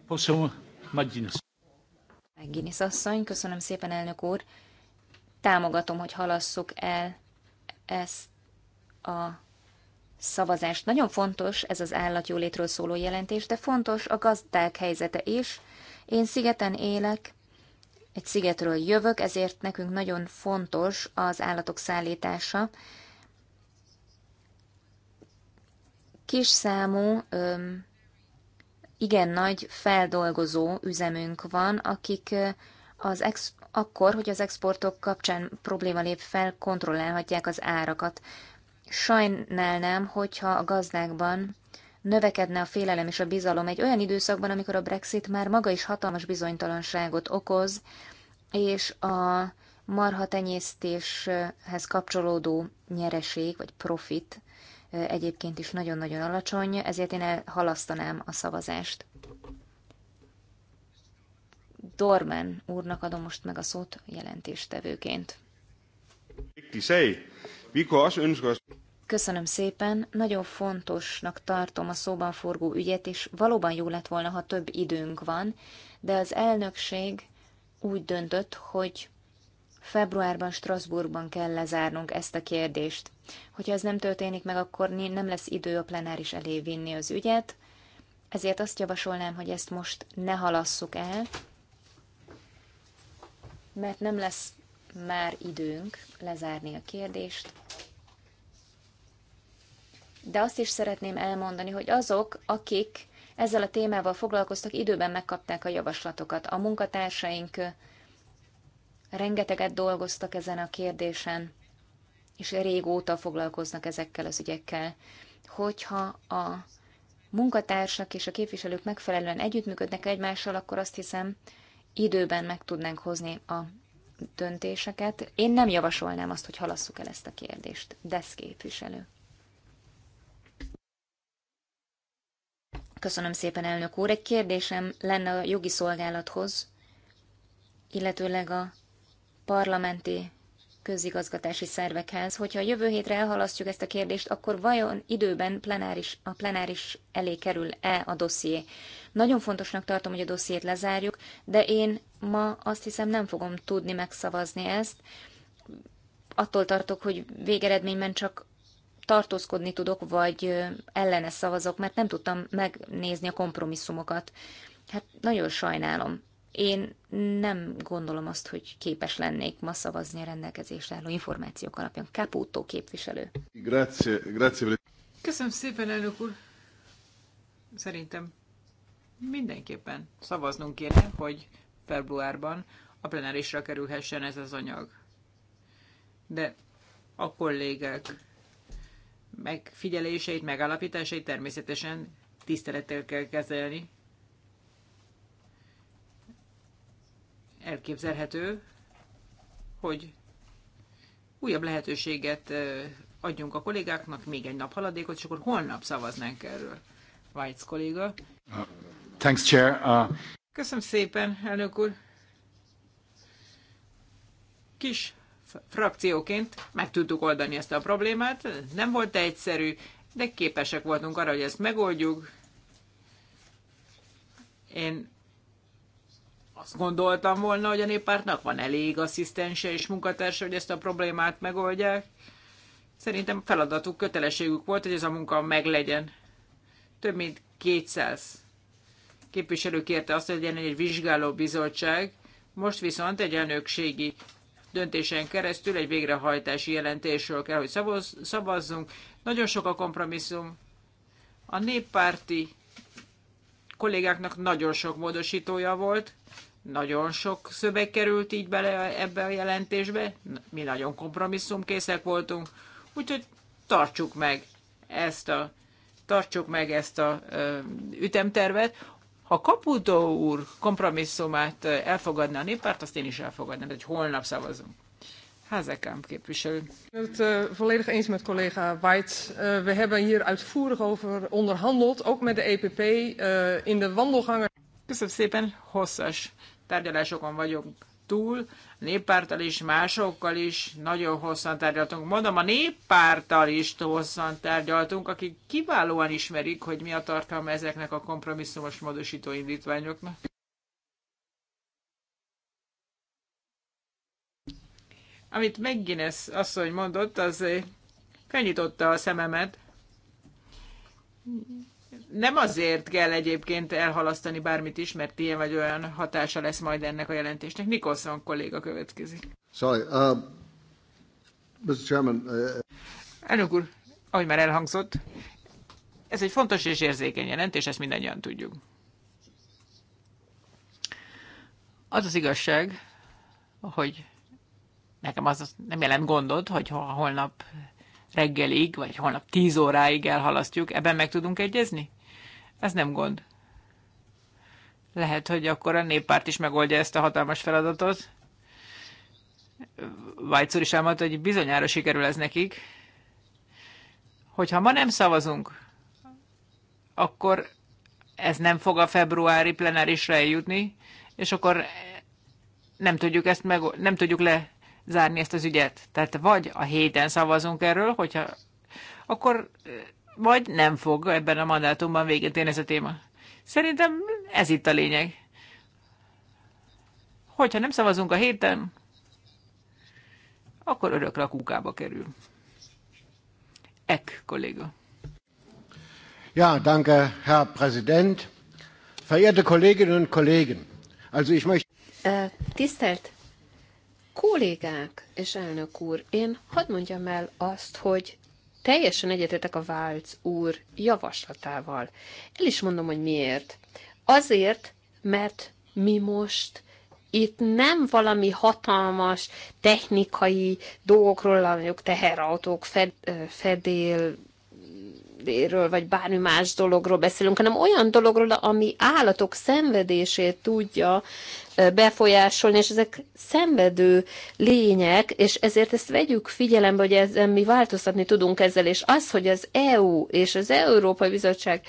Posso, asszony, köszönöm szépen, elnök úr támogatom, hogy halasszuk el ezt a szavazást. Nagyon fontos ez az állatjólétről szóló jelentés, de fontos a gazdák helyzete is. Én szigeten élek, egy szigetről jövök, ezért nekünk nagyon fontos az állatok szállítása. Kis számú, igen nagy feldolgozó üzemünk van, akik az ex- akkor, hogy az exportok kapcsán probléma lép fel, kontrollálhatják az árakat. Sajnálnám, hogyha a gazdákban növekedne a félelem és a bizalom egy olyan időszakban, amikor a Brexit már maga is hatalmas bizonytalanságot okoz, és a marha tenyésztéshez kapcsolódó nyereség vagy profit egyébként is nagyon-nagyon alacsony, ezért én elhalasztanám a szavazást. Dorman úrnak adom most meg a szót jelentéstevőként. Köszönöm szépen, nagyon fontosnak tartom a szóban forgó ügyet, és valóban jó lett volna, ha több időnk van, de az elnökség úgy döntött, hogy februárban Strasbourgban kell lezárnunk ezt a kérdést. Hogyha ez nem történik meg, akkor nem lesz idő a plenáris elé vinni az ügyet, ezért azt javasolnám, hogy ezt most ne halasszuk el, mert nem lesz már időnk lezárni a kérdést. De azt is szeretném elmondani, hogy azok, akik ezzel a témával foglalkoztak, időben megkapták a javaslatokat. A munkatársaink rengeteget dolgoztak ezen a kérdésen, és régóta foglalkoznak ezekkel az ügyekkel. Hogyha a munkatársak és a képviselők megfelelően együttműködnek egymással, akkor azt hiszem, időben meg tudnánk hozni a döntéseket. Én nem javasolnám azt, hogy halasszuk el ezt a kérdést. Desz képviselő. Köszönöm szépen, elnök úr. Egy kérdésem lenne a jogi szolgálathoz, illetőleg a parlamenti közigazgatási szervekhez, hogyha a jövő hétre elhalasztjuk ezt a kérdést, akkor vajon időben plenáris, a plenáris elé kerül-e a dosszié? Nagyon fontosnak tartom, hogy a dossziét lezárjuk, de én ma azt hiszem nem fogom tudni megszavazni ezt. Attól tartok, hogy végeredményben csak tartózkodni tudok, vagy ellene szavazok, mert nem tudtam megnézni a kompromisszumokat. Hát nagyon sajnálom. Én nem gondolom azt, hogy képes lennék ma szavazni a rendelkezésre álló információk alapján. Caputo képviselő. Grazie, grazie. Köszönöm szépen, elnök úr. Szerintem mindenképpen szavaznunk kéne, hogy februárban a plenárisra kerülhessen ez az anyag. De a kollégák megfigyeléseit, megállapításait természetesen tisztelettel kell kezelni, elképzelhető, hogy újabb lehetőséget adjunk a kollégáknak, még egy nap haladékot, és akkor holnap szavaznánk erről. Weitz kolléga. thanks, Chair. Uh... Köszönöm szépen, elnök úr. Kis frakcióként meg tudtuk oldani ezt a problémát. Nem volt egyszerű, de képesek voltunk arra, hogy ezt megoldjuk. Én azt gondoltam volna, hogy a néppártnak van elég asszisztense és munkatársa, hogy ezt a problémát megoldják. Szerintem feladatuk, kötelességük volt, hogy ez a munka meglegyen. Több mint 200 képviselő kérte azt, hogy legyen egy vizsgáló bizottság, most viszont egy elnökségi döntésen keresztül egy végrehajtási jelentésről kell, hogy szavaz, szavazzunk. Nagyon sok a kompromisszum. A néppárti kollégáknak nagyon sok módosítója volt. Nagyon sok szöveg került így bele ebbe a jelentésbe, mi nagyon kompromisszumkészek voltunk, úgyhogy tartsuk meg ezt a, tartsuk meg ezt a ö, ütemtervet. Ha Kaputó úr kompromisszumát elfogadná a néppárt, azt én is elfogadnám, hogy holnap szavazunk. Házekám képviselő. Het eh, volledig eens met collega Weitz. Eh, we hebben hier uitvoerig over onderhandeld, ook met de EPP eh, in de wandelgangen. Köszönöm szépen, hosszas tárgyalásokon vagyok túl, néppártal is, másokkal is nagyon hosszan tárgyaltunk. Mondom, a néppártal is hosszan tárgyaltunk, akik kiválóan ismerik, hogy mi a tartalma ezeknek a kompromisszumos módosító indítványoknak. Amit McGuinness asszony mondott, az felnyitotta eh, a szememet nem azért kell egyébként elhalasztani bármit is, mert ilyen vagy olyan hatása lesz majd ennek a jelentésnek. Nikolson kolléga következik. Sorry, uh, um, Mr. Chairman, uh... Elnök úr, ahogy már elhangzott, ez egy fontos és érzékeny jelentés, ezt mindannyian tudjuk. Az az igazság, hogy nekem az nem jelent gondot, hogy ha holnap reggelig, vagy holnap 10 óráig elhalasztjuk, ebben meg tudunk egyezni? Ez nem gond. Lehet, hogy akkor a néppárt is megoldja ezt a hatalmas feladatot. Vájcúr is elmondta, hogy bizonyára sikerül ez nekik. Hogyha ma nem szavazunk, akkor ez nem fog a februári plenárisra eljutni, és akkor nem tudjuk, ezt meg, nem tudjuk lezárni ezt az ügyet. Tehát vagy a héten szavazunk erről, hogyha akkor vagy nem fog ebben a mandátumban véget érni ez a téma. Szerintem ez itt a lényeg. Hogyha nem szavazunk a héten, akkor örökre a kukába kerül. Ek, kolléga. Ja, danke, Herr Präsident. Verehrte Kolleginnen und Kollegen, also ich möchte... Uh, tisztelt kollégák és elnök úr, én hadd mondjam el azt, hogy teljesen egyetértek a Válc úr javaslatával. El is mondom, hogy miért. Azért, mert mi most itt nem valami hatalmas technikai dolgokról, mondjuk teherautók, fed, fedél, ről, vagy bármi más dologról beszélünk, hanem olyan dologról, ami állatok szenvedését tudja befolyásolni, és ezek szenvedő lények, és ezért ezt vegyük figyelembe, hogy ezen mi változtatni tudunk ezzel, és az, hogy az EU és az Európai Bizottság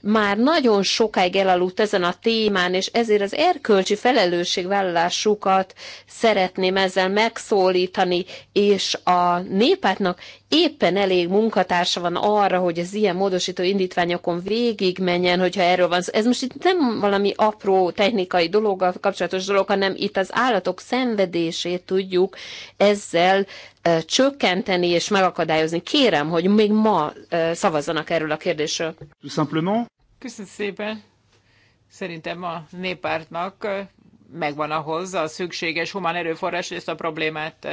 már nagyon sokáig elaludt ezen a témán, és ezért az erkölcsi felelősségvállalásukat szeretném ezzel megszólítani, és a népátnak éppen elég munkatársa van arra, hogy az ilyen módosító indítványokon végigmenjen, hogyha erről van szó. Ez most itt nem valami apró technikai dolog, joggal kapcsolatos dolog, hanem itt az állatok szenvedését tudjuk ezzel csökkenteni és megakadályozni. Kérem, hogy még ma szavazzanak erről a kérdésről. Köszönöm szépen. Szerintem a néppártnak megvan ahhoz a szükséges humán erőforrás, hogy ezt a problémát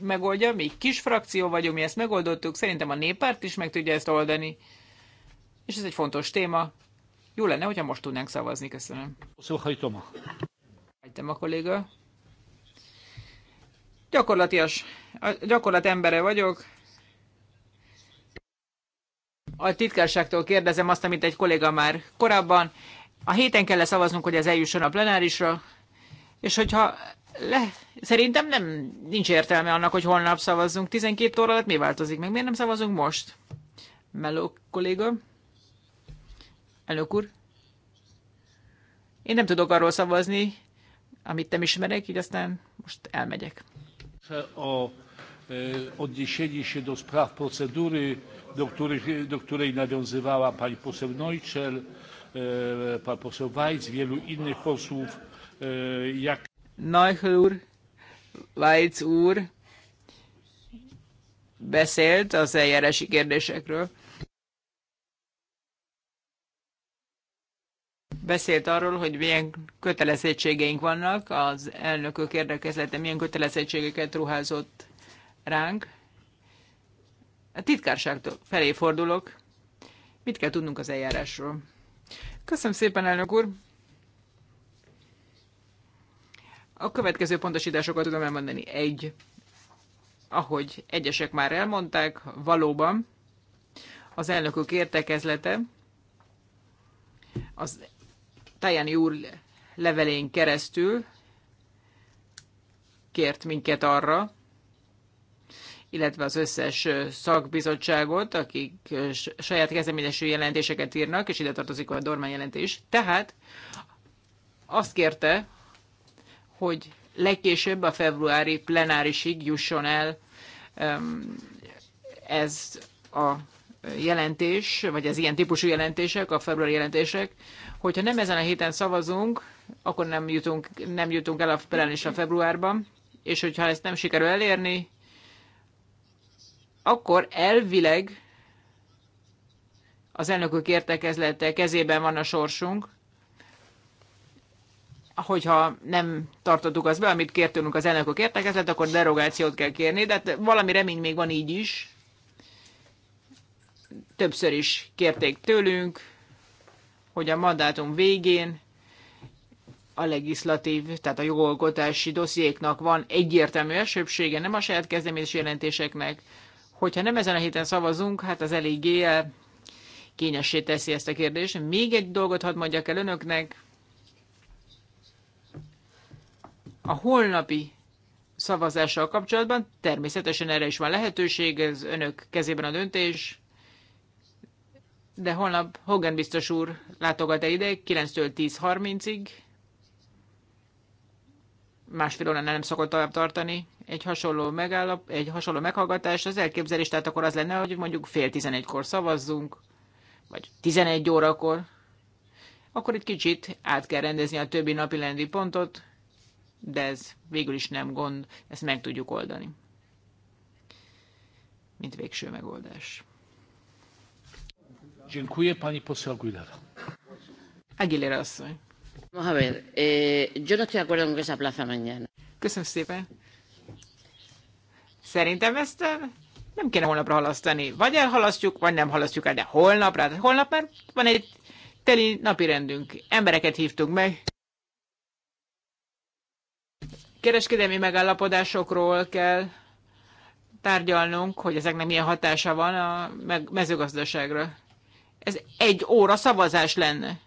megoldja. Mi kis frakció vagyunk, mi ezt megoldottuk, szerintem a néppárt is meg tudja ezt oldani. És ez egy fontos téma. Jó lenne, hogyha most tudnánk szavazni. Köszönöm. Szóhajtom. Hajtom a kolléga. Gyakorlatias, gyakorlat embere vagyok. A titkárságtól kérdezem azt, amit egy kolléga már korábban. A héten kell szavaznunk, hogy ez eljusson a plenárisra, és hogyha le, szerintem nem, nincs értelme annak, hogy holnap szavazzunk. 12 óra alatt mi változik meg? Miért nem szavazunk most? Meló kolléga. Elnök úr, én nem tudok arról szavazni, amit nem ismerek, így aztán most elmegyek. A e, odniesienie się do spraw procedury, do, których, do której nawiązywała pani poseł Neuchel, e, pan poseł Weitz, wielu innych posłów. E, jak... Neuchel úr, Weitz úr beszélt az eljárási kérdésekről. beszélt arról, hogy milyen kötelezettségeink vannak, az elnökök érdekezlete milyen kötelezettségeket ruházott ránk. A titkárság felé fordulok. Mit kell tudnunk az eljárásról? Köszönöm szépen, elnök úr! A következő pontosításokat tudom elmondani. Egy, ahogy egyesek már elmondták, valóban az elnökök értekezlete az Tajani úr levelén keresztül kért minket arra, illetve az összes szakbizottságot, akik saját kezeményesű jelentéseket írnak, és ide tartozik a Dormán jelentés. Tehát azt kérte, hogy legkésőbb a februári plenárisig jusson el ez a jelentés, vagy az ilyen típusú jelentések, a februári jelentések, hogyha nem ezen a héten szavazunk, akkor nem jutunk, nem jutunk el a a februárban, és hogyha ezt nem sikerül elérni, akkor elvileg az elnökök értekezlete kezében van a sorsunk, hogyha nem tartottuk azt be, amit kértünk az elnökök értekezlet, akkor derogációt kell kérni, de hát valami remény még van így is, többször is kérték tőlünk, hogy a mandátum végén a legislatív, tehát a jogalkotási dossziéknak van egyértelmű elsőbsége, nem a saját kezdeményes jelentéseknek. Hogyha nem ezen a héten szavazunk, hát az eléggé kényessé teszi ezt a kérdést. Még egy dolgot hadd mondjak el önöknek. A holnapi szavazással kapcsolatban természetesen erre is van lehetőség, ez önök kezében a döntés de holnap Hogan biztos úr látogat -e ide 9-től 10.30-ig. Másfél óra nem szokott tovább tartani. Egy hasonló, megállap, egy hasonló meghallgatás, az elképzelés, tehát akkor az lenne, hogy mondjuk fél 11-kor szavazzunk, vagy 11 órakor. Akkor egy kicsit át kell rendezni a többi napi lendi pontot, de ez végül is nem gond, ezt meg tudjuk oldani. Mint végső megoldás. Dziękuję, pani poseł Aguilera. Aguilera asszony. Vamos a ver, eh, yo no estoy de acuerdo con que se aplaza mañana. Köszönöm szépen. Szerintem ezt eh, nem kéne holnapra halasztani. Vagy elhalasztjuk, vagy nem halasztjuk el, de holnapra. Hát holnap már van egy teli napi rendünk. Embereket hívtunk meg. Kereskedelmi megállapodásokról kell tárgyalnunk, hogy ezeknek milyen hatása van a mezőgazdaságra ez egy óra szavazás lenne.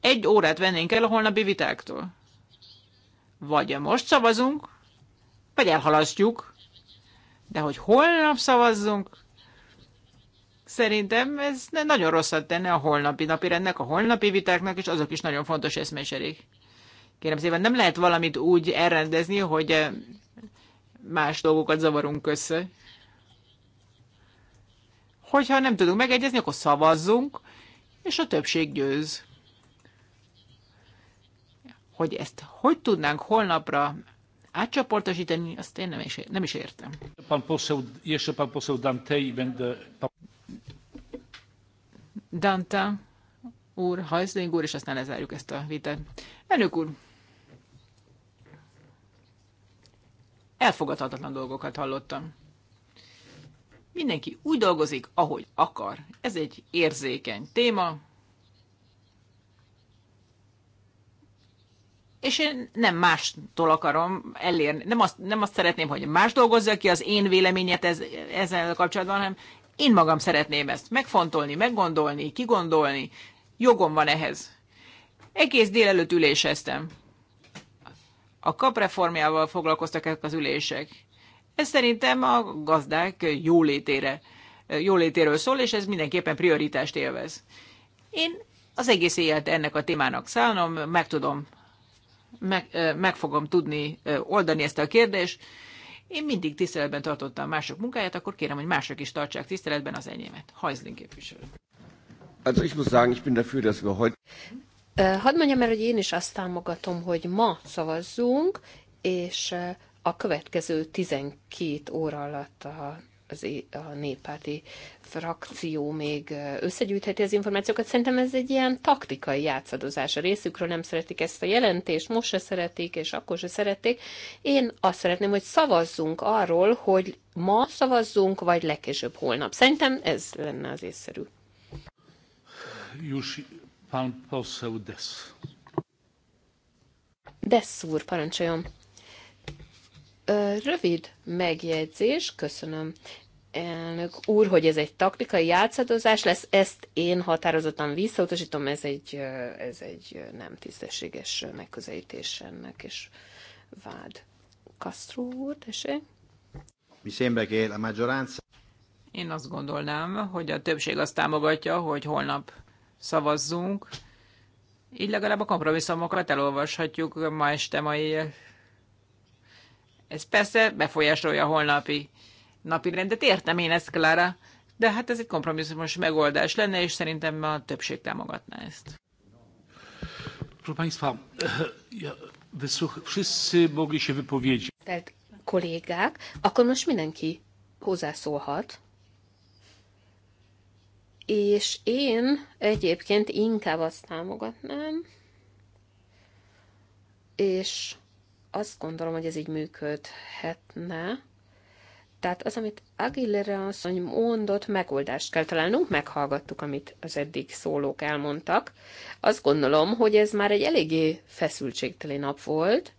Egy órát vennénk el a holnapi vitáktól. Vagy most szavazunk, vagy elhalasztjuk. De hogy holnap szavazzunk, szerintem ez nagyon rosszat tenne a holnapi napi rendnek, a holnapi vitáknak, és azok is nagyon fontos eszmeserék. Kérem szépen, nem lehet valamit úgy elrendezni, hogy eh, más dolgokat zavarunk össze. Hogyha nem tudunk megegyezni, akkor szavazzunk, és a többség győz. Hogy ezt hogy tudnánk holnapra átcsoportosítani, azt én nem is, nem is értem. Pan Dante úr, Hajszling úr, és aztán lezárjuk ezt a vitát. Elnök úr, elfogadhatatlan dolgokat hallottam. Mindenki úgy dolgozik, ahogy akar. Ez egy érzékeny téma. És én nem mástól akarom elérni, nem azt, nem azt szeretném, hogy más dolgozza ki az én véleményet ez, ezzel kapcsolatban, hanem én magam szeretném ezt megfontolni, meggondolni, kigondolni. Jogom van ehhez. Egész délelőtt üléseztem. A kapreformjával foglalkoztak ezek az ülések. Ez szerintem a gazdák jólétére, jólétéről szól, és ez mindenképpen prioritást élvez. Én az egész élet ennek a témának szállom, meg tudom, meg, meg fogom tudni oldani ezt a kérdést. Én mindig tiszteletben tartottam mások munkáját, akkor kérem, hogy mások is tartsák tiszteletben az enyémet. Hajzling képviselő. Also ich muss sagen, ich bin dafür, dass wir heute... Hadd mondjam el, hogy én is azt támogatom, hogy ma szavazzunk, és a következő 12 óra alatt a az, a néppárti frakció még összegyűjtheti az információkat. Szerintem ez egy ilyen taktikai játszadozás a részükről, nem szeretik ezt a jelentést, most se szeretik, és akkor se szerették. Én azt szeretném, hogy szavazzunk arról, hogy ma szavazzunk, vagy legkésőbb holnap. Szerintem ez lenne az észszerű. Jussi, pán Passzeu Desz. Desz úr, parancsoljon. Rövid megjegyzés, köszönöm elnök úr, hogy ez egy taktikai játszadozás lesz, ezt én határozottan visszautasítom, ez egy, ez egy nem tisztességes megközelítés ennek, és vád. Castro úr, tessék? Mi sembra che a maggioranza... Én azt gondolnám, hogy a többség azt támogatja, hogy holnap szavazzunk, így legalább a kompromisszumokat elolvashatjuk ma este mai ez persze befolyásolja a holnapi napi rendet. Értem én ezt, Klára, de hát ez egy kompromisszumos megoldás lenne, és szerintem a többség támogatná ezt. Tehát kollégák, akkor most mindenki hozzászólhat. És én egyébként inkább azt támogatnám, és azt gondolom, hogy ez így működhetne. Tehát az, amit Aguilera asszony mondott, megoldást kell találnunk, meghallgattuk, amit az eddig szólók elmondtak. Azt gondolom, hogy ez már egy eléggé feszültségteli nap volt,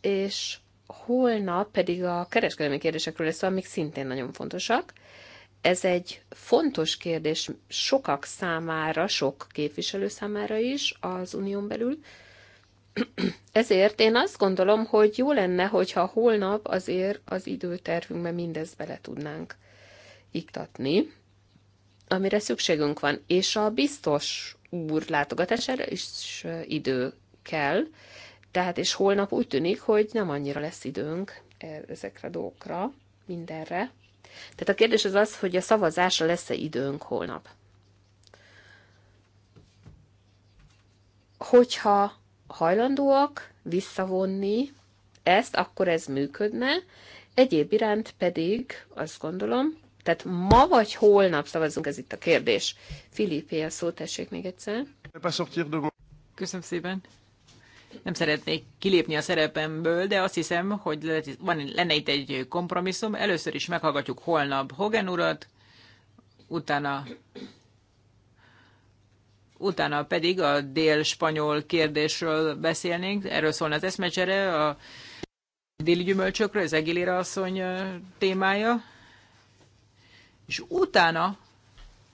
és holnap pedig a kereskedelmi kérdésekről lesz, amik szintén nagyon fontosak. Ez egy fontos kérdés sokak számára, sok képviselő számára is az unión belül, ezért én azt gondolom, hogy jó lenne, hogyha holnap azért az időtervünkbe mindezt bele tudnánk iktatni, amire szükségünk van. És a biztos úr látogatására is idő kell, tehát és holnap úgy tűnik, hogy nem annyira lesz időnk e, ezekre a dolgokra, mindenre. Tehát a kérdés az az, hogy a szavazásra lesz-e időnk holnap. Hogyha hajlandóak visszavonni ezt, akkor ez működne, egyéb iránt pedig azt gondolom, tehát ma vagy holnap szavazunk, ez itt a kérdés. Filippi, a szó tessék még egyszer. Köszönöm szépen. Nem szeretnék kilépni a szerepemből, de azt hiszem, hogy van, lenne itt egy kompromisszum. Először is meghallgatjuk holnap Hogan urat, utána utána pedig a dél-spanyol kérdésről beszélnénk, erről szólna az eszmecsere, a déli gyümölcsökről, az Egilira asszony témája, és utána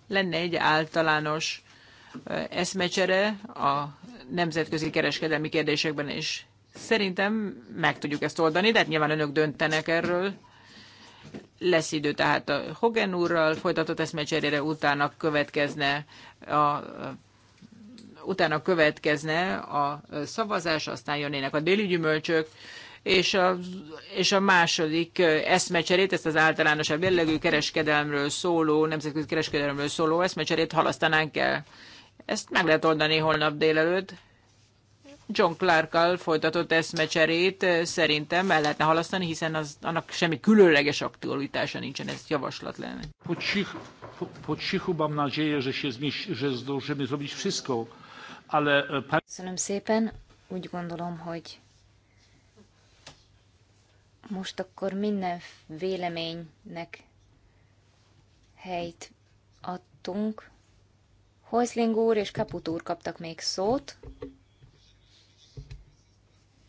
lenne egy általános eszmecsere a nemzetközi kereskedelmi kérdésekben is. Szerintem meg tudjuk ezt oldani, de hát nyilván önök döntenek erről. Lesz idő tehát a Hogan úrral folytatott eszmecserére, utána következne a utána következne a szavazás, aztán jönnének a déli gyümölcsök, és a, és a második eszmecserét, ezt az általánosabb jellegű kereskedelmről szóló, nemzetközi kereskedelemről szóló eszmecserét halasztanánk el. Ezt meg lehet oldani holnap délelőtt. John clark folytatott eszmecserét szerintem el lehetne halasztani, hiszen az, annak semmi különleges aktualitása nincsen, ez javaslat lenne. Po cichu, po, po cichu mam nadzieję, że się że zdążymy zrobić wszystko, E, Köszönöm szépen. Úgy gondolom, hogy most akkor minden véleménynek helyt adtunk. Hozling úr és Kaput úr kaptak még szót.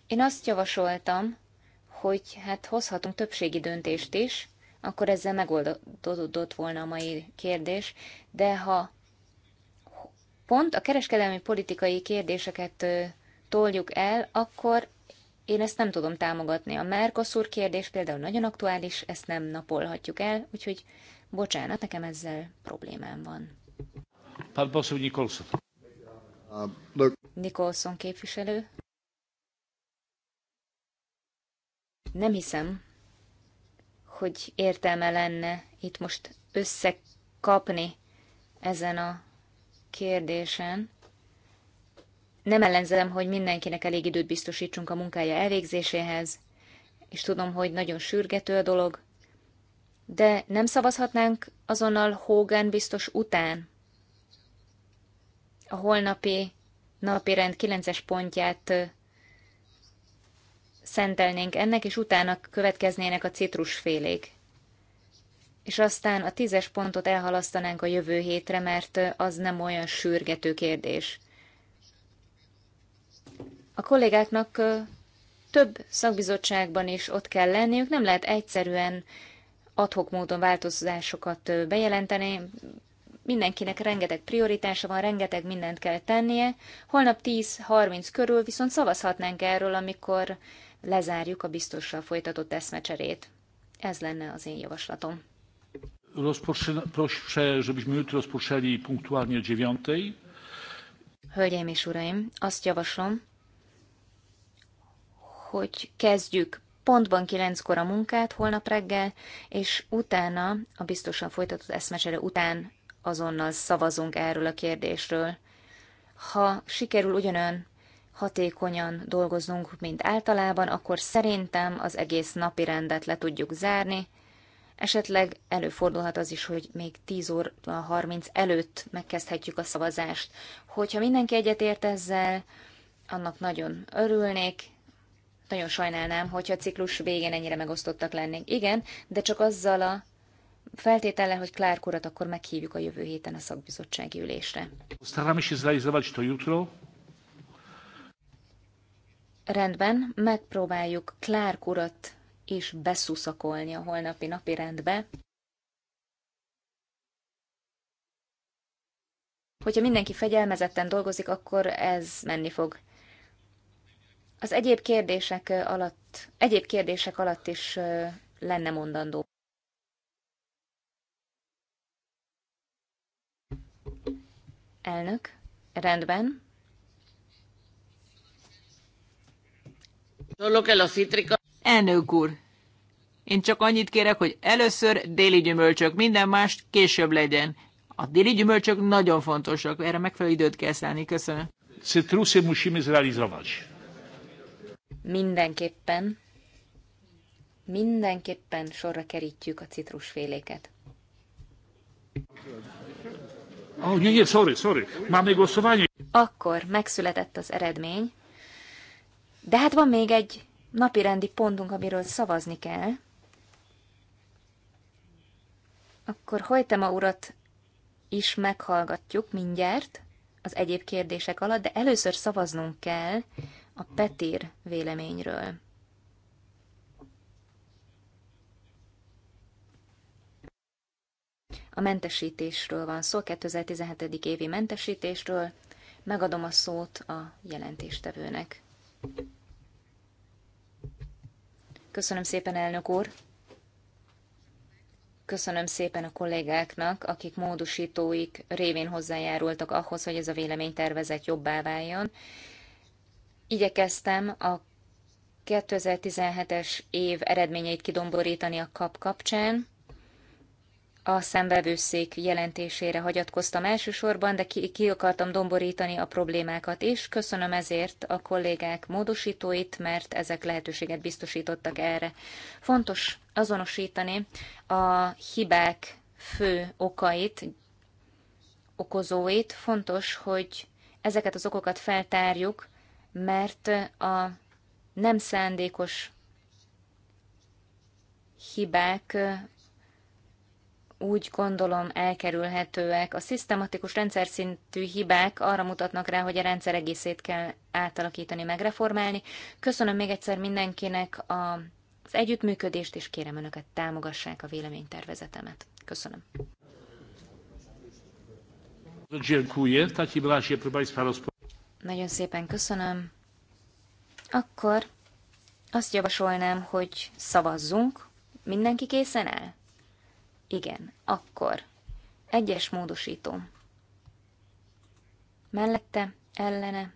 Én azt javasoltam, hogy hát hozhatunk többségi döntést is, akkor ezzel megoldódott volna a mai kérdés, de ha pont a kereskedelmi politikai kérdéseket toljuk el, akkor én ezt nem tudom támogatni. A Mercosur kérdés például nagyon aktuális, ezt nem napolhatjuk el, úgyhogy bocsánat, nekem ezzel problémám van. Pán Bosszú Nikolson. Uh, Nikolson képviselő. Nem hiszem, hogy értelme lenne itt most összekapni ezen a kérdésen. Nem ellenzem, hogy mindenkinek elég időt biztosítsunk a munkája elvégzéséhez, és tudom, hogy nagyon sürgető a dolog, de nem szavazhatnánk azonnal Hogan biztos után? A holnapi napirend rend kilences pontját szentelnénk ennek, és utána következnének a citrusfélék és aztán a tízes pontot elhalasztanánk a jövő hétre, mert az nem olyan sürgető kérdés. A kollégáknak több szakbizottságban is ott kell lenniük, nem lehet egyszerűen adhok módon változásokat bejelenteni, mindenkinek rengeteg prioritása van, rengeteg mindent kell tennie. Holnap 10-30 körül viszont szavazhatnánk erről, amikor lezárjuk a biztossal folytatott eszmecserét. Ez lenne az én javaslatom. Proszę, żebyśmy jutro rozpoczęli punktualnie o dziewiątej. Hölgyeim és uraim, azt javaslom, hogy kezdjük pontban kilenckor a munkát holnap reggel, és utána, a biztosan folytatott eszmecsere után azonnal szavazunk erről a kérdésről. Ha sikerül ugyanolyan hatékonyan dolgoznunk, mint általában, akkor szerintem az egész napi rendet le tudjuk zárni, Esetleg előfordulhat az is, hogy még 10 óra 30 előtt megkezdhetjük a szavazást. Hogyha mindenki egyetért ezzel, annak nagyon örülnék, nagyon sajnálnám, hogyha a ciklus végén ennyire megosztottak lennénk. Igen, de csak azzal a feltétellel, hogy Clark urat akkor meghívjuk a jövő héten a szakbizottsági ülésre. Rendben, megpróbáljuk Clark urat és beszuszakolni a holnapi napi rendbe. Hogyha mindenki fegyelmezetten dolgozik, akkor ez menni fog. Az egyéb kérdések alatt, egyéb kérdések alatt is lenne mondandó. Elnök, rendben. Solo que los cítricos Elnök úr, én csak annyit kérek, hogy először déli gyümölcsök, minden más később legyen. A déli gyümölcsök nagyon fontosak, erre megfelelő időt kell szállni. Köszönöm. Citrusy musimy zrealizować. Mindenképpen, mindenképpen sorra kerítjük a citrusféléket. Oh, nie, nie, sorry, sorry. Mamy głosowanie. Akkor megszületett az eredmény, de hát van még egy Napi rendi pontunk, amiről szavazni kell, akkor Hojtema urat is meghallgatjuk mindjárt az egyéb kérdések alatt, de először szavaznunk kell a Petír véleményről. A mentesítésről van szó, 2017. évi mentesítésről. Megadom a szót a jelentéstevőnek. Köszönöm szépen, elnök úr! Köszönöm szépen a kollégáknak, akik módosítóik révén hozzájárultak ahhoz, hogy ez a véleménytervezet jobbá váljon. Igyekeztem a 2017-es év eredményeit kidomborítani a kap kapcsán a szembevőszék jelentésére hagyatkoztam elsősorban, de ki, ki akartam domborítani a problémákat is. Köszönöm ezért a kollégák módosítóit, mert ezek lehetőséget biztosítottak erre. Fontos azonosítani a hibák fő okait, okozóit. Fontos, hogy ezeket az okokat feltárjuk, mert a nem szándékos hibák úgy gondolom elkerülhetőek. A szisztematikus rendszer szintű hibák arra mutatnak rá, hogy a rendszer egészét kell átalakítani, megreformálni. Köszönöm még egyszer mindenkinek az együttműködést, és kérem Önöket támogassák a véleménytervezetemet. Köszönöm. Nagyon szépen köszönöm. Akkor azt javasolnám, hogy szavazzunk. Mindenki készen áll? Igen, akkor. Egyes módosító. Mellette, ellene,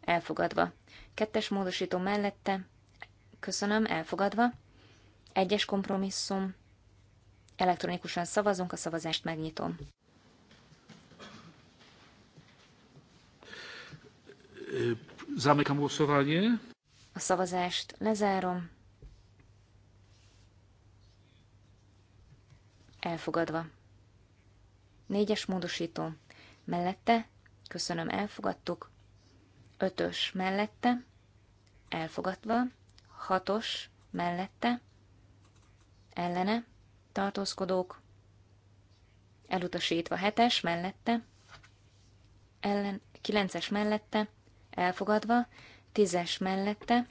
elfogadva. Kettes módosító mellette, köszönöm, elfogadva. Egyes kompromisszum. Elektronikusan szavazunk, a szavazást megnyitom. Zamykam głosowanie. A szavazást lezárom. elfogadva. Négyes módosító mellette, köszönöm, elfogadtuk. Ötös mellette, elfogadva. Hatos mellette, ellene, tartózkodók, elutasítva. Hetes mellette, ellen, kilences mellette, elfogadva. Tízes mellette,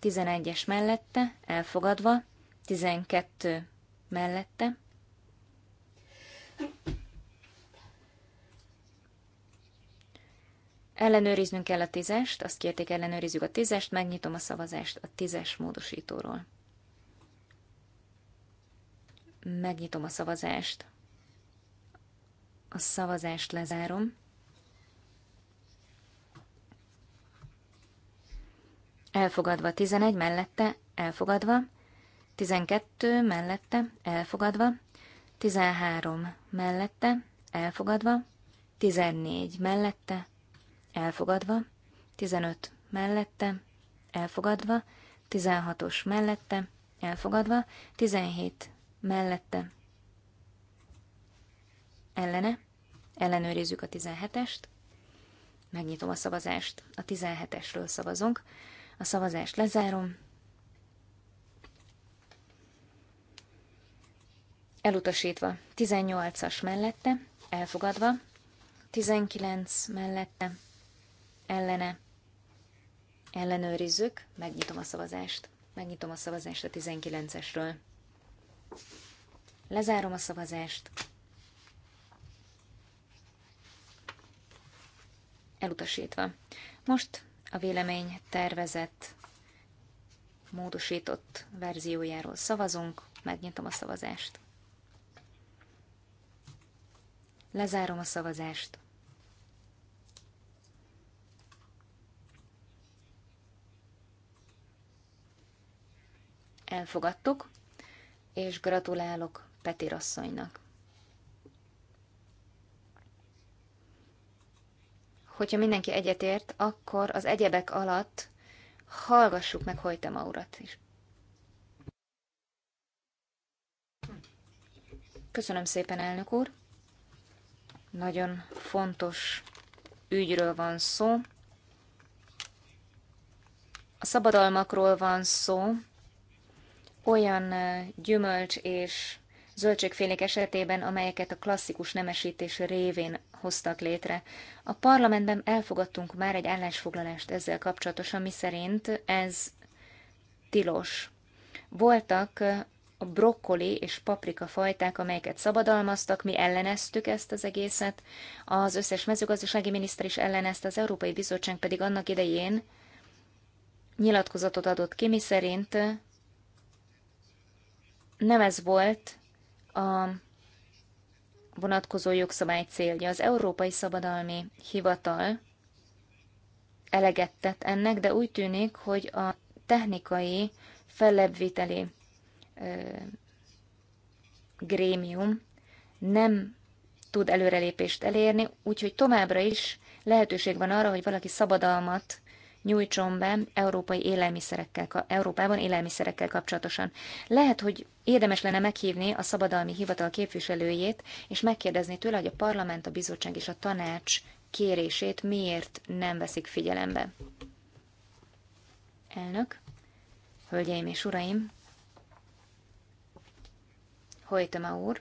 tizenegyes mellette, elfogadva. Tizenkettő mellette. Ellenőriznünk kell a tízest, azt kérték, ellenőrizzük a tízest, megnyitom a szavazást a tízes módosítóról. Megnyitom a szavazást. A szavazást lezárom. Elfogadva 11 mellette, elfogadva 12 mellette elfogadva, 13 mellette elfogadva, 14 mellette elfogadva, 15 mellette elfogadva, 16-os mellette elfogadva, 17 mellette ellene, ellenőrizzük a 17-est, megnyitom a szavazást, a 17-esről szavazunk, a szavazást lezárom, elutasítva. 18-as mellette, elfogadva. 19 mellette, ellene. Ellenőrizzük, megnyitom a szavazást. Megnyitom a szavazást a 19-esről. Lezárom a szavazást. Elutasítva. Most a vélemény tervezett, módosított verziójáról szavazunk, megnyitom a szavazást. Lezárom a szavazást. Elfogadtuk, és gratulálok Peti asszonynak. Hogyha mindenki egyetért, akkor az egyebek alatt hallgassuk meg Hojtema urat is. Köszönöm szépen, elnök úr! Nagyon fontos ügyről van szó. A szabadalmakról van szó, olyan gyümölcs és zöldségfélék esetében, amelyeket a klasszikus nemesítés révén hoztak létre. A parlamentben elfogadtunk már egy állásfoglalást ezzel kapcsolatosan, miszerint ez tilos. Voltak a brokkoli és paprika fajták, amelyeket szabadalmaztak, mi elleneztük ezt az egészet, az összes mezőgazdasági miniszter is ellenezte, az Európai Bizottság pedig annak idején nyilatkozatot adott ki, mi szerint nem ez volt a vonatkozó jogszabály célja. Az Európai Szabadalmi Hivatal eleget tett ennek, de úgy tűnik, hogy a technikai fellebbviteli grémium nem tud előrelépést elérni, úgyhogy továbbra is lehetőség van arra, hogy valaki szabadalmat nyújtson be európai élelmiszerekkel, Európában élelmiszerekkel kapcsolatosan. Lehet, hogy érdemes lenne meghívni a szabadalmi hivatal képviselőjét, és megkérdezni tőle, hogy a parlament, a bizottság és a tanács kérését miért nem veszik figyelembe. Elnök, hölgyeim és uraim, Hojtama úr,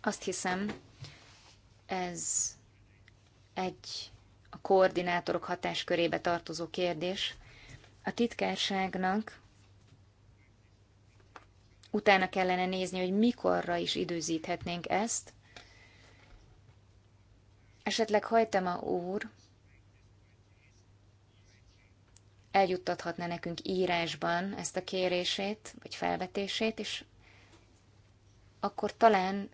azt hiszem, ez egy a koordinátorok hatáskörébe tartozó kérdés. A titkárságnak utána kellene nézni, hogy mikorra is időzíthetnénk ezt. Esetleg Hajtema úr eljuttathatna nekünk írásban ezt a kérését, vagy felvetését, és akkor talán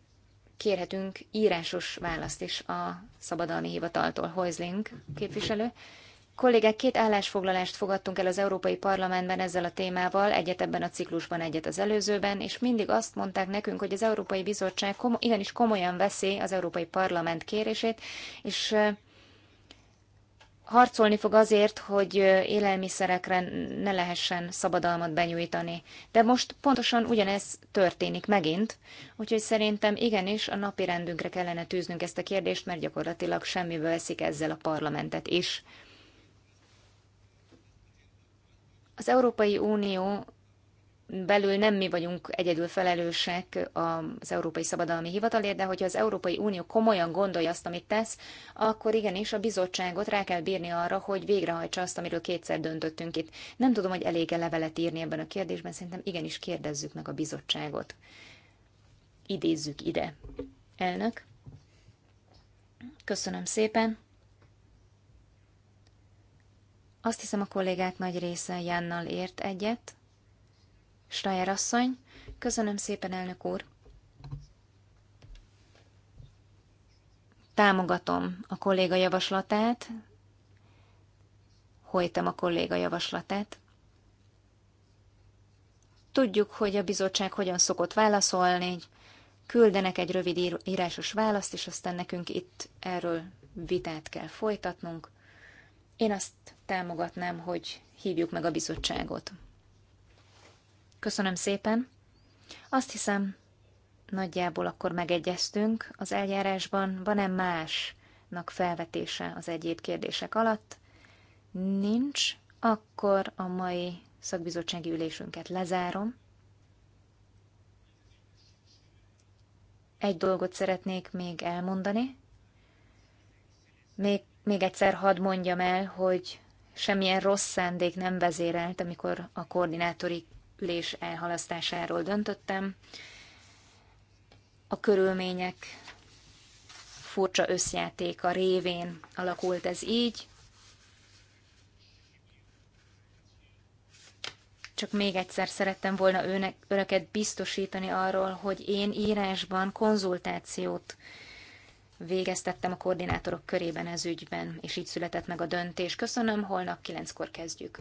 kérhetünk írásos választ is a szabadalmi hivataltól. Hoizling képviselő. Kollégák, két állásfoglalást fogadtunk el az Európai Parlamentben ezzel a témával, egyet ebben a ciklusban, egyet az előzőben, és mindig azt mondták nekünk, hogy az Európai Bizottság komo- igenis komolyan veszi az Európai Parlament kérését, és harcolni fog azért, hogy élelmiszerekre ne lehessen szabadalmat benyújtani. De most pontosan ugyanez történik megint, úgyhogy szerintem igenis a napi rendünkre kellene tűznünk ezt a kérdést, mert gyakorlatilag semmiből veszik ezzel a parlamentet is. Az Európai Unió belül nem mi vagyunk egyedül felelősek az Európai Szabadalmi Hivatalért, de hogyha az Európai Unió komolyan gondolja azt, amit tesz, akkor igenis a bizottságot rá kell bírni arra, hogy végrehajtsa azt, amiről kétszer döntöttünk itt. Nem tudom, hogy elég-e levelet írni ebben a kérdésben, szerintem igenis kérdezzük meg a bizottságot. Idézzük ide. Elnök. Köszönöm szépen. Azt hiszem, a kollégák nagy része Jánnal ért egyet. Stajer asszony, köszönöm szépen, elnök úr. Támogatom a kolléga javaslatát, hojtam a kolléga javaslatát. Tudjuk, hogy a bizottság hogyan szokott válaszolni, küldenek egy rövid írásos választ, és aztán nekünk itt erről vitát kell folytatnunk. Én azt támogatnám, hogy hívjuk meg a bizottságot. Köszönöm szépen. Azt hiszem, nagyjából akkor megegyeztünk az eljárásban. Van-e másnak felvetése az egyéb kérdések alatt? Nincs. Akkor a mai szakbizottsági ülésünket lezárom. Egy dolgot szeretnék még elmondani. Még, még egyszer hadd mondjam el, hogy semmilyen rossz szándék nem vezérelt, amikor a koordinátori ülés elhalasztásáról döntöttem. A körülmények furcsa összjátéka révén alakult ez így. Csak még egyszer szerettem volna őnek, öreket biztosítani arról, hogy én írásban konzultációt végeztettem a koordinátorok körében ez ügyben, és így született meg a döntés. Köszönöm, holnap kilenckor kezdjük.